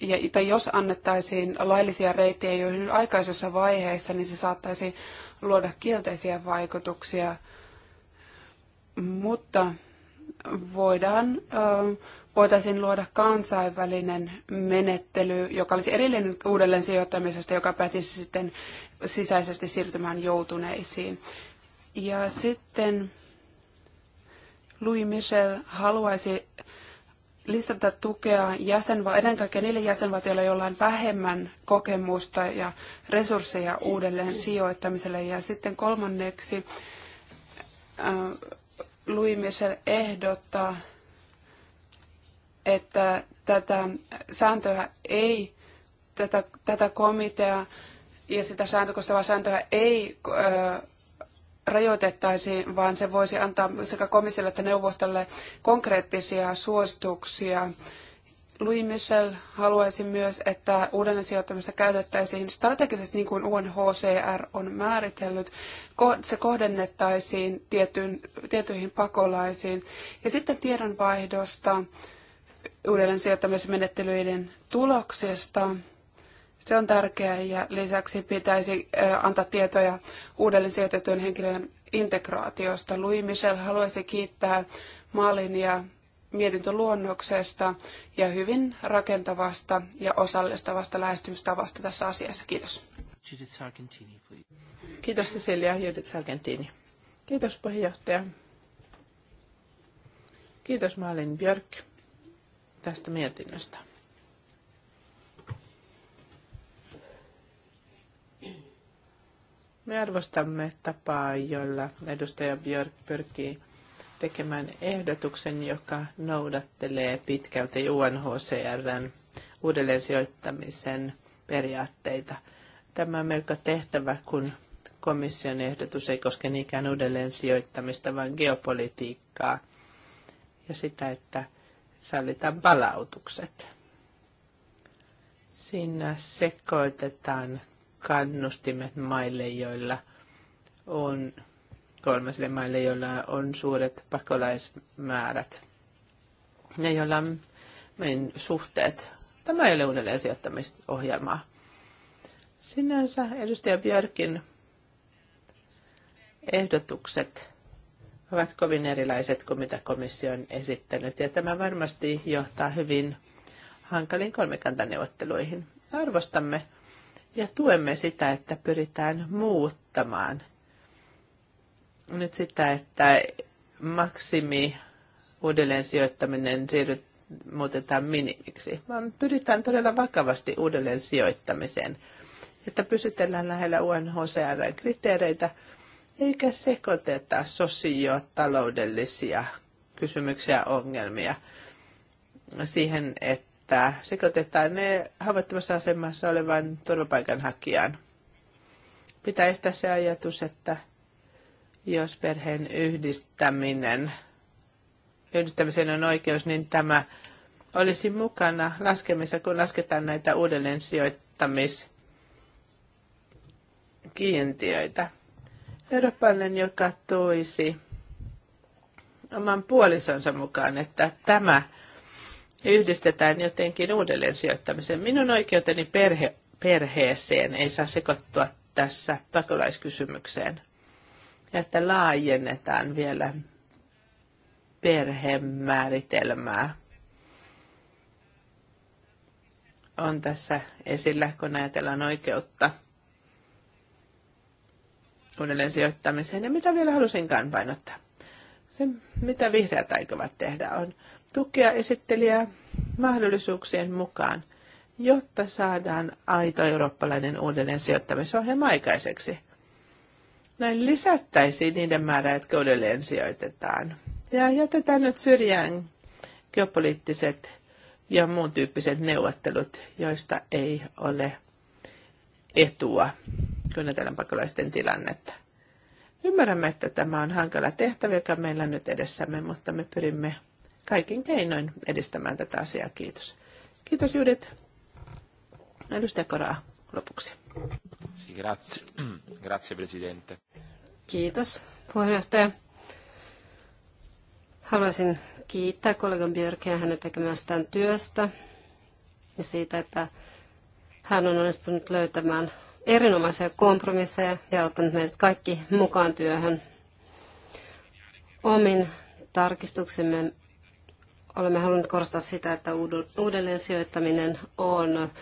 ja, tai jos annettaisiin laillisia reittejä joihin aikaisessa vaiheessa, niin se saattaisi luoda kielteisiä vaikutuksia. Mutta voidaan, voitaisiin luoda kansainvälinen menettely, joka olisi erillinen uudelleen sijoittamisesta, joka päätisi sitten sisäisesti siirtymään joutuneisiin. Ja sitten Louis Michel haluaisi lisätä tukea jäsenva- ennen kaikkea niille jäsenvaltioille, joilla on vähemmän kokemusta ja resursseja uudelleen sijoittamiselle. Ja sitten kolmanneksi äh, Louis Michel ehdottaa, että tätä sääntöä ei, tätä, tätä komitea ja sitä sääntö koskevaa sääntöä ei ö, rajoitettaisiin, vaan se voisi antaa sekä komissiolle että neuvostolle konkreettisia suosituksia Louis Michel haluaisi myös, että uuden sijoittamista käytettäisiin strategisesti niin kuin UNHCR on määritellyt. Se kohdennettaisiin tiettyyn, tiettyihin pakolaisiin. Ja sitten tiedonvaihdosta, uudelleen sijoittamismenettelyiden tuloksista Se on tärkeää ja lisäksi pitäisi antaa tietoja uudelleen sijoitettujen henkilöiden integraatiosta. Louis Michel haluaisi kiittää Malin ja mietintöluonnoksesta ja hyvin rakentavasta ja osallistavasta lähestymistavasta tässä asiassa. Kiitos. Judith Sargentini, please. Kiitos Cecilia Judith Sargentini. Kiitos puheenjohtaja. Kiitos Malin Björk tästä mietinnöstä. Me arvostamme tapaa, jolla edustaja Björk pyrkii tekemään ehdotuksen, joka noudattelee pitkälti UNHCRn uudelleensijoittamisen periaatteita. Tämä on melko tehtävä, kun komission ehdotus ei koske niinkään uudelleensijoittamista vaan geopolitiikkaa ja sitä, että sallitaan palautukset. Siinä sekoitetaan kannustimet maille, joilla on kolmasille maille, joilla on suuret pakolaismäärät ja joilla on meidän suhteet. Tämä ei ole uudelleen sijoittamisohjelmaa. Sinänsä edustaja Björkin ehdotukset ovat kovin erilaiset kuin mitä komissio on esittänyt, ja tämä varmasti johtaa hyvin hankaliin kolmikantaneuvotteluihin. Arvostamme ja tuemme sitä, että pyritään muuttamaan nyt sitä, että maksimi uudelleen sijoittaminen siirryt, muutetaan minimiksi, vaan pyritään todella vakavasti uudelleen sijoittamiseen, että pysytellään lähellä UNHCR-kriteereitä, eikä sekoiteta sosio-taloudellisia kysymyksiä ja ongelmia siihen, että sekoitetaan ne haavoittuvassa asemassa olevan turvapaikanhakijan. Pitää estää se ajatus, että jos perheen yhdistäminen, yhdistämisen on oikeus, niin tämä olisi mukana laskemissa, kun lasketaan näitä uudelleen sijoittamiskiintiöitä. Eurooppalainen, joka toisi oman puolisonsa mukaan, että tämä yhdistetään jotenkin uudelleen sijoittamiseen. Minun oikeuteni perhe, perheeseen ei saa sekoittua tässä pakolaiskysymykseen että laajennetaan vielä perhemääritelmää. On tässä esillä, kun ajatellaan oikeutta uudelleen sijoittamiseen. Ja mitä vielä halusinkaan painottaa? Se, mitä vihreät aikovat tehdä, on tukea esittelijää mahdollisuuksien mukaan, jotta saadaan aito eurooppalainen uudelleen sijoittamisohjelma aikaiseksi – näin lisättäisiin niiden määrää, jotka uudelleen sijoitetaan. Ja jätetään nyt syrjään geopoliittiset ja muun tyyppiset neuvottelut, joista ei ole etua, kun ajatellaan pakolaisten tilannetta. Ymmärrämme, että tämä on hankala tehtävä, joka meillä on nyt edessämme, mutta me pyrimme kaikin keinoin edistämään tätä asiaa. Kiitos. Kiitos Judith. Edustaja Koraa lopuksi. Grazie. Grazie, presidente. Kiitos, puheenjohtaja. Haluaisin kiittää kollega Björkiä hänen tekemästään työstä ja siitä, että hän on onnistunut löytämään erinomaisia kompromisseja ja ottanut meidät kaikki mukaan työhön. Omin tarkistuksemme olemme halunneet korostaa sitä, että uudelleen sijoittaminen on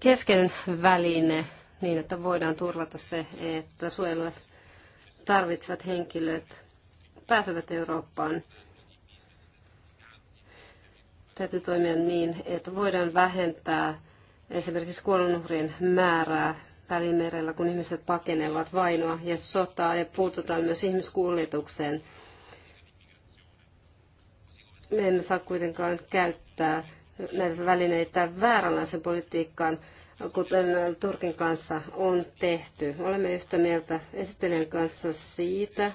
keskeinen väline niin, että voidaan turvata se, että suojelua tarvitsevat henkilöt pääsevät Eurooppaan. Täytyy toimia niin, että voidaan vähentää esimerkiksi kuolonuhrien määrää Välimerellä, kun ihmiset pakenevat vainoa ja sotaa ja puututaan myös ihmiskuljetukseen. Me emme saa kuitenkaan käyttää näitä välineitä vääränlaisen politiikkaan, kuten Turkin kanssa on tehty. Olemme yhtä mieltä esittelijän kanssa siitä,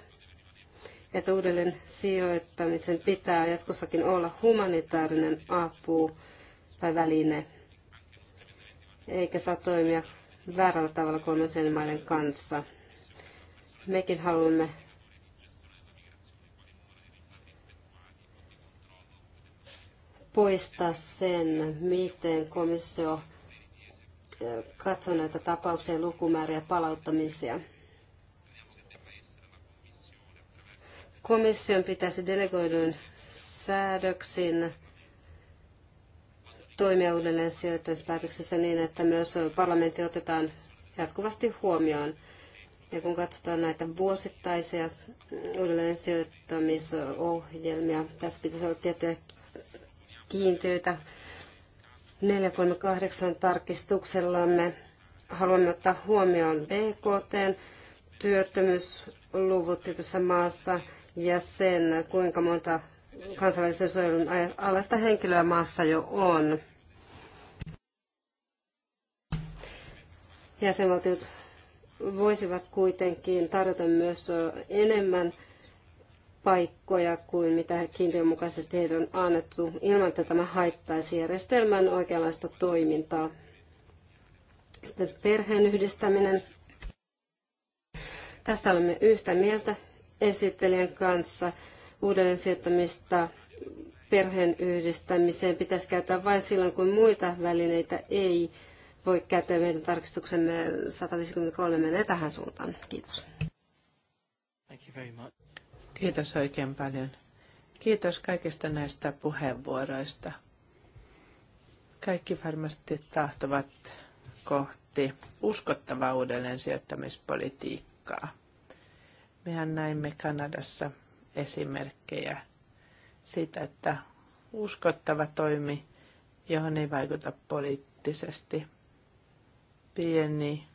että uudelleen sijoittamisen pitää jatkossakin olla humanitaarinen apu tai väline, eikä saa toimia väärällä tavalla kolmansien maiden kanssa. Mekin haluamme poistaa sen, miten komissio katsoa näitä tapauksia, lukumääriä, palauttamisia. Komission pitäisi delegoidun säädöksin toimia uudelleen sijoittamispäätöksessä niin, että myös parlamentti otetaan jatkuvasti huomioon. Ja kun katsotaan näitä vuosittaisia uudelleen sijoittamisohjelmia, tässä pitäisi olla tiettyjä kiintiöitä 438 tarkistuksellamme haluamme ottaa huomioon BKT, työttömyysluvut tietyssä maassa ja sen, kuinka monta kansainvälisen suojelun alaista henkilöä maassa jo on. Jäsenvaltiot voisivat kuitenkin tarjota myös enemmän paikkoja kuin mitä kiintiön mukaisesti heille on annettu, ilman että tämä haittaisi järjestelmän oikeanlaista toimintaa. Sitten perheen yhdistäminen. Tässä olemme yhtä mieltä esittelijän kanssa. Uudelleen sijoittamista perheen yhdistämiseen pitäisi käyttää vain silloin, kun muita välineitä ei voi käyttää. Meidän tarkistuksemme 153 menee tähän suuntaan. Kiitos. Kiitos oikein paljon. Kiitos kaikista näistä puheenvuoroista. Kaikki varmasti tahtovat kohti uskottavaa uudelleen sijoittamispolitiikkaa. Mehän näimme Kanadassa esimerkkejä siitä, että uskottava toimi, johon ei vaikuta poliittisesti. Pieni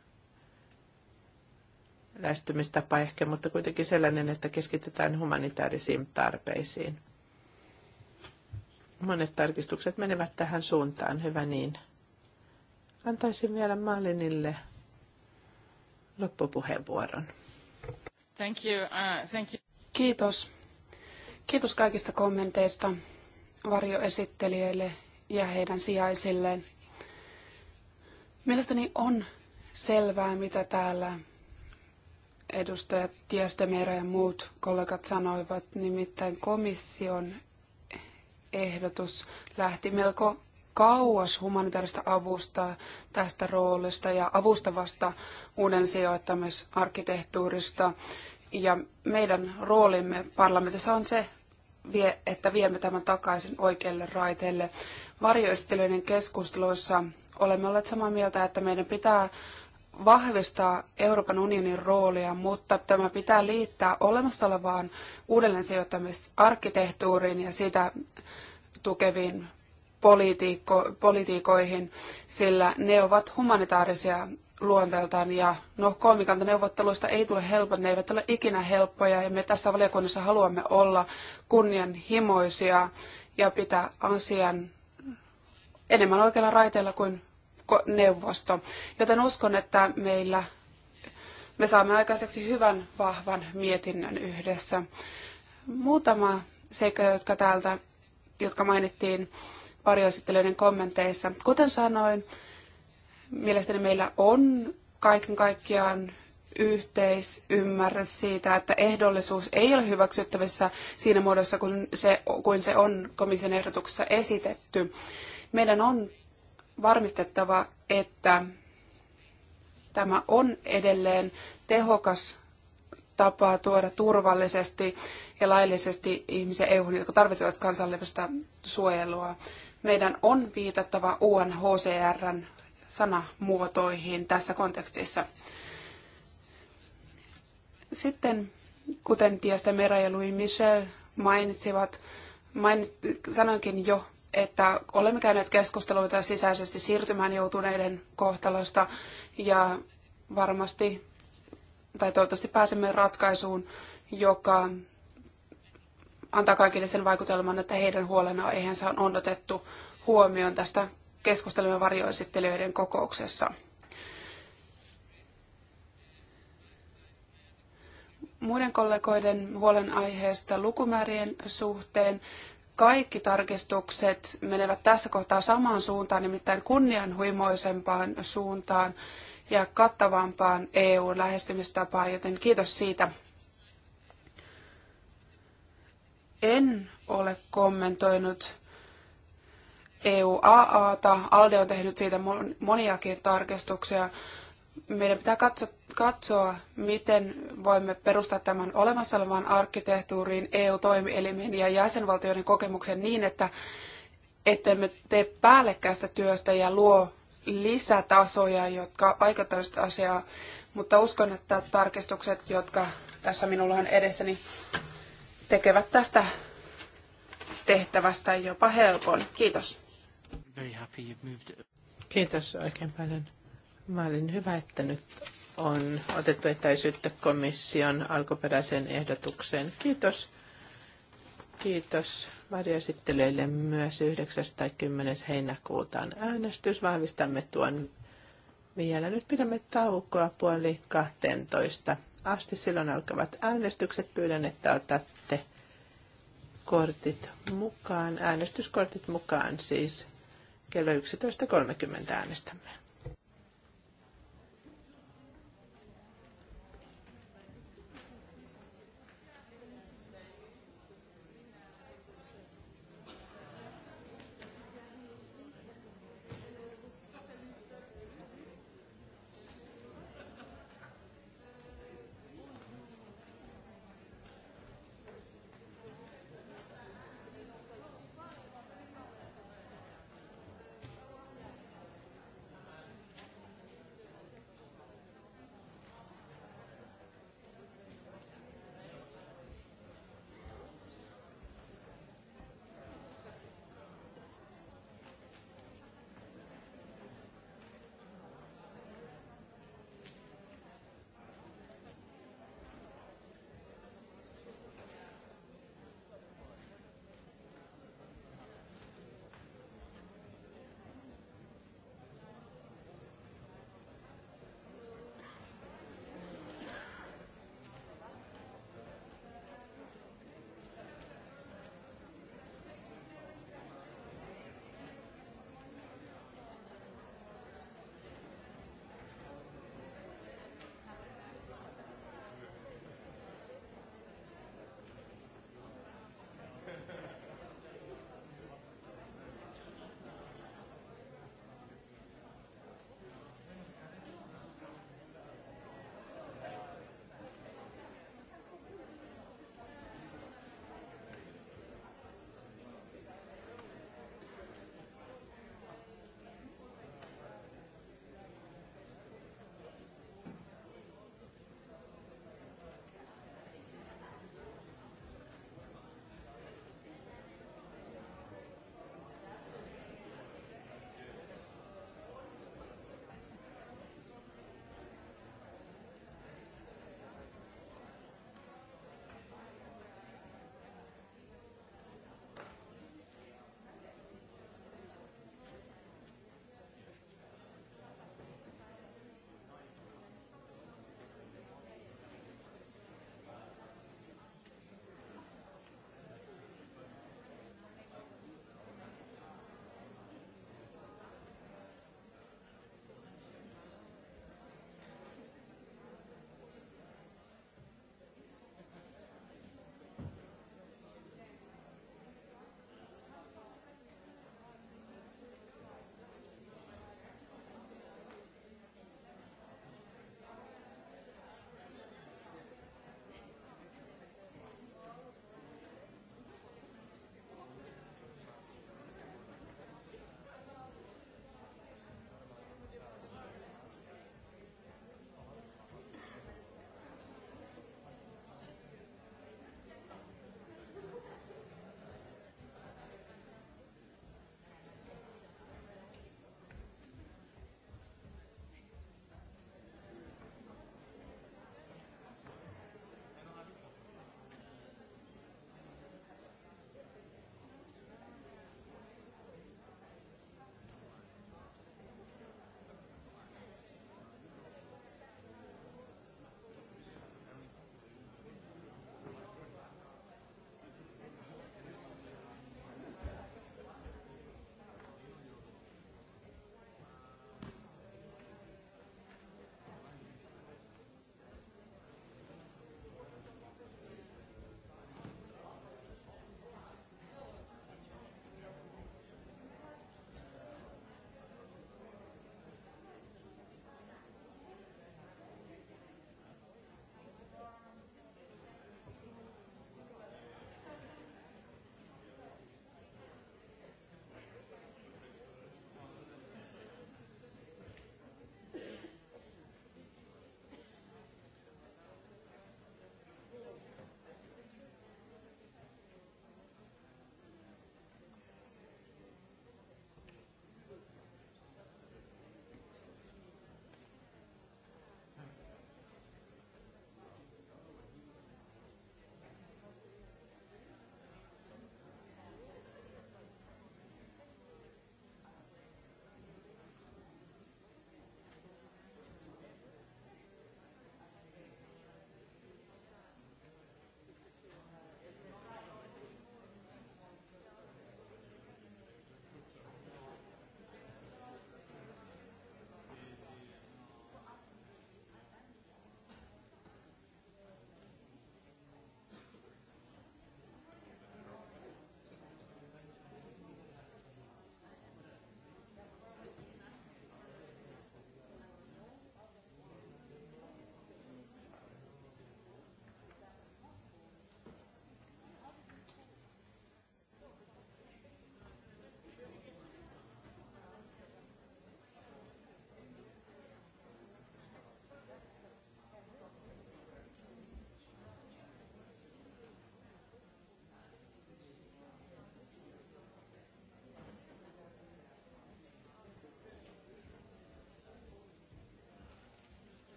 lähestymistapa ehkä, mutta kuitenkin sellainen, että keskitytään humanitaarisiin tarpeisiin. Monet tarkistukset menevät tähän suuntaan, hyvä niin. Antaisin vielä Malinille loppupuheenvuoron. Thank you. Uh, thank you. Kiitos. Kiitos kaikista kommenteista varjoesittelijöille ja heidän sijaisilleen. Mielestäni on selvää, mitä täällä edustajat Tiestemierä ja muut kollegat sanoivat, nimittäin komission ehdotus lähti melko kauas humanitaarista avusta tästä roolista ja avustavasta uuden sijoittamisarkkitehtuurista. Ja meidän roolimme parlamentissa on se, että viemme tämän takaisin oikeille raiteille. varjoistelujen keskusteluissa olemme olleet samaa mieltä, että meidän pitää vahvistaa Euroopan unionin roolia, mutta tämä pitää liittää olemassa olevaan uudelleensijoittamisarkkitehtuuriin ja sitä tukeviin politiikko, politiikoihin, sillä ne ovat humanitaarisia luonteeltaan ja no kolmikantaneuvotteluista ei tule helpot, ne eivät ole ikinä helppoja ja me tässä valiokunnassa haluamme olla kunnianhimoisia ja pitää asian enemmän oikealla raiteella kuin neuvosto. Joten uskon, että meillä me saamme aikaiseksi hyvän vahvan mietinnön yhdessä. Muutama seikka, jotka täältä, jotka mainittiin varjoesittelijöiden kommenteissa. Kuten sanoin, mielestäni meillä on kaiken kaikkiaan yhteisymmärrys siitä, että ehdollisuus ei ole hyväksyttävissä siinä muodossa, kun se, kuin se on komission ehdotuksessa esitetty. Meidän on varmistettava, että tämä on edelleen tehokas tapa tuoda turvallisesti ja laillisesti ihmisiä EU, jotka tarvitsevat kansallista suojelua. Meidän on viitattava UNHCRn sanamuotoihin tässä kontekstissa. Sitten, kuten Tiesta Mera ja Louis Michel mainitsivat, mainit, sanoinkin jo että olemme käyneet keskusteluita sisäisesti siirtymään joutuneiden kohtalosta ja varmasti tai toivottavasti pääsemme ratkaisuun, joka antaa kaikille sen vaikutelman, että heidän huolenaiheensa on odotettu huomioon tästä keskustelimme varjoesittelijöiden kokouksessa. Muiden kollegoiden huolenaiheesta lukumäärien suhteen kaikki tarkistukset menevät tässä kohtaa samaan suuntaan, nimittäin kunnianhuimoisempaan suuntaan ja kattavampaan EU-lähestymistapaan, joten kiitos siitä. En ole kommentoinut EU-AAta. Alde on tehnyt siitä moniakin tarkistuksia meidän pitää katso, katsoa, miten voimme perustaa tämän olemassa olevaan arkkitehtuuriin, EU-toimielimiin ja jäsenvaltioiden kokemuksen niin, että ettemme tee päällekkäistä työstä ja luo lisätasoja, jotka aikataulut asiaa. Mutta uskon, että tarkistukset, jotka tässä minulla on edessäni, tekevät tästä tehtävästä jopa helpon. Kiitos. Kiitos oikein paljon Mä olin hyvä, että nyt on otettu etäisyyttä komission alkuperäiseen ehdotukseen. Kiitos. Kiitos varjoesittelijöille myös 9. tai 10. heinäkuuta äänestys. Vahvistamme tuon vielä. Nyt pidämme taukoa puoli 12 asti. Silloin alkavat äänestykset. Pyydän, että otatte kortit mukaan, äänestyskortit mukaan siis kello 11.30 äänestämme.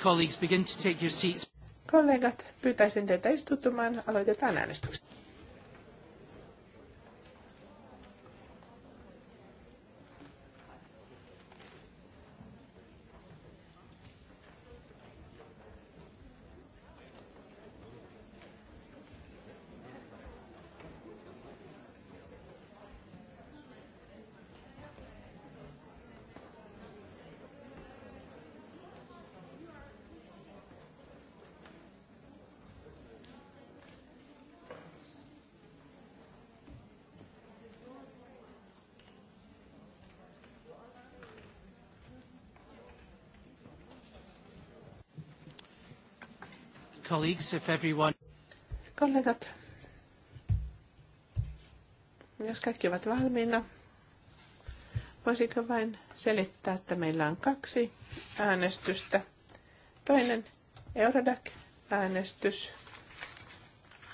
Colleagues, begin to take your seats. Kollegat, pyytäisin teitä istuttumaan. Aloitetaan äänestys. Colleagues, if everyone... Kollegat, jos kaikki ovat valmiina, voisinko vain selittää, että meillä on kaksi äänestystä. Toinen Eurodac-äänestys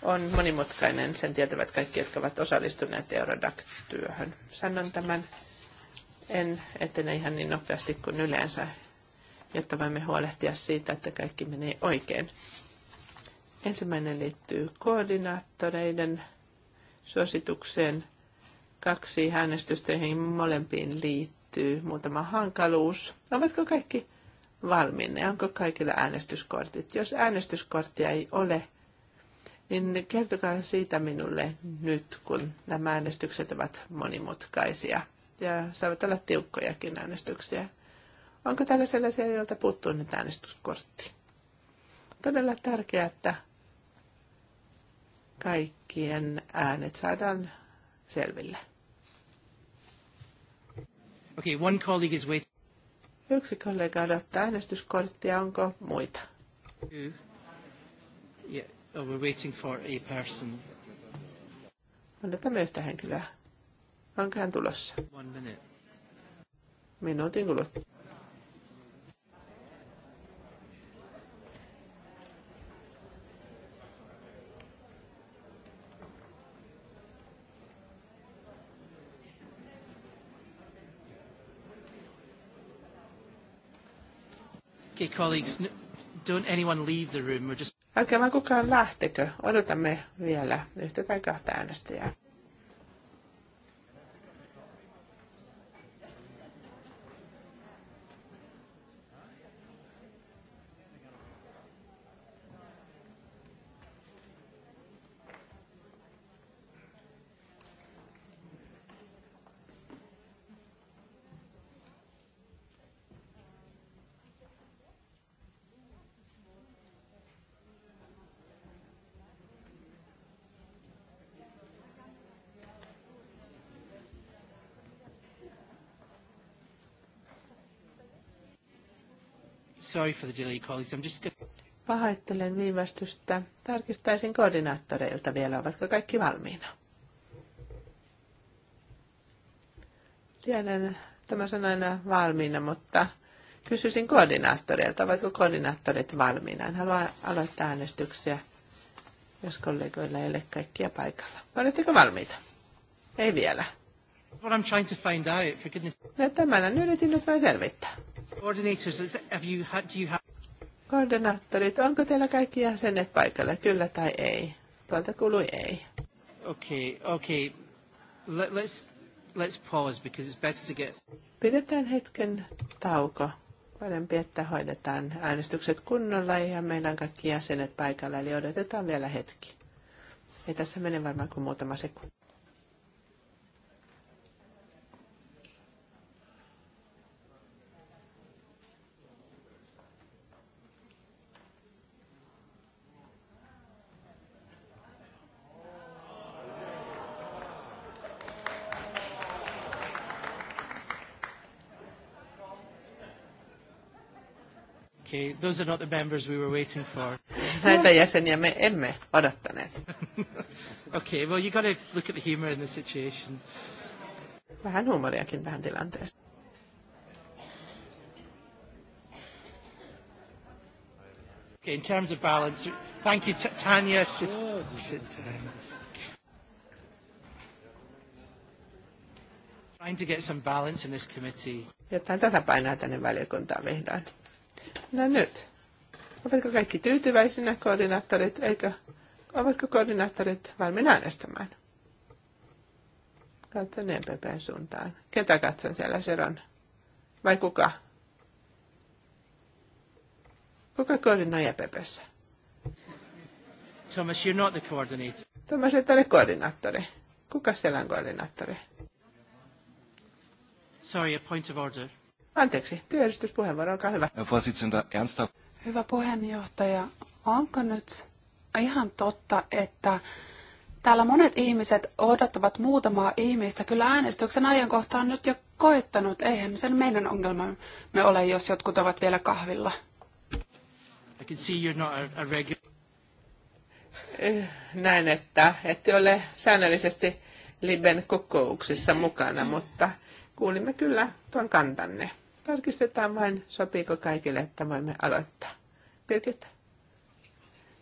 on monimutkainen, sen tietävät kaikki, jotka ovat osallistuneet Eurodac-työhön. Sanon tämän, en etene ihan niin nopeasti kuin yleensä, jotta voimme huolehtia siitä, että kaikki menee oikein. Ensimmäinen liittyy koordinaattoreiden suositukseen. Kaksi äänestystä, joihin molempiin liittyy muutama hankaluus. Ovatko kaikki valmiina? Onko kaikilla äänestyskortit? Jos äänestyskorttia ei ole, niin kertokaa siitä minulle nyt, kun nämä äänestykset ovat monimutkaisia ja saavat olla tiukkojakin äänestyksiä. Onko täällä sellaisia, joilta puuttuu nyt äänestyskortti? Todella tärkeää, että kaikkien äänet saadaan selville. Okay, one colleague is waiting. Yksi kollega odottaa äänestyskorttia. Onko muita? Yeah. Oh, we're waiting for a person. Odotamme yhtä henkilöä. Onko hän tulossa? One minute. Minuutin kuluttua. Okay, colleagues, don't anyone leave the room. We're just... Älkää vaan kukaan lähtekö. Odotamme vielä yhtä tai kahta äänestäjää. Sorry for the delay, colleagues. I'm just Pahoittelen viivästystä. Tarkistaisin koordinaattoreilta vielä, ovatko kaikki valmiina. Tiedän, tämä on aina valmiina, mutta kysyisin koordinaattoreilta, ovatko koordinaattorit valmiina. En halua aloittaa äänestyksiä, jos kollegoilla ei ole kaikkia paikalla. Oletteko valmiita? Ei vielä. What I'm trying to find out, for goodness. No tämän yritin nyt vain selvittää. Koordinaattorit, onko teillä kaikki jäsenet paikalla, kyllä tai ei? Tuolta kuului ei. Okei, okay, okei. Okay. Let, let's, let's pause because it's better to get... Pidetään hetken tauko. Parempi, että hoidetaan äänestykset kunnolla ja meillä on kaikki jäsenet paikalla, eli odotetaan vielä hetki. Ei tässä mene varmaan kuin muutama sekunti. Okay, those are not the members we were waiting for. Näitä jäseniä me emme odottaneet. okay, well you gotta look at the humor in the situation. Vähän huumoriakin tähän tilanteeseen. Okay, in terms of balance, thank you oh, Tanya. Trying to get some balance in this committee. Jotain tasapainoa tänne valiokuntaan vihdoin. No nyt. Ovatko kaikki tyytyväisinä koordinaattorit, eikö? Ovatko koordinaattorit valmiina äänestämään? Katson EPPn suuntaan. Ketä katson siellä Seron? Vai kuka? Kuka koordinoi EPPssä? Thomas, you're not the coordinator. Thomas, et ole koordinaattori. Kuka siellä on koordinaattori? Sorry, a point of order. Anteeksi, työjärjestyspuheenvuoro, olkaa hyvä. Hyvä puheenjohtaja, onko nyt ihan totta, että täällä monet ihmiset odottavat muutamaa ihmistä. Kyllä äänestyksen ajankohta on nyt jo koittanut. Eihän sen meidän Me ole, jos jotkut ovat vielä kahvilla. Eh, näen, että ette ole säännöllisesti Liben kokouksissa mukana, mutta kuulimme kyllä tuon kantanne. Tarkistetaan vain, sopiiko kaikille, että voimme aloittaa. Birgitta?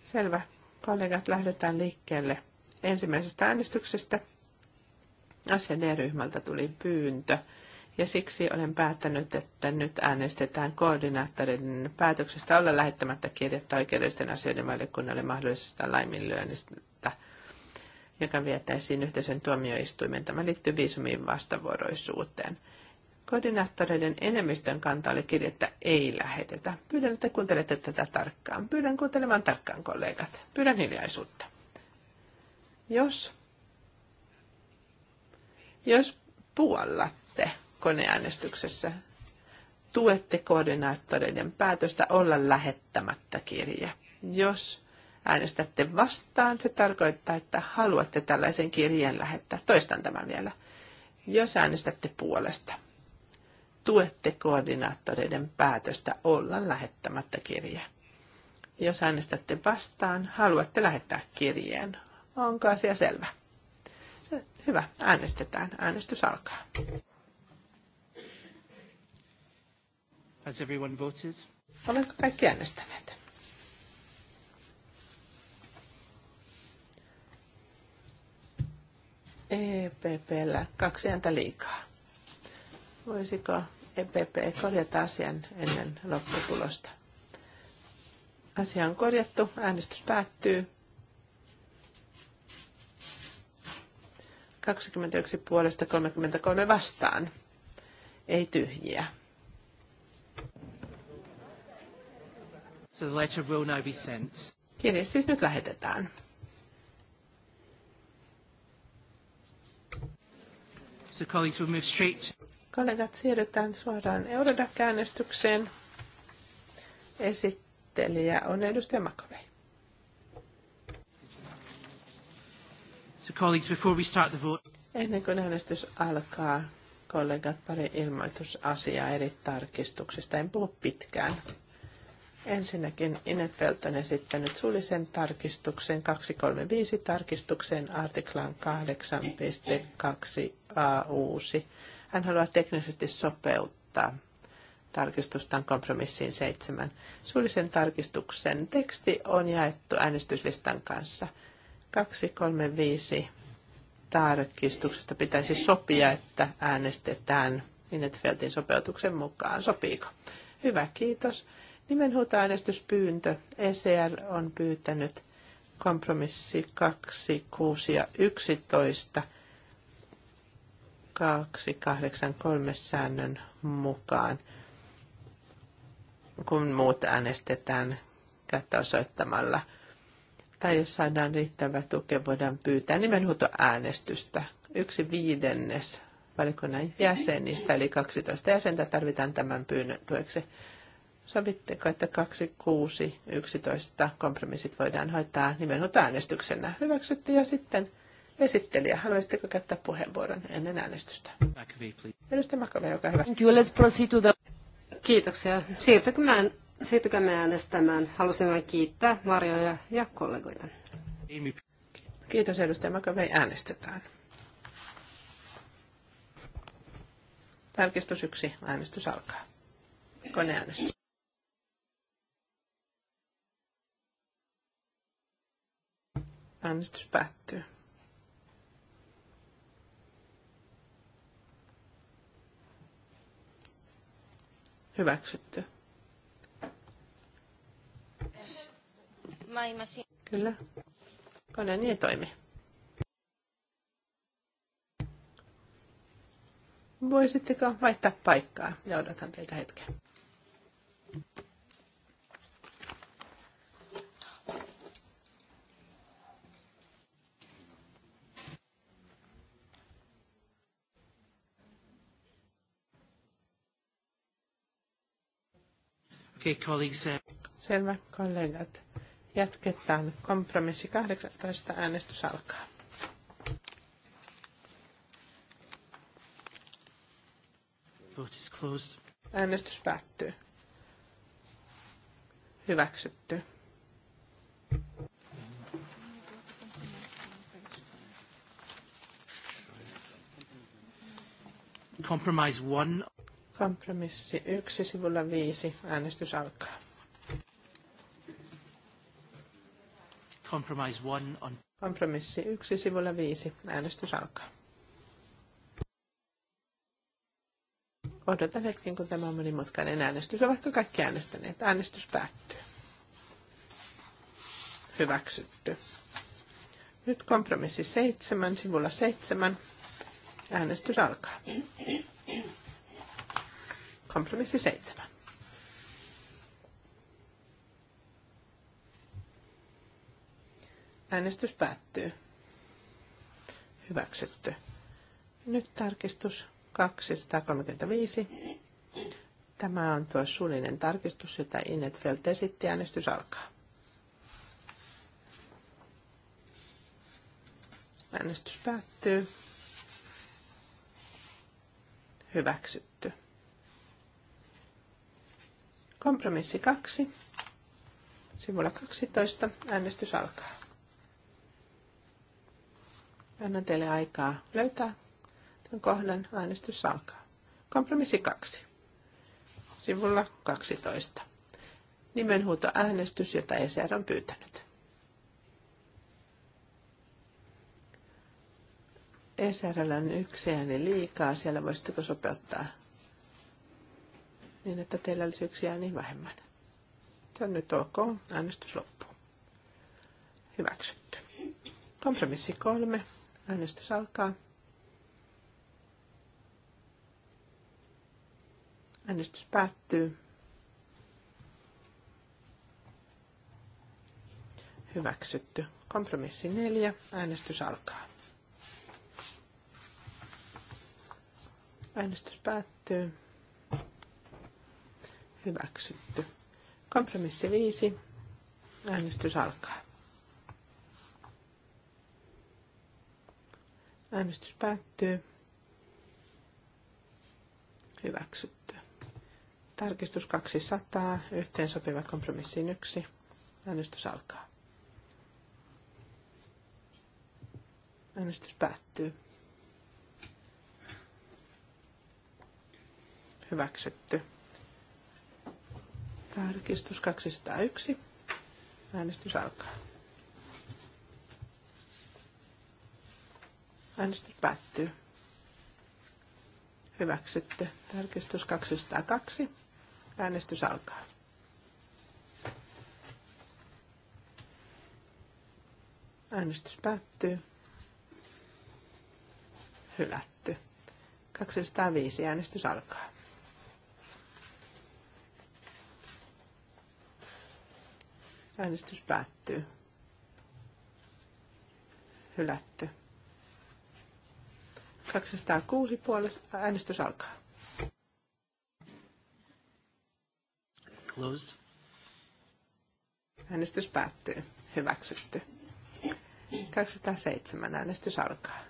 Selvä. Kollegat, lähdetään liikkeelle ensimmäisestä äänestyksestä. d ryhmältä tuli pyyntö ja siksi olen päättänyt, että nyt äänestetään koordinaattorin päätöksestä olla lähettämättä kirjettä oikeudellisten asioiden valiokunnalle mahdollisesta laiminlyönnistä, joka vietäisiin yhteisön tuomioistuimen. Tämä liittyy viisumiin vastavuoroisuuteen. Koordinaattoreiden enemmistön kanta oli kirjettä ei lähetetä. Pyydän, että kuuntelette tätä tarkkaan. Pyydän kuuntelemaan tarkkaan, kollegat. Pyydän hiljaisuutta. Jos, jos puollatte koneäänestyksessä, tuette koordinaattoreiden päätöstä olla lähettämättä kirje. Jos äänestätte vastaan, se tarkoittaa, että haluatte tällaisen kirjeen lähettää. Toistan tämän vielä. Jos äänestätte puolesta, tuette koordinaattoreiden päätöstä olla lähettämättä kirje. Jos äänestätte vastaan, haluatte lähettää kirjeen. Onko asia selvä? Se, hyvä, äänestetään. Äänestys alkaa. Has everyone voted? Olenko kaikki äänestäneet? EPPllä kaksi ääntä liikaa. Voisiko EPP korjata asian ennen lopputulosta. Asia on korjattu, äänestys päättyy. 21 puolesta 33 vastaan. Ei tyhjiä. So the letter will now be sent. Kirje siis nyt lähetetään. So colleagues will move straight. Kollegat, siirrytään suoraan Eurodac-äänestykseen. Esittelijä on edustaja Makovei. So colleagues, before we start the vote... Ennen kuin äänestys alkaa, kollegat, pari ilmoitusasiaa eri tarkistuksista. En puhu pitkään. Ensinnäkin Inetfeld on esittänyt suullisen tarkistuksen 235 tarkistukseen artiklan 8.2a uusi hän haluaa teknisesti sopeuttaa tarkistustaan kompromissiin seitsemän. Suullisen tarkistuksen teksti on jaettu äänestyslistan kanssa. 235 tarkistuksesta pitäisi sopia, että äänestetään Innetfeltin sopeutuksen mukaan. Sopiiko? Hyvä, kiitos. äänestyspyyntö ECR on pyytänyt kompromissi 2, 6 ja 11 283 säännön mukaan, kun muut äänestetään kättä osoittamalla. Tai jos saadaan riittävä tuke, voidaan pyytää äänestystä. Yksi viidennes valikunnan jäsenistä, eli 12 jäsentä tarvitaan tämän pyynnön tueksi. Sovitteko, että 2, 6, 11 kompromissit voidaan hoitaa äänestyksenä? Hyväksytty ja sitten Esittelijä, haluaisitteko käyttää puheenvuoron ennen äänestystä? Edustaja Makove, olkaa hyvä. Kiitoksia. Siirtykää siirtykäämme äänestämään. Halusin vain kiittää Marjoja ja kollegoita. Kiitos edustaja Makavei. Äänestetään. Tarkistus yksi. Äänestys alkaa. Koneäänestys. Äänestys päättyy. Hyväksytty. Kyllä. Kone niin ei toimi. Voisitteko vaihtaa paikkaa ja odotan teitä hetken. Okay, colleagues. Uh, Selvä, kollegat. Jatketaan. Kompromissi 18. Äänestys alkaa. Vote is closed. Äänestys päättyy. Hyväksytty. Compromise one. Kompromissi 1 sivulla 5. Äänestys alkaa. Compromise one on... Kompromissi 1 sivulla 5. Äänestys alkaa. Odotan hetken, kun tämä on monimutkainen äänestys, Ovatko kaikki äänestäneet. Äänestys päättyy. Hyväksytty. Nyt kompromissi 7, sivulla 7. Äänestys alkaa. Kompromissi seitsemän. Äänestys päättyy. Hyväksytty. Nyt tarkistus 235. Tämä on tuo suullinen tarkistus, jota Inetfeld esitti. Äänestys alkaa. Äänestys päättyy. Hyväksytty. Kompromissi 2. Sivulla 12 äänestys alkaa. Annan teille aikaa löytää tämän kohdan. Äänestys alkaa. Kompromissi 2. Sivulla 12. Nimenhuuto äänestys, jota ECR on pyytänyt. ECRllä on yksi ääni liikaa. Siellä voisitteko sopeuttaa niin, että teillä olisi yksi ääni vähemmän. Se on nyt ok. Äänestys loppuu. Hyväksytty. Kompromissi kolme. Äänestys alkaa. Äänestys päättyy. Hyväksytty. Kompromissi neljä. Äänestys alkaa. Äänestys päättyy. Hyväksytty. Kompromissi 5. Äänestys alkaa. Äänestys päättyy. Hyväksytty. Tarkistus 200. Yhteen sopiva kompromissiin 1. Äänestys alkaa. Äänestys päättyy. Hyväksytty. Tarkistus 201. Äänestys alkaa. Äänestys päättyy. Hyväksytty. Tarkistus 202. Äänestys alkaa. Äänestys päättyy. Hylätty. 205. Äänestys alkaa. Äänestys päättyy. Hylätty. 206 puolesta äänestys alkaa. Closed. Äänestys päättyy. Hyväksytty. 207 äänestys alkaa.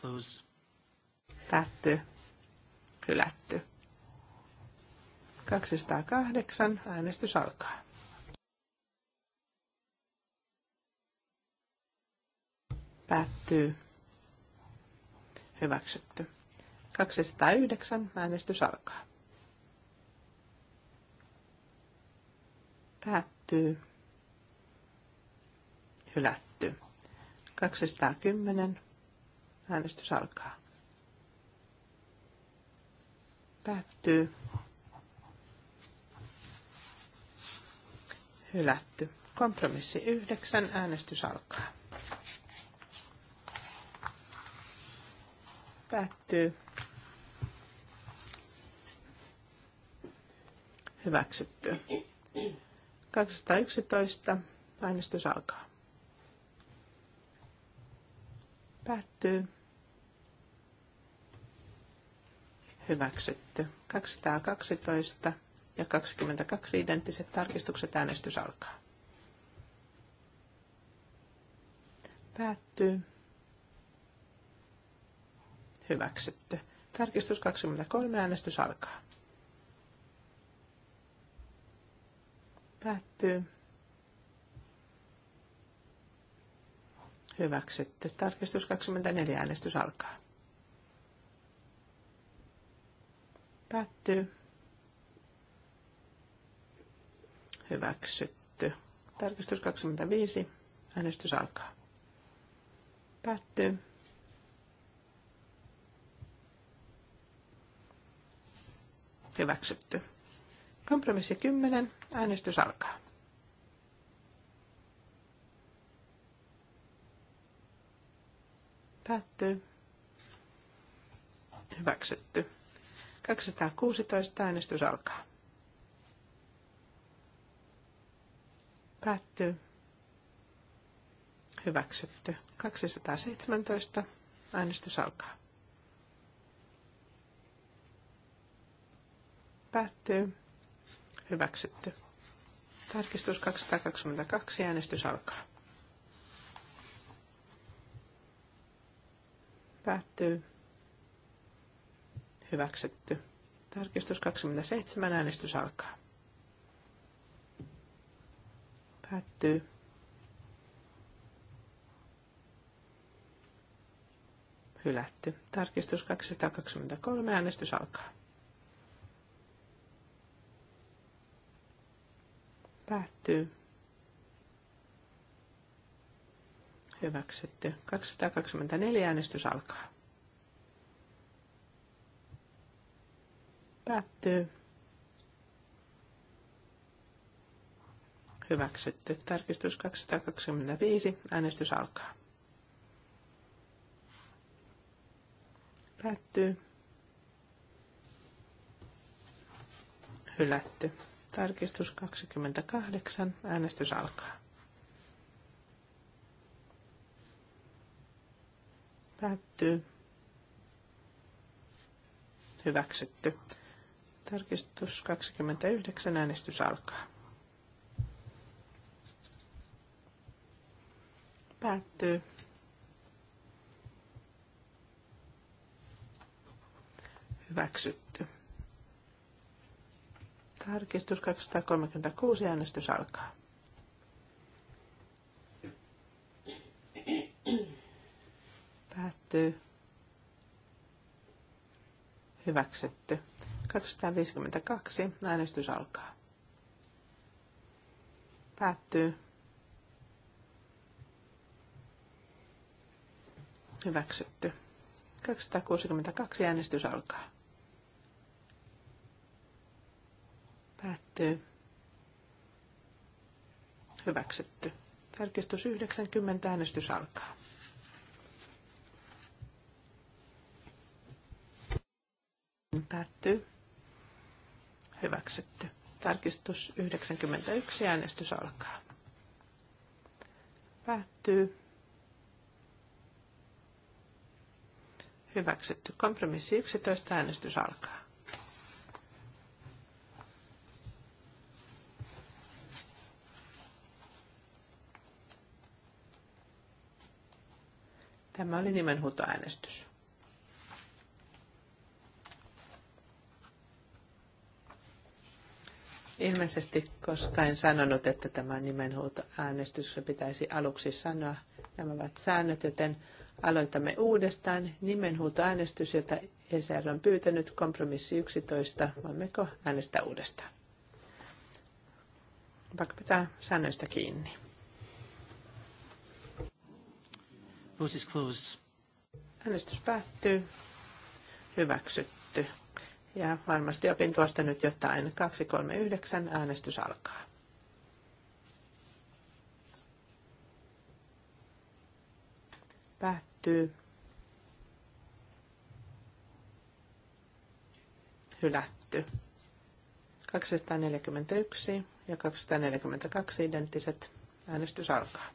Closed. Päättyy. Hylätty. 208. Äänestys alkaa. Päättyy. Hyväksytty. 209. Äänestys alkaa. Päättyy. Hylätty. 210. Äänestys alkaa. Päättyy. Hylätty. Kompromissi yhdeksän. Äänestys alkaa. Päättyy. Hyväksytty. 211. Äänestys alkaa. Päättyy. Hyväksytty. 212 ja 22 identtiset tarkistukset äänestys alkaa. Päättyy. Hyväksytty. Tarkistus 23 äänestys alkaa. Päättyy. Hyväksytty. Tarkistus 24 äänestys alkaa. Päättyy. hyväksytty. Tarkistus 25. Äänestys alkaa. Päättyy. Hyväksytty. Kompromissi 10. Äänestys alkaa. Päättyy. Hyväksytty. 216. Äänestys alkaa. Päättyy. Hyväksytty. 217. Äänestys alkaa. Päättyy. Hyväksytty. Tarkistus 222. Äänestys alkaa. Päättyy. Hyväksytty. Tarkistus 27. Äänestys alkaa. Päättyy. Hylätty. Tarkistus 223. Äänestys alkaa. Päättyy. Hyväksytty. 224 äänestys alkaa. Päättyy. hyväksytty. Tarkistus 225. Äänestys alkaa. Päättyy. Hylätty. Tarkistus 28. Äänestys alkaa. Päättyy. Hyväksytty. Tarkistus 29. Äänestys alkaa. Päättyy. Hyväksytty. Tarkistus 236. Äänestys alkaa. Päättyy. Hyväksytty. 252. Äänestys alkaa. Päättyy. Hyväksytty. 262 äänestys alkaa. Päättyy. Hyväksytty. Tarkistus 90 äänestys alkaa. Päättyy. Hyväksytty. Tarkistus 91 äänestys alkaa. Päättyy. Hyväksytty. Kompromissi 11. Äänestys alkaa. Tämä oli nimenhuutoäänestys. Ilmeisesti, koska en sanonut, että tämä on nimenhuutoäänestys, se pitäisi aluksi sanoa. Nämä ovat säännöt, joten Aloitamme uudestaan nimenhuutoäänestys, jota ESR on pyytänyt kompromissi 11. Voimmeko äänestää uudestaan? Vaikka pitää säännöistä kiinni. Vote is closed. Äänestys päättyy. Hyväksytty. Ja varmasti opin tuosta nyt jotain. 239 äänestys alkaa. Päättyy pystyy. Hylätty. 241 ja 242 identtiset. Äänestys alkaa.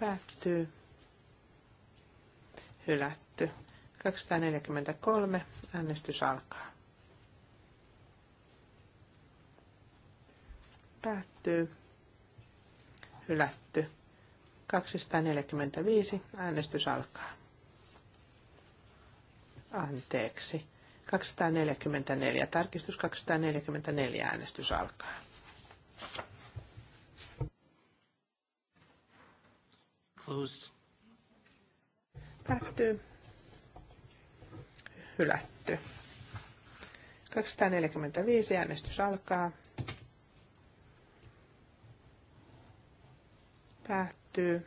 Päättyy. Hylätty. 243. Äänestys alkaa. Päättyy hylätty. 245 äänestys alkaa. Anteeksi. 244. Tarkistus 244 äänestys alkaa. Closed. Päättyy. Hylätty. 245 äänestys alkaa. Päättyy.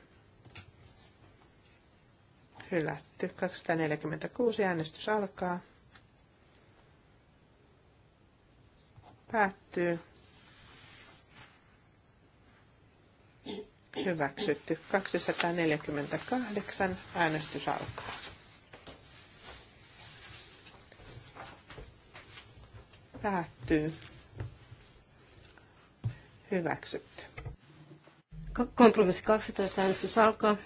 Hylätty. 246 äänestys alkaa. Päättyy. Hyväksytty. 248 äänestys alkaa. Päättyy. Hyväksytty. Kompromissi 12 äänestys alkaa.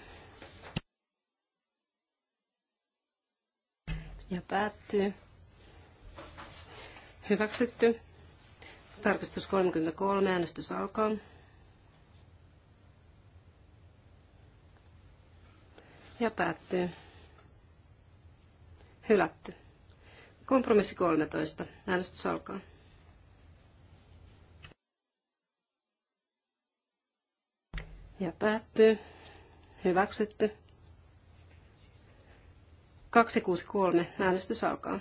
Ja päättyy. Hyväksytty. Tarkistus 33. Äänestys alkaa. Ja päättyy. Hylätty. Kompromissi 13. Äänestys alkaa. ja päättyy. Hyväksytty. 263. Äänestys alkaa.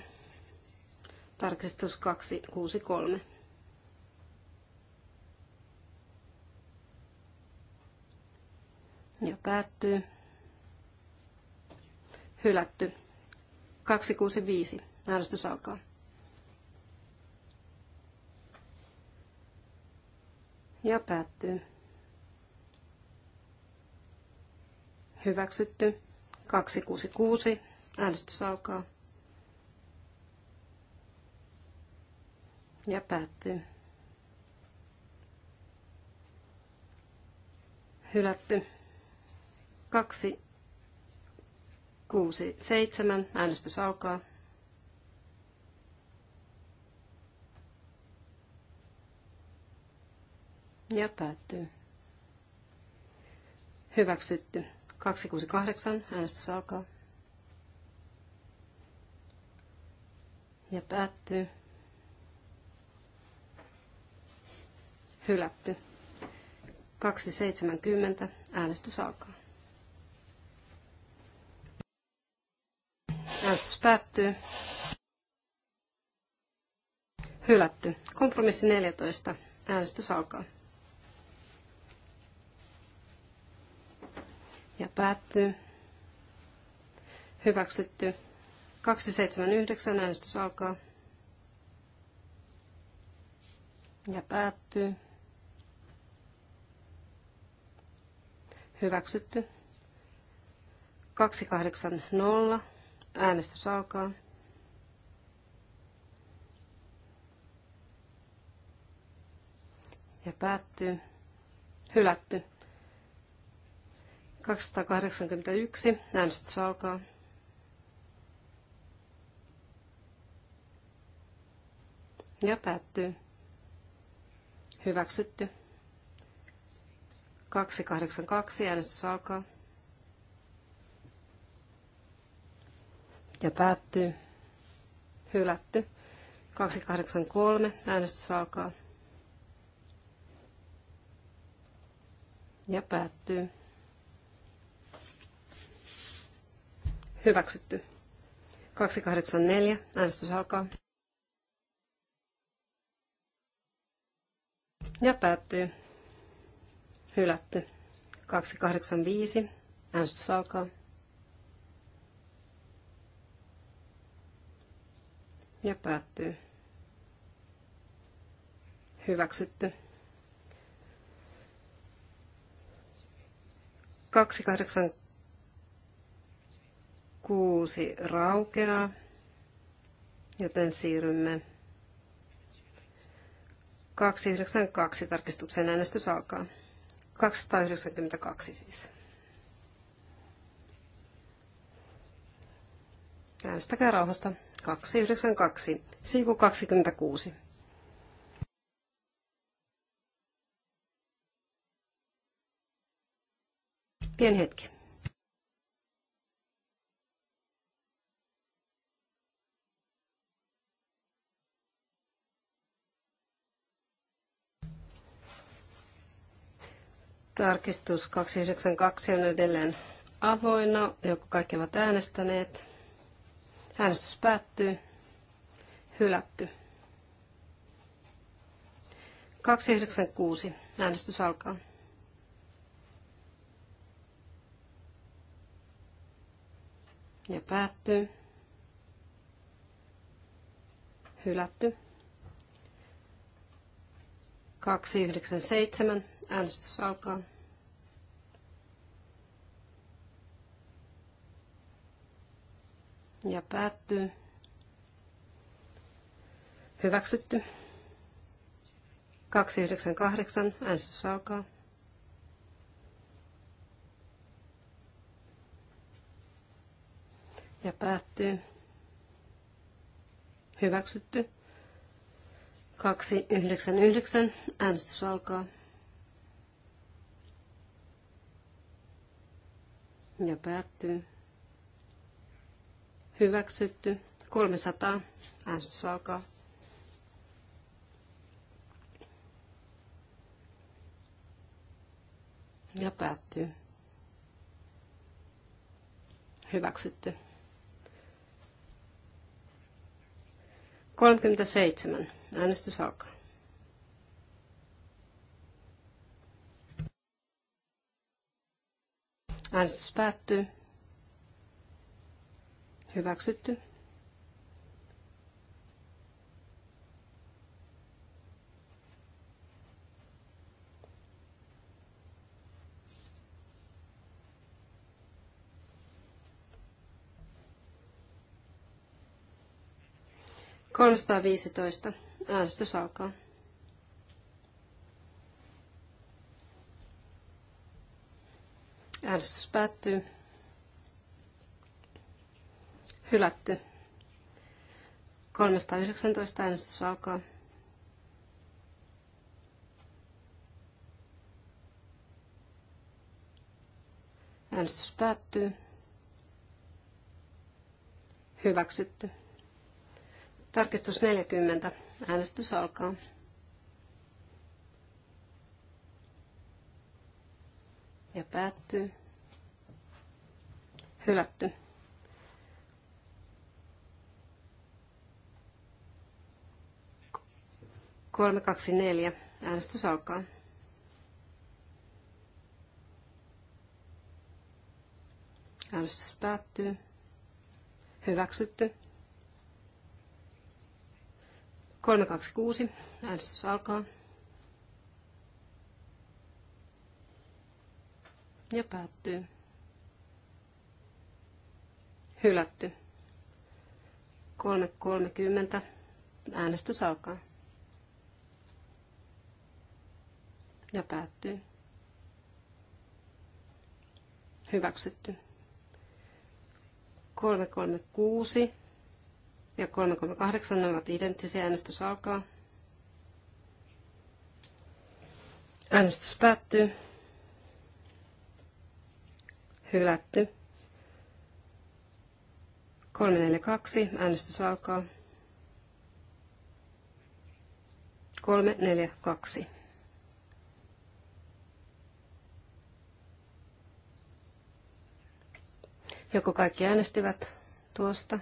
Tarkistus 263. Ja päättyy. Hylätty. 265. Äänestys alkaa. Ja päättyy. Hyväksytty. 266. Äänestys alkaa. Ja päättyy. Hylätty. 2, 6, 7. Äänestys alkaa. Ja päättyy. Hyväksytty. 268. Äänestys alkaa. Ja päättyy. Hylätty. 270. Äänestys alkaa. Äänestys päättyy. Hylätty. Kompromissi 14. Äänestys alkaa. päättyy. Hyväksytty. 279 äänestys alkaa. Ja päättyy. Hyväksytty. 280. Äänestys alkaa. Ja päättyy. Hylätty. 281. Äänestys alkaa. Ja päättyy. Hyväksytty. 282. Äänestys alkaa. Ja päättyy. Hylätty. 283. Äänestys alkaa. Ja päättyy Hyväksytty. 284. Äänestys alkaa. Ja päättyy. Hylätty. 285. Äänestys alkaa. Ja päättyy. Hyväksytty. 286 kuusi raukeaa, joten siirrymme 292 tarkistuksen äänestys alkaa. 292 siis. Äänestäkää rauhasta. 292, sivu 26. Pieni hetki. Tarkistus 292 on edelleen avoinna, joko kaikki ovat äänestäneet. Äänestys päättyy. Hylätty. 296. Äänestys alkaa. Ja päättyy. Hylätty. 297. Äänestys alkaa. Ja päättyy. Hyväksytty. 298. Äänestys alkaa. Ja päättyy. Hyväksytty. 299. Äänestys alkaa. Ja päättyy. Hyväksytty. 300. Äänestys alkaa. Ja päättyy. Hyväksytty. 37. Äänestys alkaa. Äänestys päättyy. Hyväksytty. viisitoista. Äänestys alkaa. Äänestys päättyy. Hylätty. 319 äänestys alkaa. Äänestys päättyy. Hyväksytty. Tarkistus 40. Äänestys alkaa. Ja päättyy. Hylätty. Kolme, kaksi, neljä. Äänestys alkaa. Äänestys päättyy. Hyväksytty. 326. Äänestys alkaa. Ja päättyy. Hylätty. 3.30. Äänestys alkaa. Ja päättyy. Hyväksytty. 336 ja 3.8 ne ovat identtisiä. Äänestys alkaa. Äänestys päättyy. Hylätty. 342. Äänestys alkaa. 342. Joko kaikki äänestivät tuosta?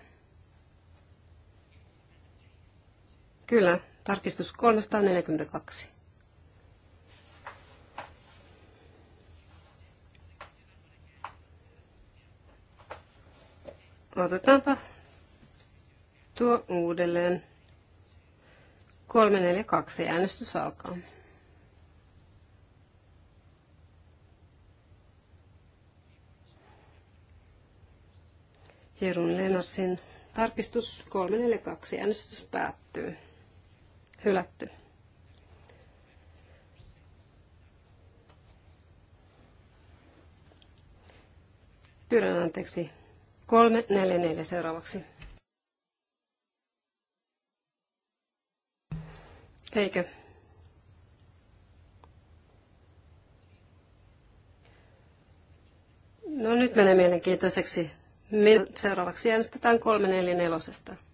Kyllä, tarkistus 342. Otetaanpa tuo uudelleen. 342 äänestys alkaa. Jerun Lenarsin tarkistus 342 äänestys päättyy hylätty. Pyydän anteeksi. 344 seuraavaksi. Eikö? No nyt menee mielenkiintoiseksi. Seuraavaksi äänestetään 344.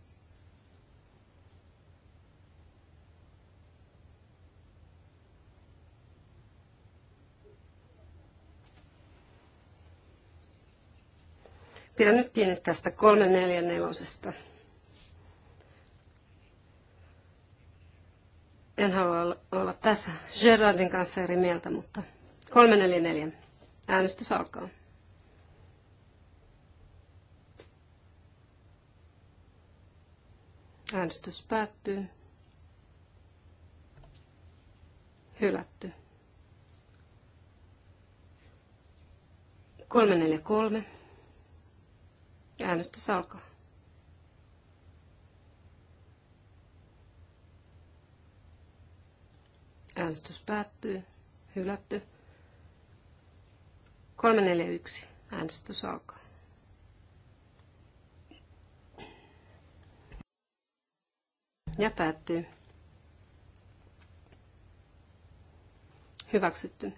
Pidän nyt kiinni tästä 344. En halua olla tässä Gerardin kanssa eri mieltä, mutta 344. Äänestys alkaa. Äänestys päättyy. Hylätty. 343. Äänestys alkaa. Äänestys päättyy. Hylätty. 341. Äänestys alkaa. Ja päättyy. Hyväksytty.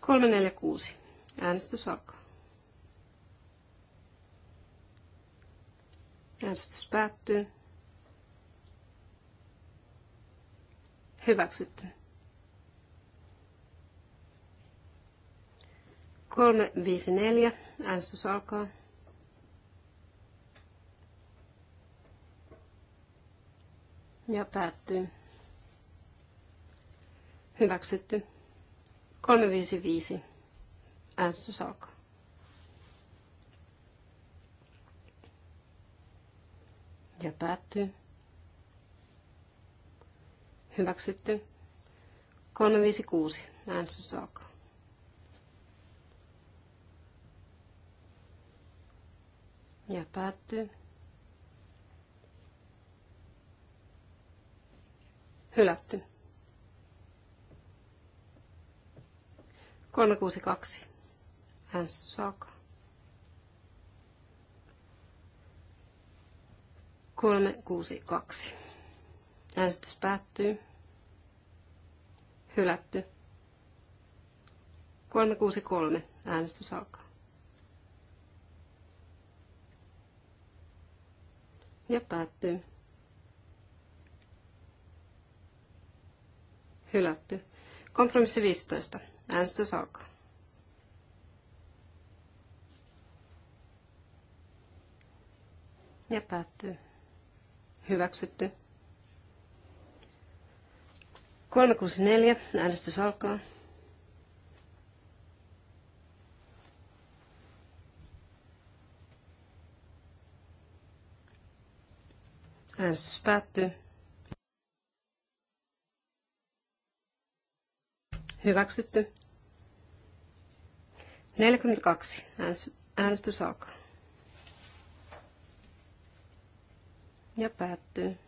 346. Äänestys alkaa. Äänestys päättyy. Hyväksytty. Kolme neljä. Äänestys alkaa. Ja päättyy. Hyväksytty. Kolme viisi viisi as to sock. Ja päättyy. Hyväksytty. 356. Äänestys alkaa. Ja päättyy. Hylätty. 362 as alkaa. Kolme, kuusi, kaksi. Äänestys päättyy. Hylätty. Kolme Äänestys alkaa. Ja päättyy. Hylätty. Kompromissi 15. Äänestys alkaa. ja päättyy. Hyväksytty. 364. Äänestys alkaa. Äänestys päättyy. Hyväksytty. 42. Äänestys alkaa. ja päättyy.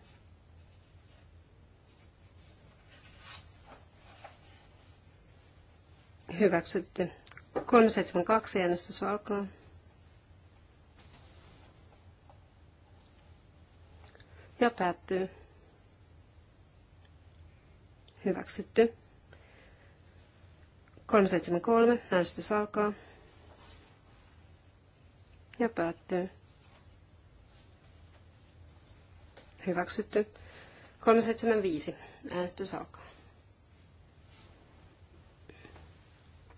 Hyväksytty. 372 äänestys alkaa. Ja päättyy. Hyväksytty. 373 äänestys alkaa. Ja päättyy. Hyväksytty. 375. Äänestys alkaa.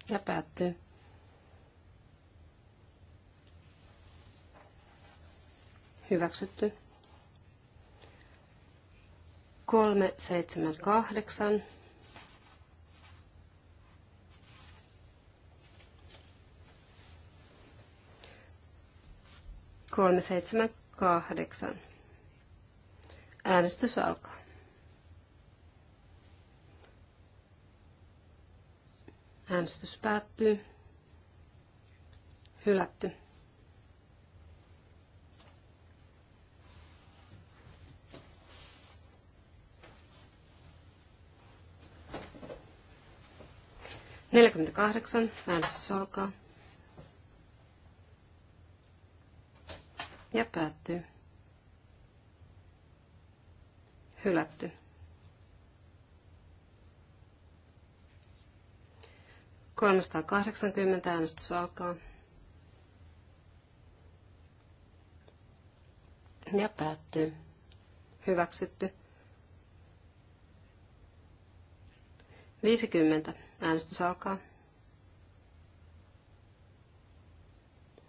Ja päättyy. Hyväksytty. 378. Kolme, seitsemän, kahdeksan. Äänestys alkaa. Äänestys päättyy. Hylätty. Neljäkymmentäkahdeksan. Äänestys alkaa. Ja päättyy hylätty. kahdeksankymmentä äänestys alkaa. Ja päättyy. Hyväksytty. 50. Äänestys alkaa.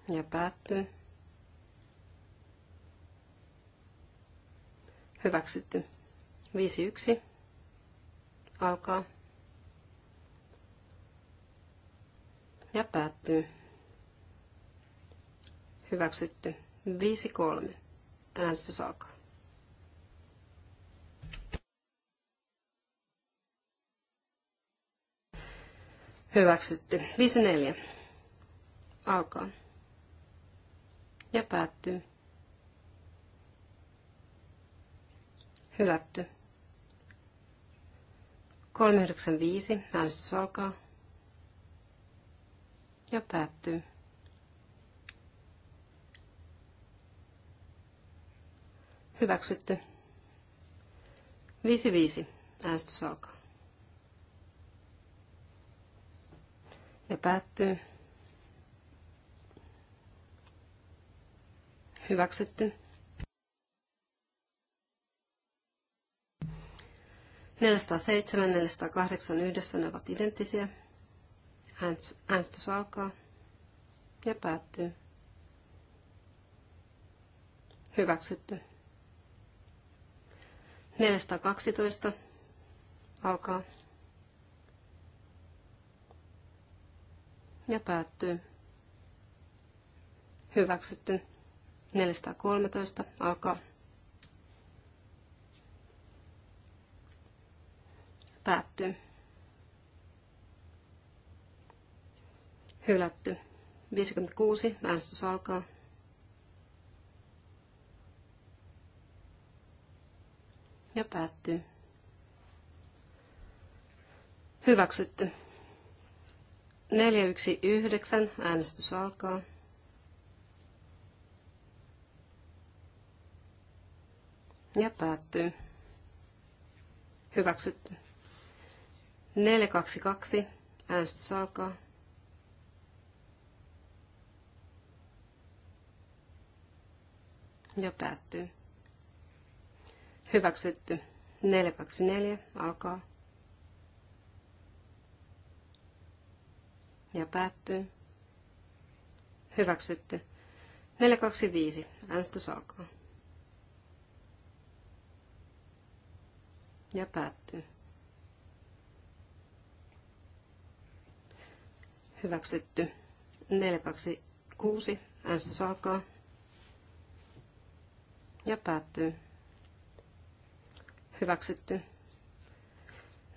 Ja päättyy. Hyväksytty. 51 alkaa ja päättyy. Hyväksytty. 5.3. Äänestys alkaa. Hyväksytty. 5.4. Alkaa. Ja päättyy. Hylätty. 395. Äänestys alkaa. Ja päättyy. Hyväksytty. 55. Äänestys alkaa. Ja päättyy. Hyväksytty. 407 408 yhdessä ne ovat identtisiä. Äänestys alkaa ja päättyy. Hyväksytty. 412 alkaa ja päättyy. Hyväksytty. 413 alkaa päätty, Hylätty. 56. Äänestys alkaa. Ja päättyy. Hyväksytty. 419. Äänestys alkaa. Ja päättyy. Hyväksytty. 422. Äänestys alkaa. Ja päättyy. Hyväksytty. 424 alkaa. Ja päättyy. Hyväksytty. 425. Äänestys alkaa. Ja päättyy. hyväksytty. 426, äänestys alkaa ja päättyy. Hyväksytty.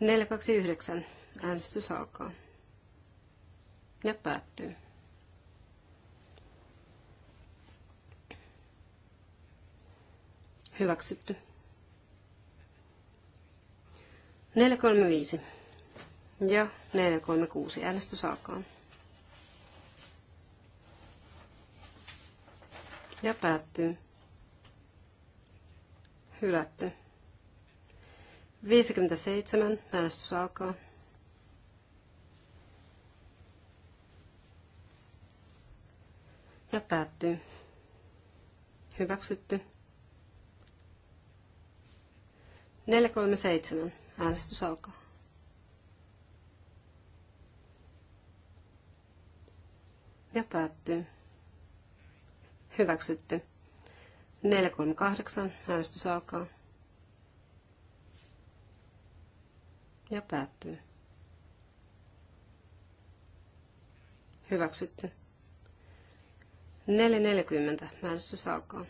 429, äänestys alkaa ja päättyy. Hyväksytty. 435 ja 436 äänestys alkaa. ja päättyy. Hylätty. 57. Äänestys alkaa. Ja päättyy. Hyväksytty. 437. Äänestys alkaa. Ja päättyy. Hyväksytty. 438. Äänestys alkaa. Ja päättyy. Hyväksytty. 4.40. Äänestys alkaa.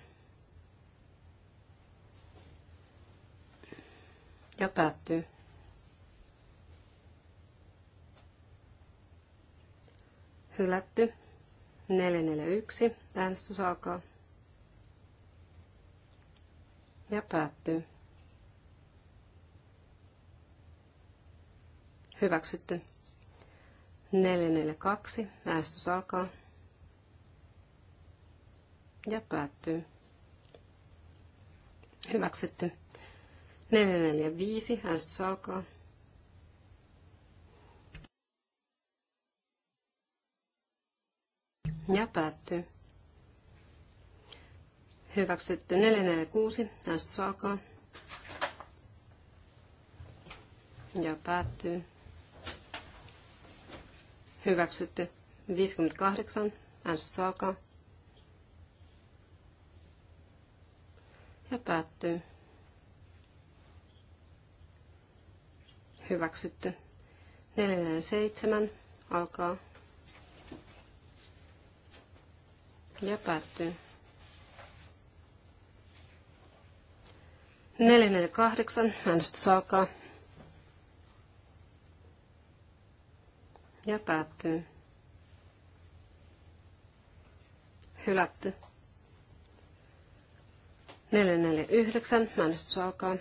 Ja päättyy. Hylätty. 4.41. 441. Äänestys alkaa. Ja päättyy. Hyväksytty. 442. Äänestys alkaa. Ja päättyy. Hyväksytty. 445. Äänestys alkaa. ja päättyy. Hyväksytty 446. Äänestys alkaa. Ja päättyy. Hyväksytty 58. Äänestys alkaa. Ja päättyy. Hyväksytty 447. Alkaa. ja päättyy. 448, äänestys alkaa. Ja päättyy. Hylätty. 449, äänestys alkaa.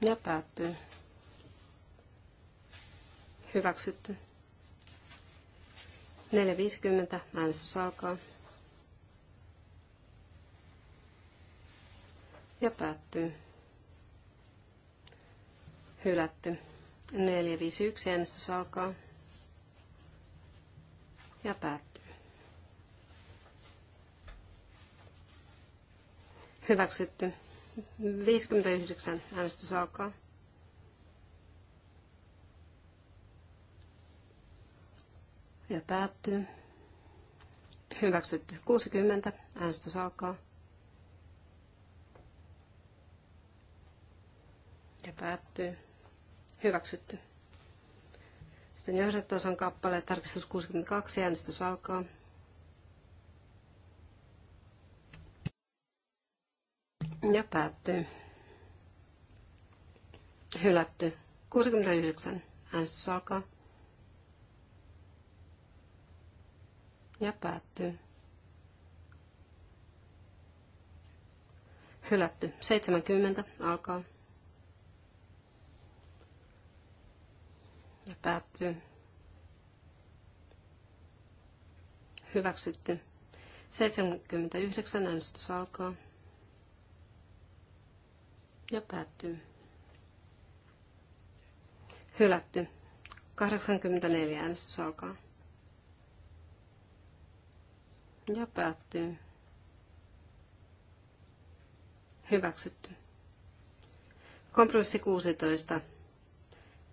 Ja päättyy. Hyväksytty. 4.50. Äänestys alkaa. Ja päättyy. Hylätty. 4.51. Äänestys alkaa. Ja päättyy. Hyväksytty. 59. Äänestys alkaa. ja päättyy. Hyväksytty 60. Äänestys alkaa. Ja päättyy. Hyväksytty. Sitten johdattosan kappale, tarkistus 62, äänestys alkaa. Ja päättyy. Hylätty. 69, äänestys alkaa. ja päättyy. Hylätty. 70 alkaa. Ja päättyy. Hyväksytty. 79 äänestys alkaa. Ja päättyy. Hylätty. 84 äänestys alkaa ja päättyy. Hyväksytty. Kompromissi 16.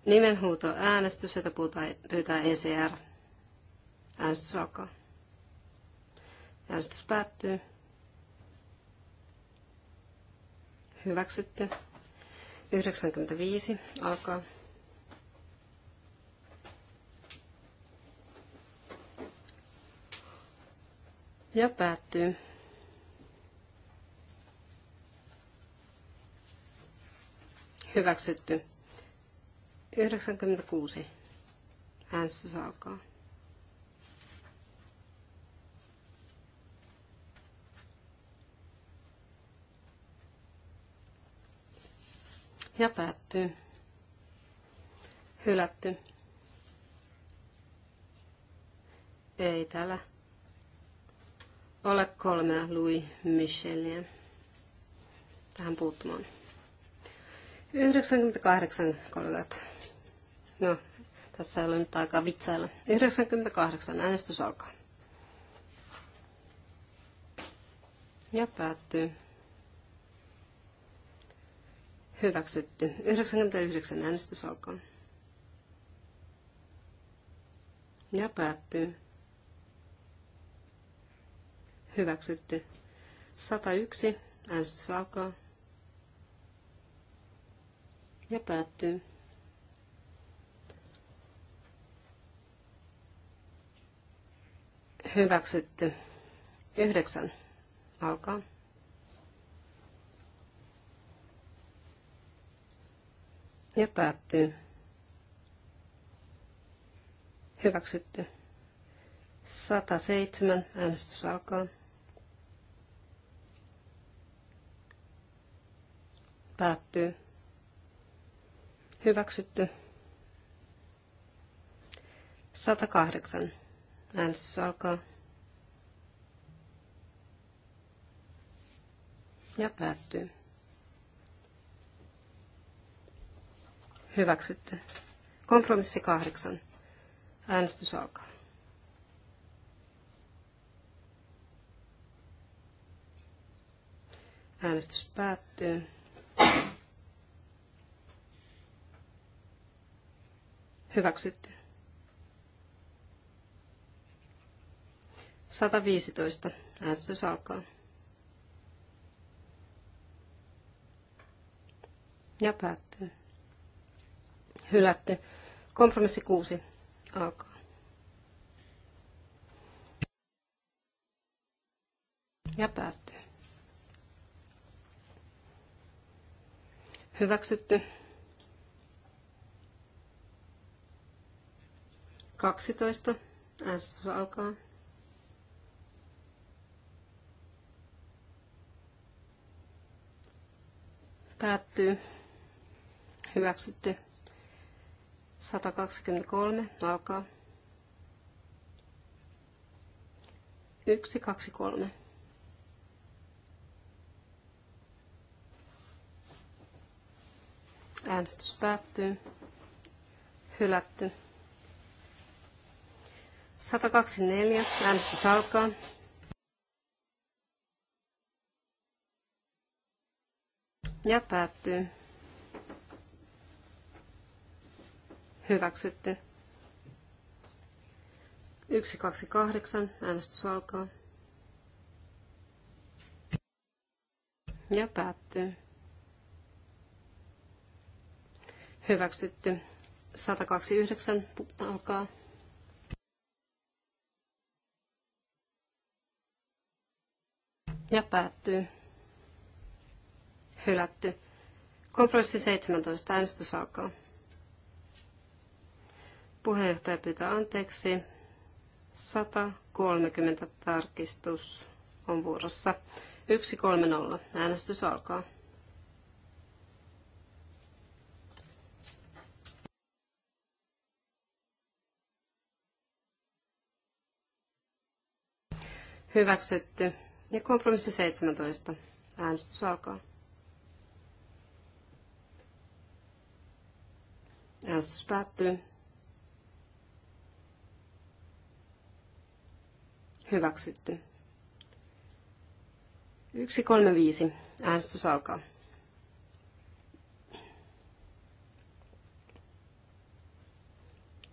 Nimenhuuto äänestys, jota pyytää ECR. Äänestys alkaa. Äänestys päättyy. Hyväksytty. 95 alkaa. ja päättyy. Hyväksytty. 96. Äänestys alkaa. Ja päättyy. Hylätty. Ei täällä ole kolmea Louis Michelia tähän puuttumaan. 98 kollegat. No, tässä ei ole nyt aikaa vitsailla. 98 äänestys alkaa. Ja päättyy. Hyväksytty. 99 äänestys alkaa. Ja päättyy hyväksytty. 101, äänestys alkaa ja päättyy. Hyväksytty. 9 Alkaa. Ja päättyy. Hyväksytty. 107. Äänestys alkaa. Päättyy. Hyväksytty. 108. Äänestys alkaa. Ja päättyy. Hyväksytty. Kompromissi 8. Äänestys alkaa. Äänestys päättyy. Hyväksytty. 115. Äänestys alkaa. Ja päättyy. Hylätty. Kompromissi 6 alkaa. Ja päättyy. Hyväksytty. 12. Äänestys alkaa. Päättyy. Hyväksytty. 123. Alkaa. 1, 2, 3. Äänestys päättyy. Hylätty. 124. Äänestys alkaa. Ja päättyy. Hyväksytty. 128. Äänestys alkaa. Ja päättyy. hyväksytty. 129 alkaa. Ja päättyy. Hylätty. Kompromissi 17. Äänestys alkaa. Puheenjohtaja pyytää anteeksi. 130 tarkistus on vuorossa. 130. Äänestys alkaa. hyväksytty. Ja kompromissi 17. Äänestys alkaa. Äänestys päättyy. Hyväksytty. 135. Äänestys alkaa.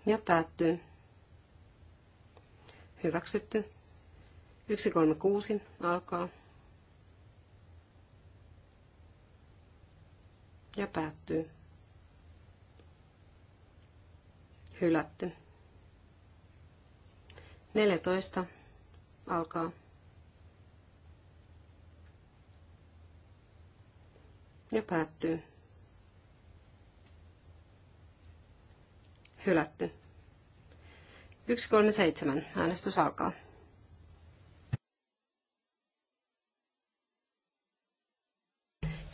Ja päättyy. Hyväksytty. 136 alkaa. Ja päättyy. Hylätty. 14 alkaa. Ja päättyy. Hylätty. 137. Äänestys alkaa.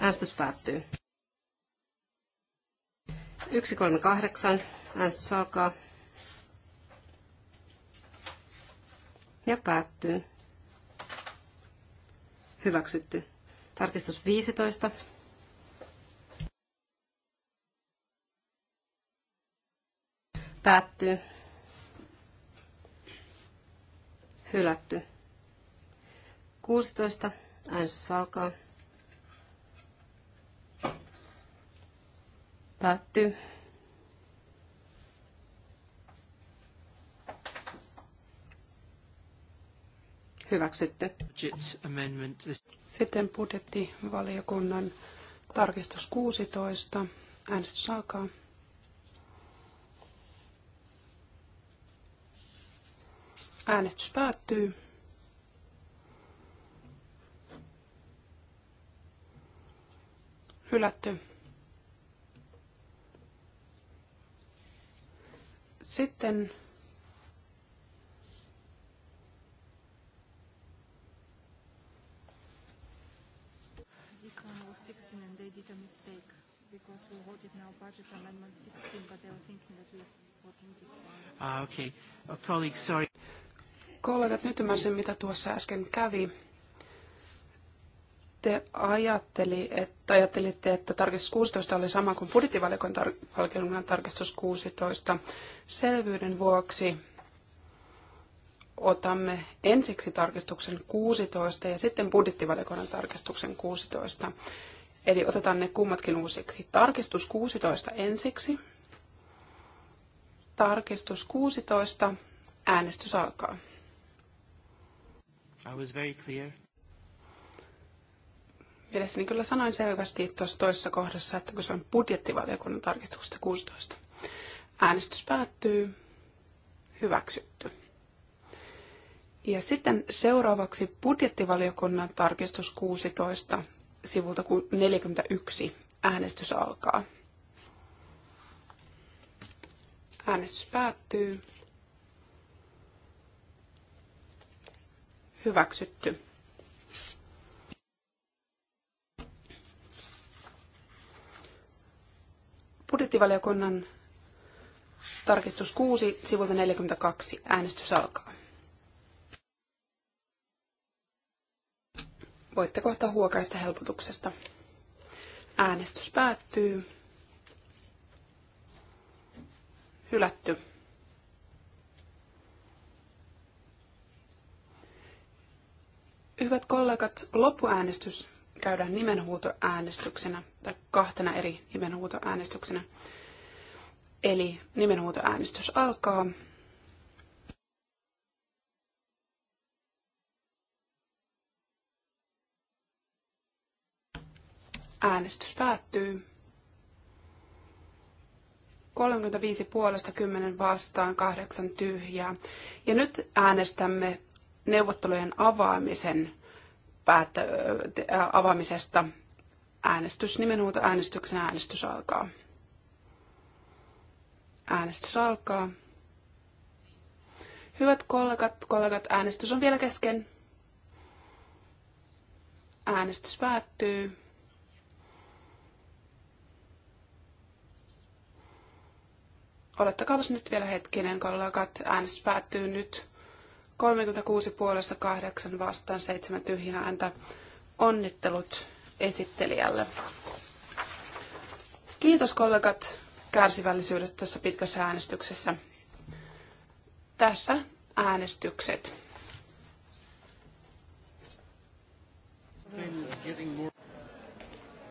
Äänestys päättyy. 138. Äänestys alkaa. Ja päättyy. Hyväksytty. Tarkistus 15. Päättyy. Hylätty. 16. Äänestys alkaa. Päättyy. Hyväksytty. Sitten budjettivaliokunnan tarkistus 16. Äänestys alkaa. Äänestys päättyy. Hylätty. Sitten Ah, oh, Kollegat, nyt ymmärsin, mitä tuossa äsken kävi te ajatteli, että, ajattelitte, että tarkistus 16 oli sama kuin budjettivaliokunnan tar- tarkistus 16. Selvyyden vuoksi otamme ensiksi tarkistuksen 16 ja sitten budjettivaliokunnan tarkistuksen 16. Eli otetaan ne kummatkin uusiksi. Tarkistus 16 ensiksi. Tarkistus 16. Äänestys alkaa. I was very clear. Mielestäni kyllä sanoin selvästi tuossa toisessa kohdassa, että kun se on budjettivaliokunnan tarkistuksesta 16. Äänestys päättyy. Hyväksytty. Ja sitten seuraavaksi budjettivaliokunnan tarkistus 16 sivulta 41. Äänestys alkaa. Äänestys päättyy. Hyväksytty. Budjettivaliokunnan tarkistus 6, sivulta 42. Äänestys alkaa. Voitte kohta huokaista helpotuksesta. Äänestys päättyy. Hylätty. Hyvät kollegat, loppuäänestys Käydään nimenhuutoäänestyksenä tai kahtena eri nimenhuutoäänestyksenä. Eli nimenhuutoäänestys alkaa. Äänestys päättyy. 35 puolesta 10 vastaan, 8 tyhjää. Ja nyt äänestämme neuvottelujen avaamisen päät- avaamisesta. Äänestys nimenuuta äänestyksen äänestys alkaa. Äänestys alkaa. Hyvät kollegat, kollegat, äänestys on vielä kesken. Äänestys päättyy. Olettakaa nyt vielä hetkinen, kollegat. Äänestys päättyy nyt. 36 puolesta 8 vastaan 7 tyhjää ääntä. Onnittelut esittelijälle. Kiitos kollegat kärsivällisyydestä tässä pitkässä äänestyksessä. Tässä äänestykset.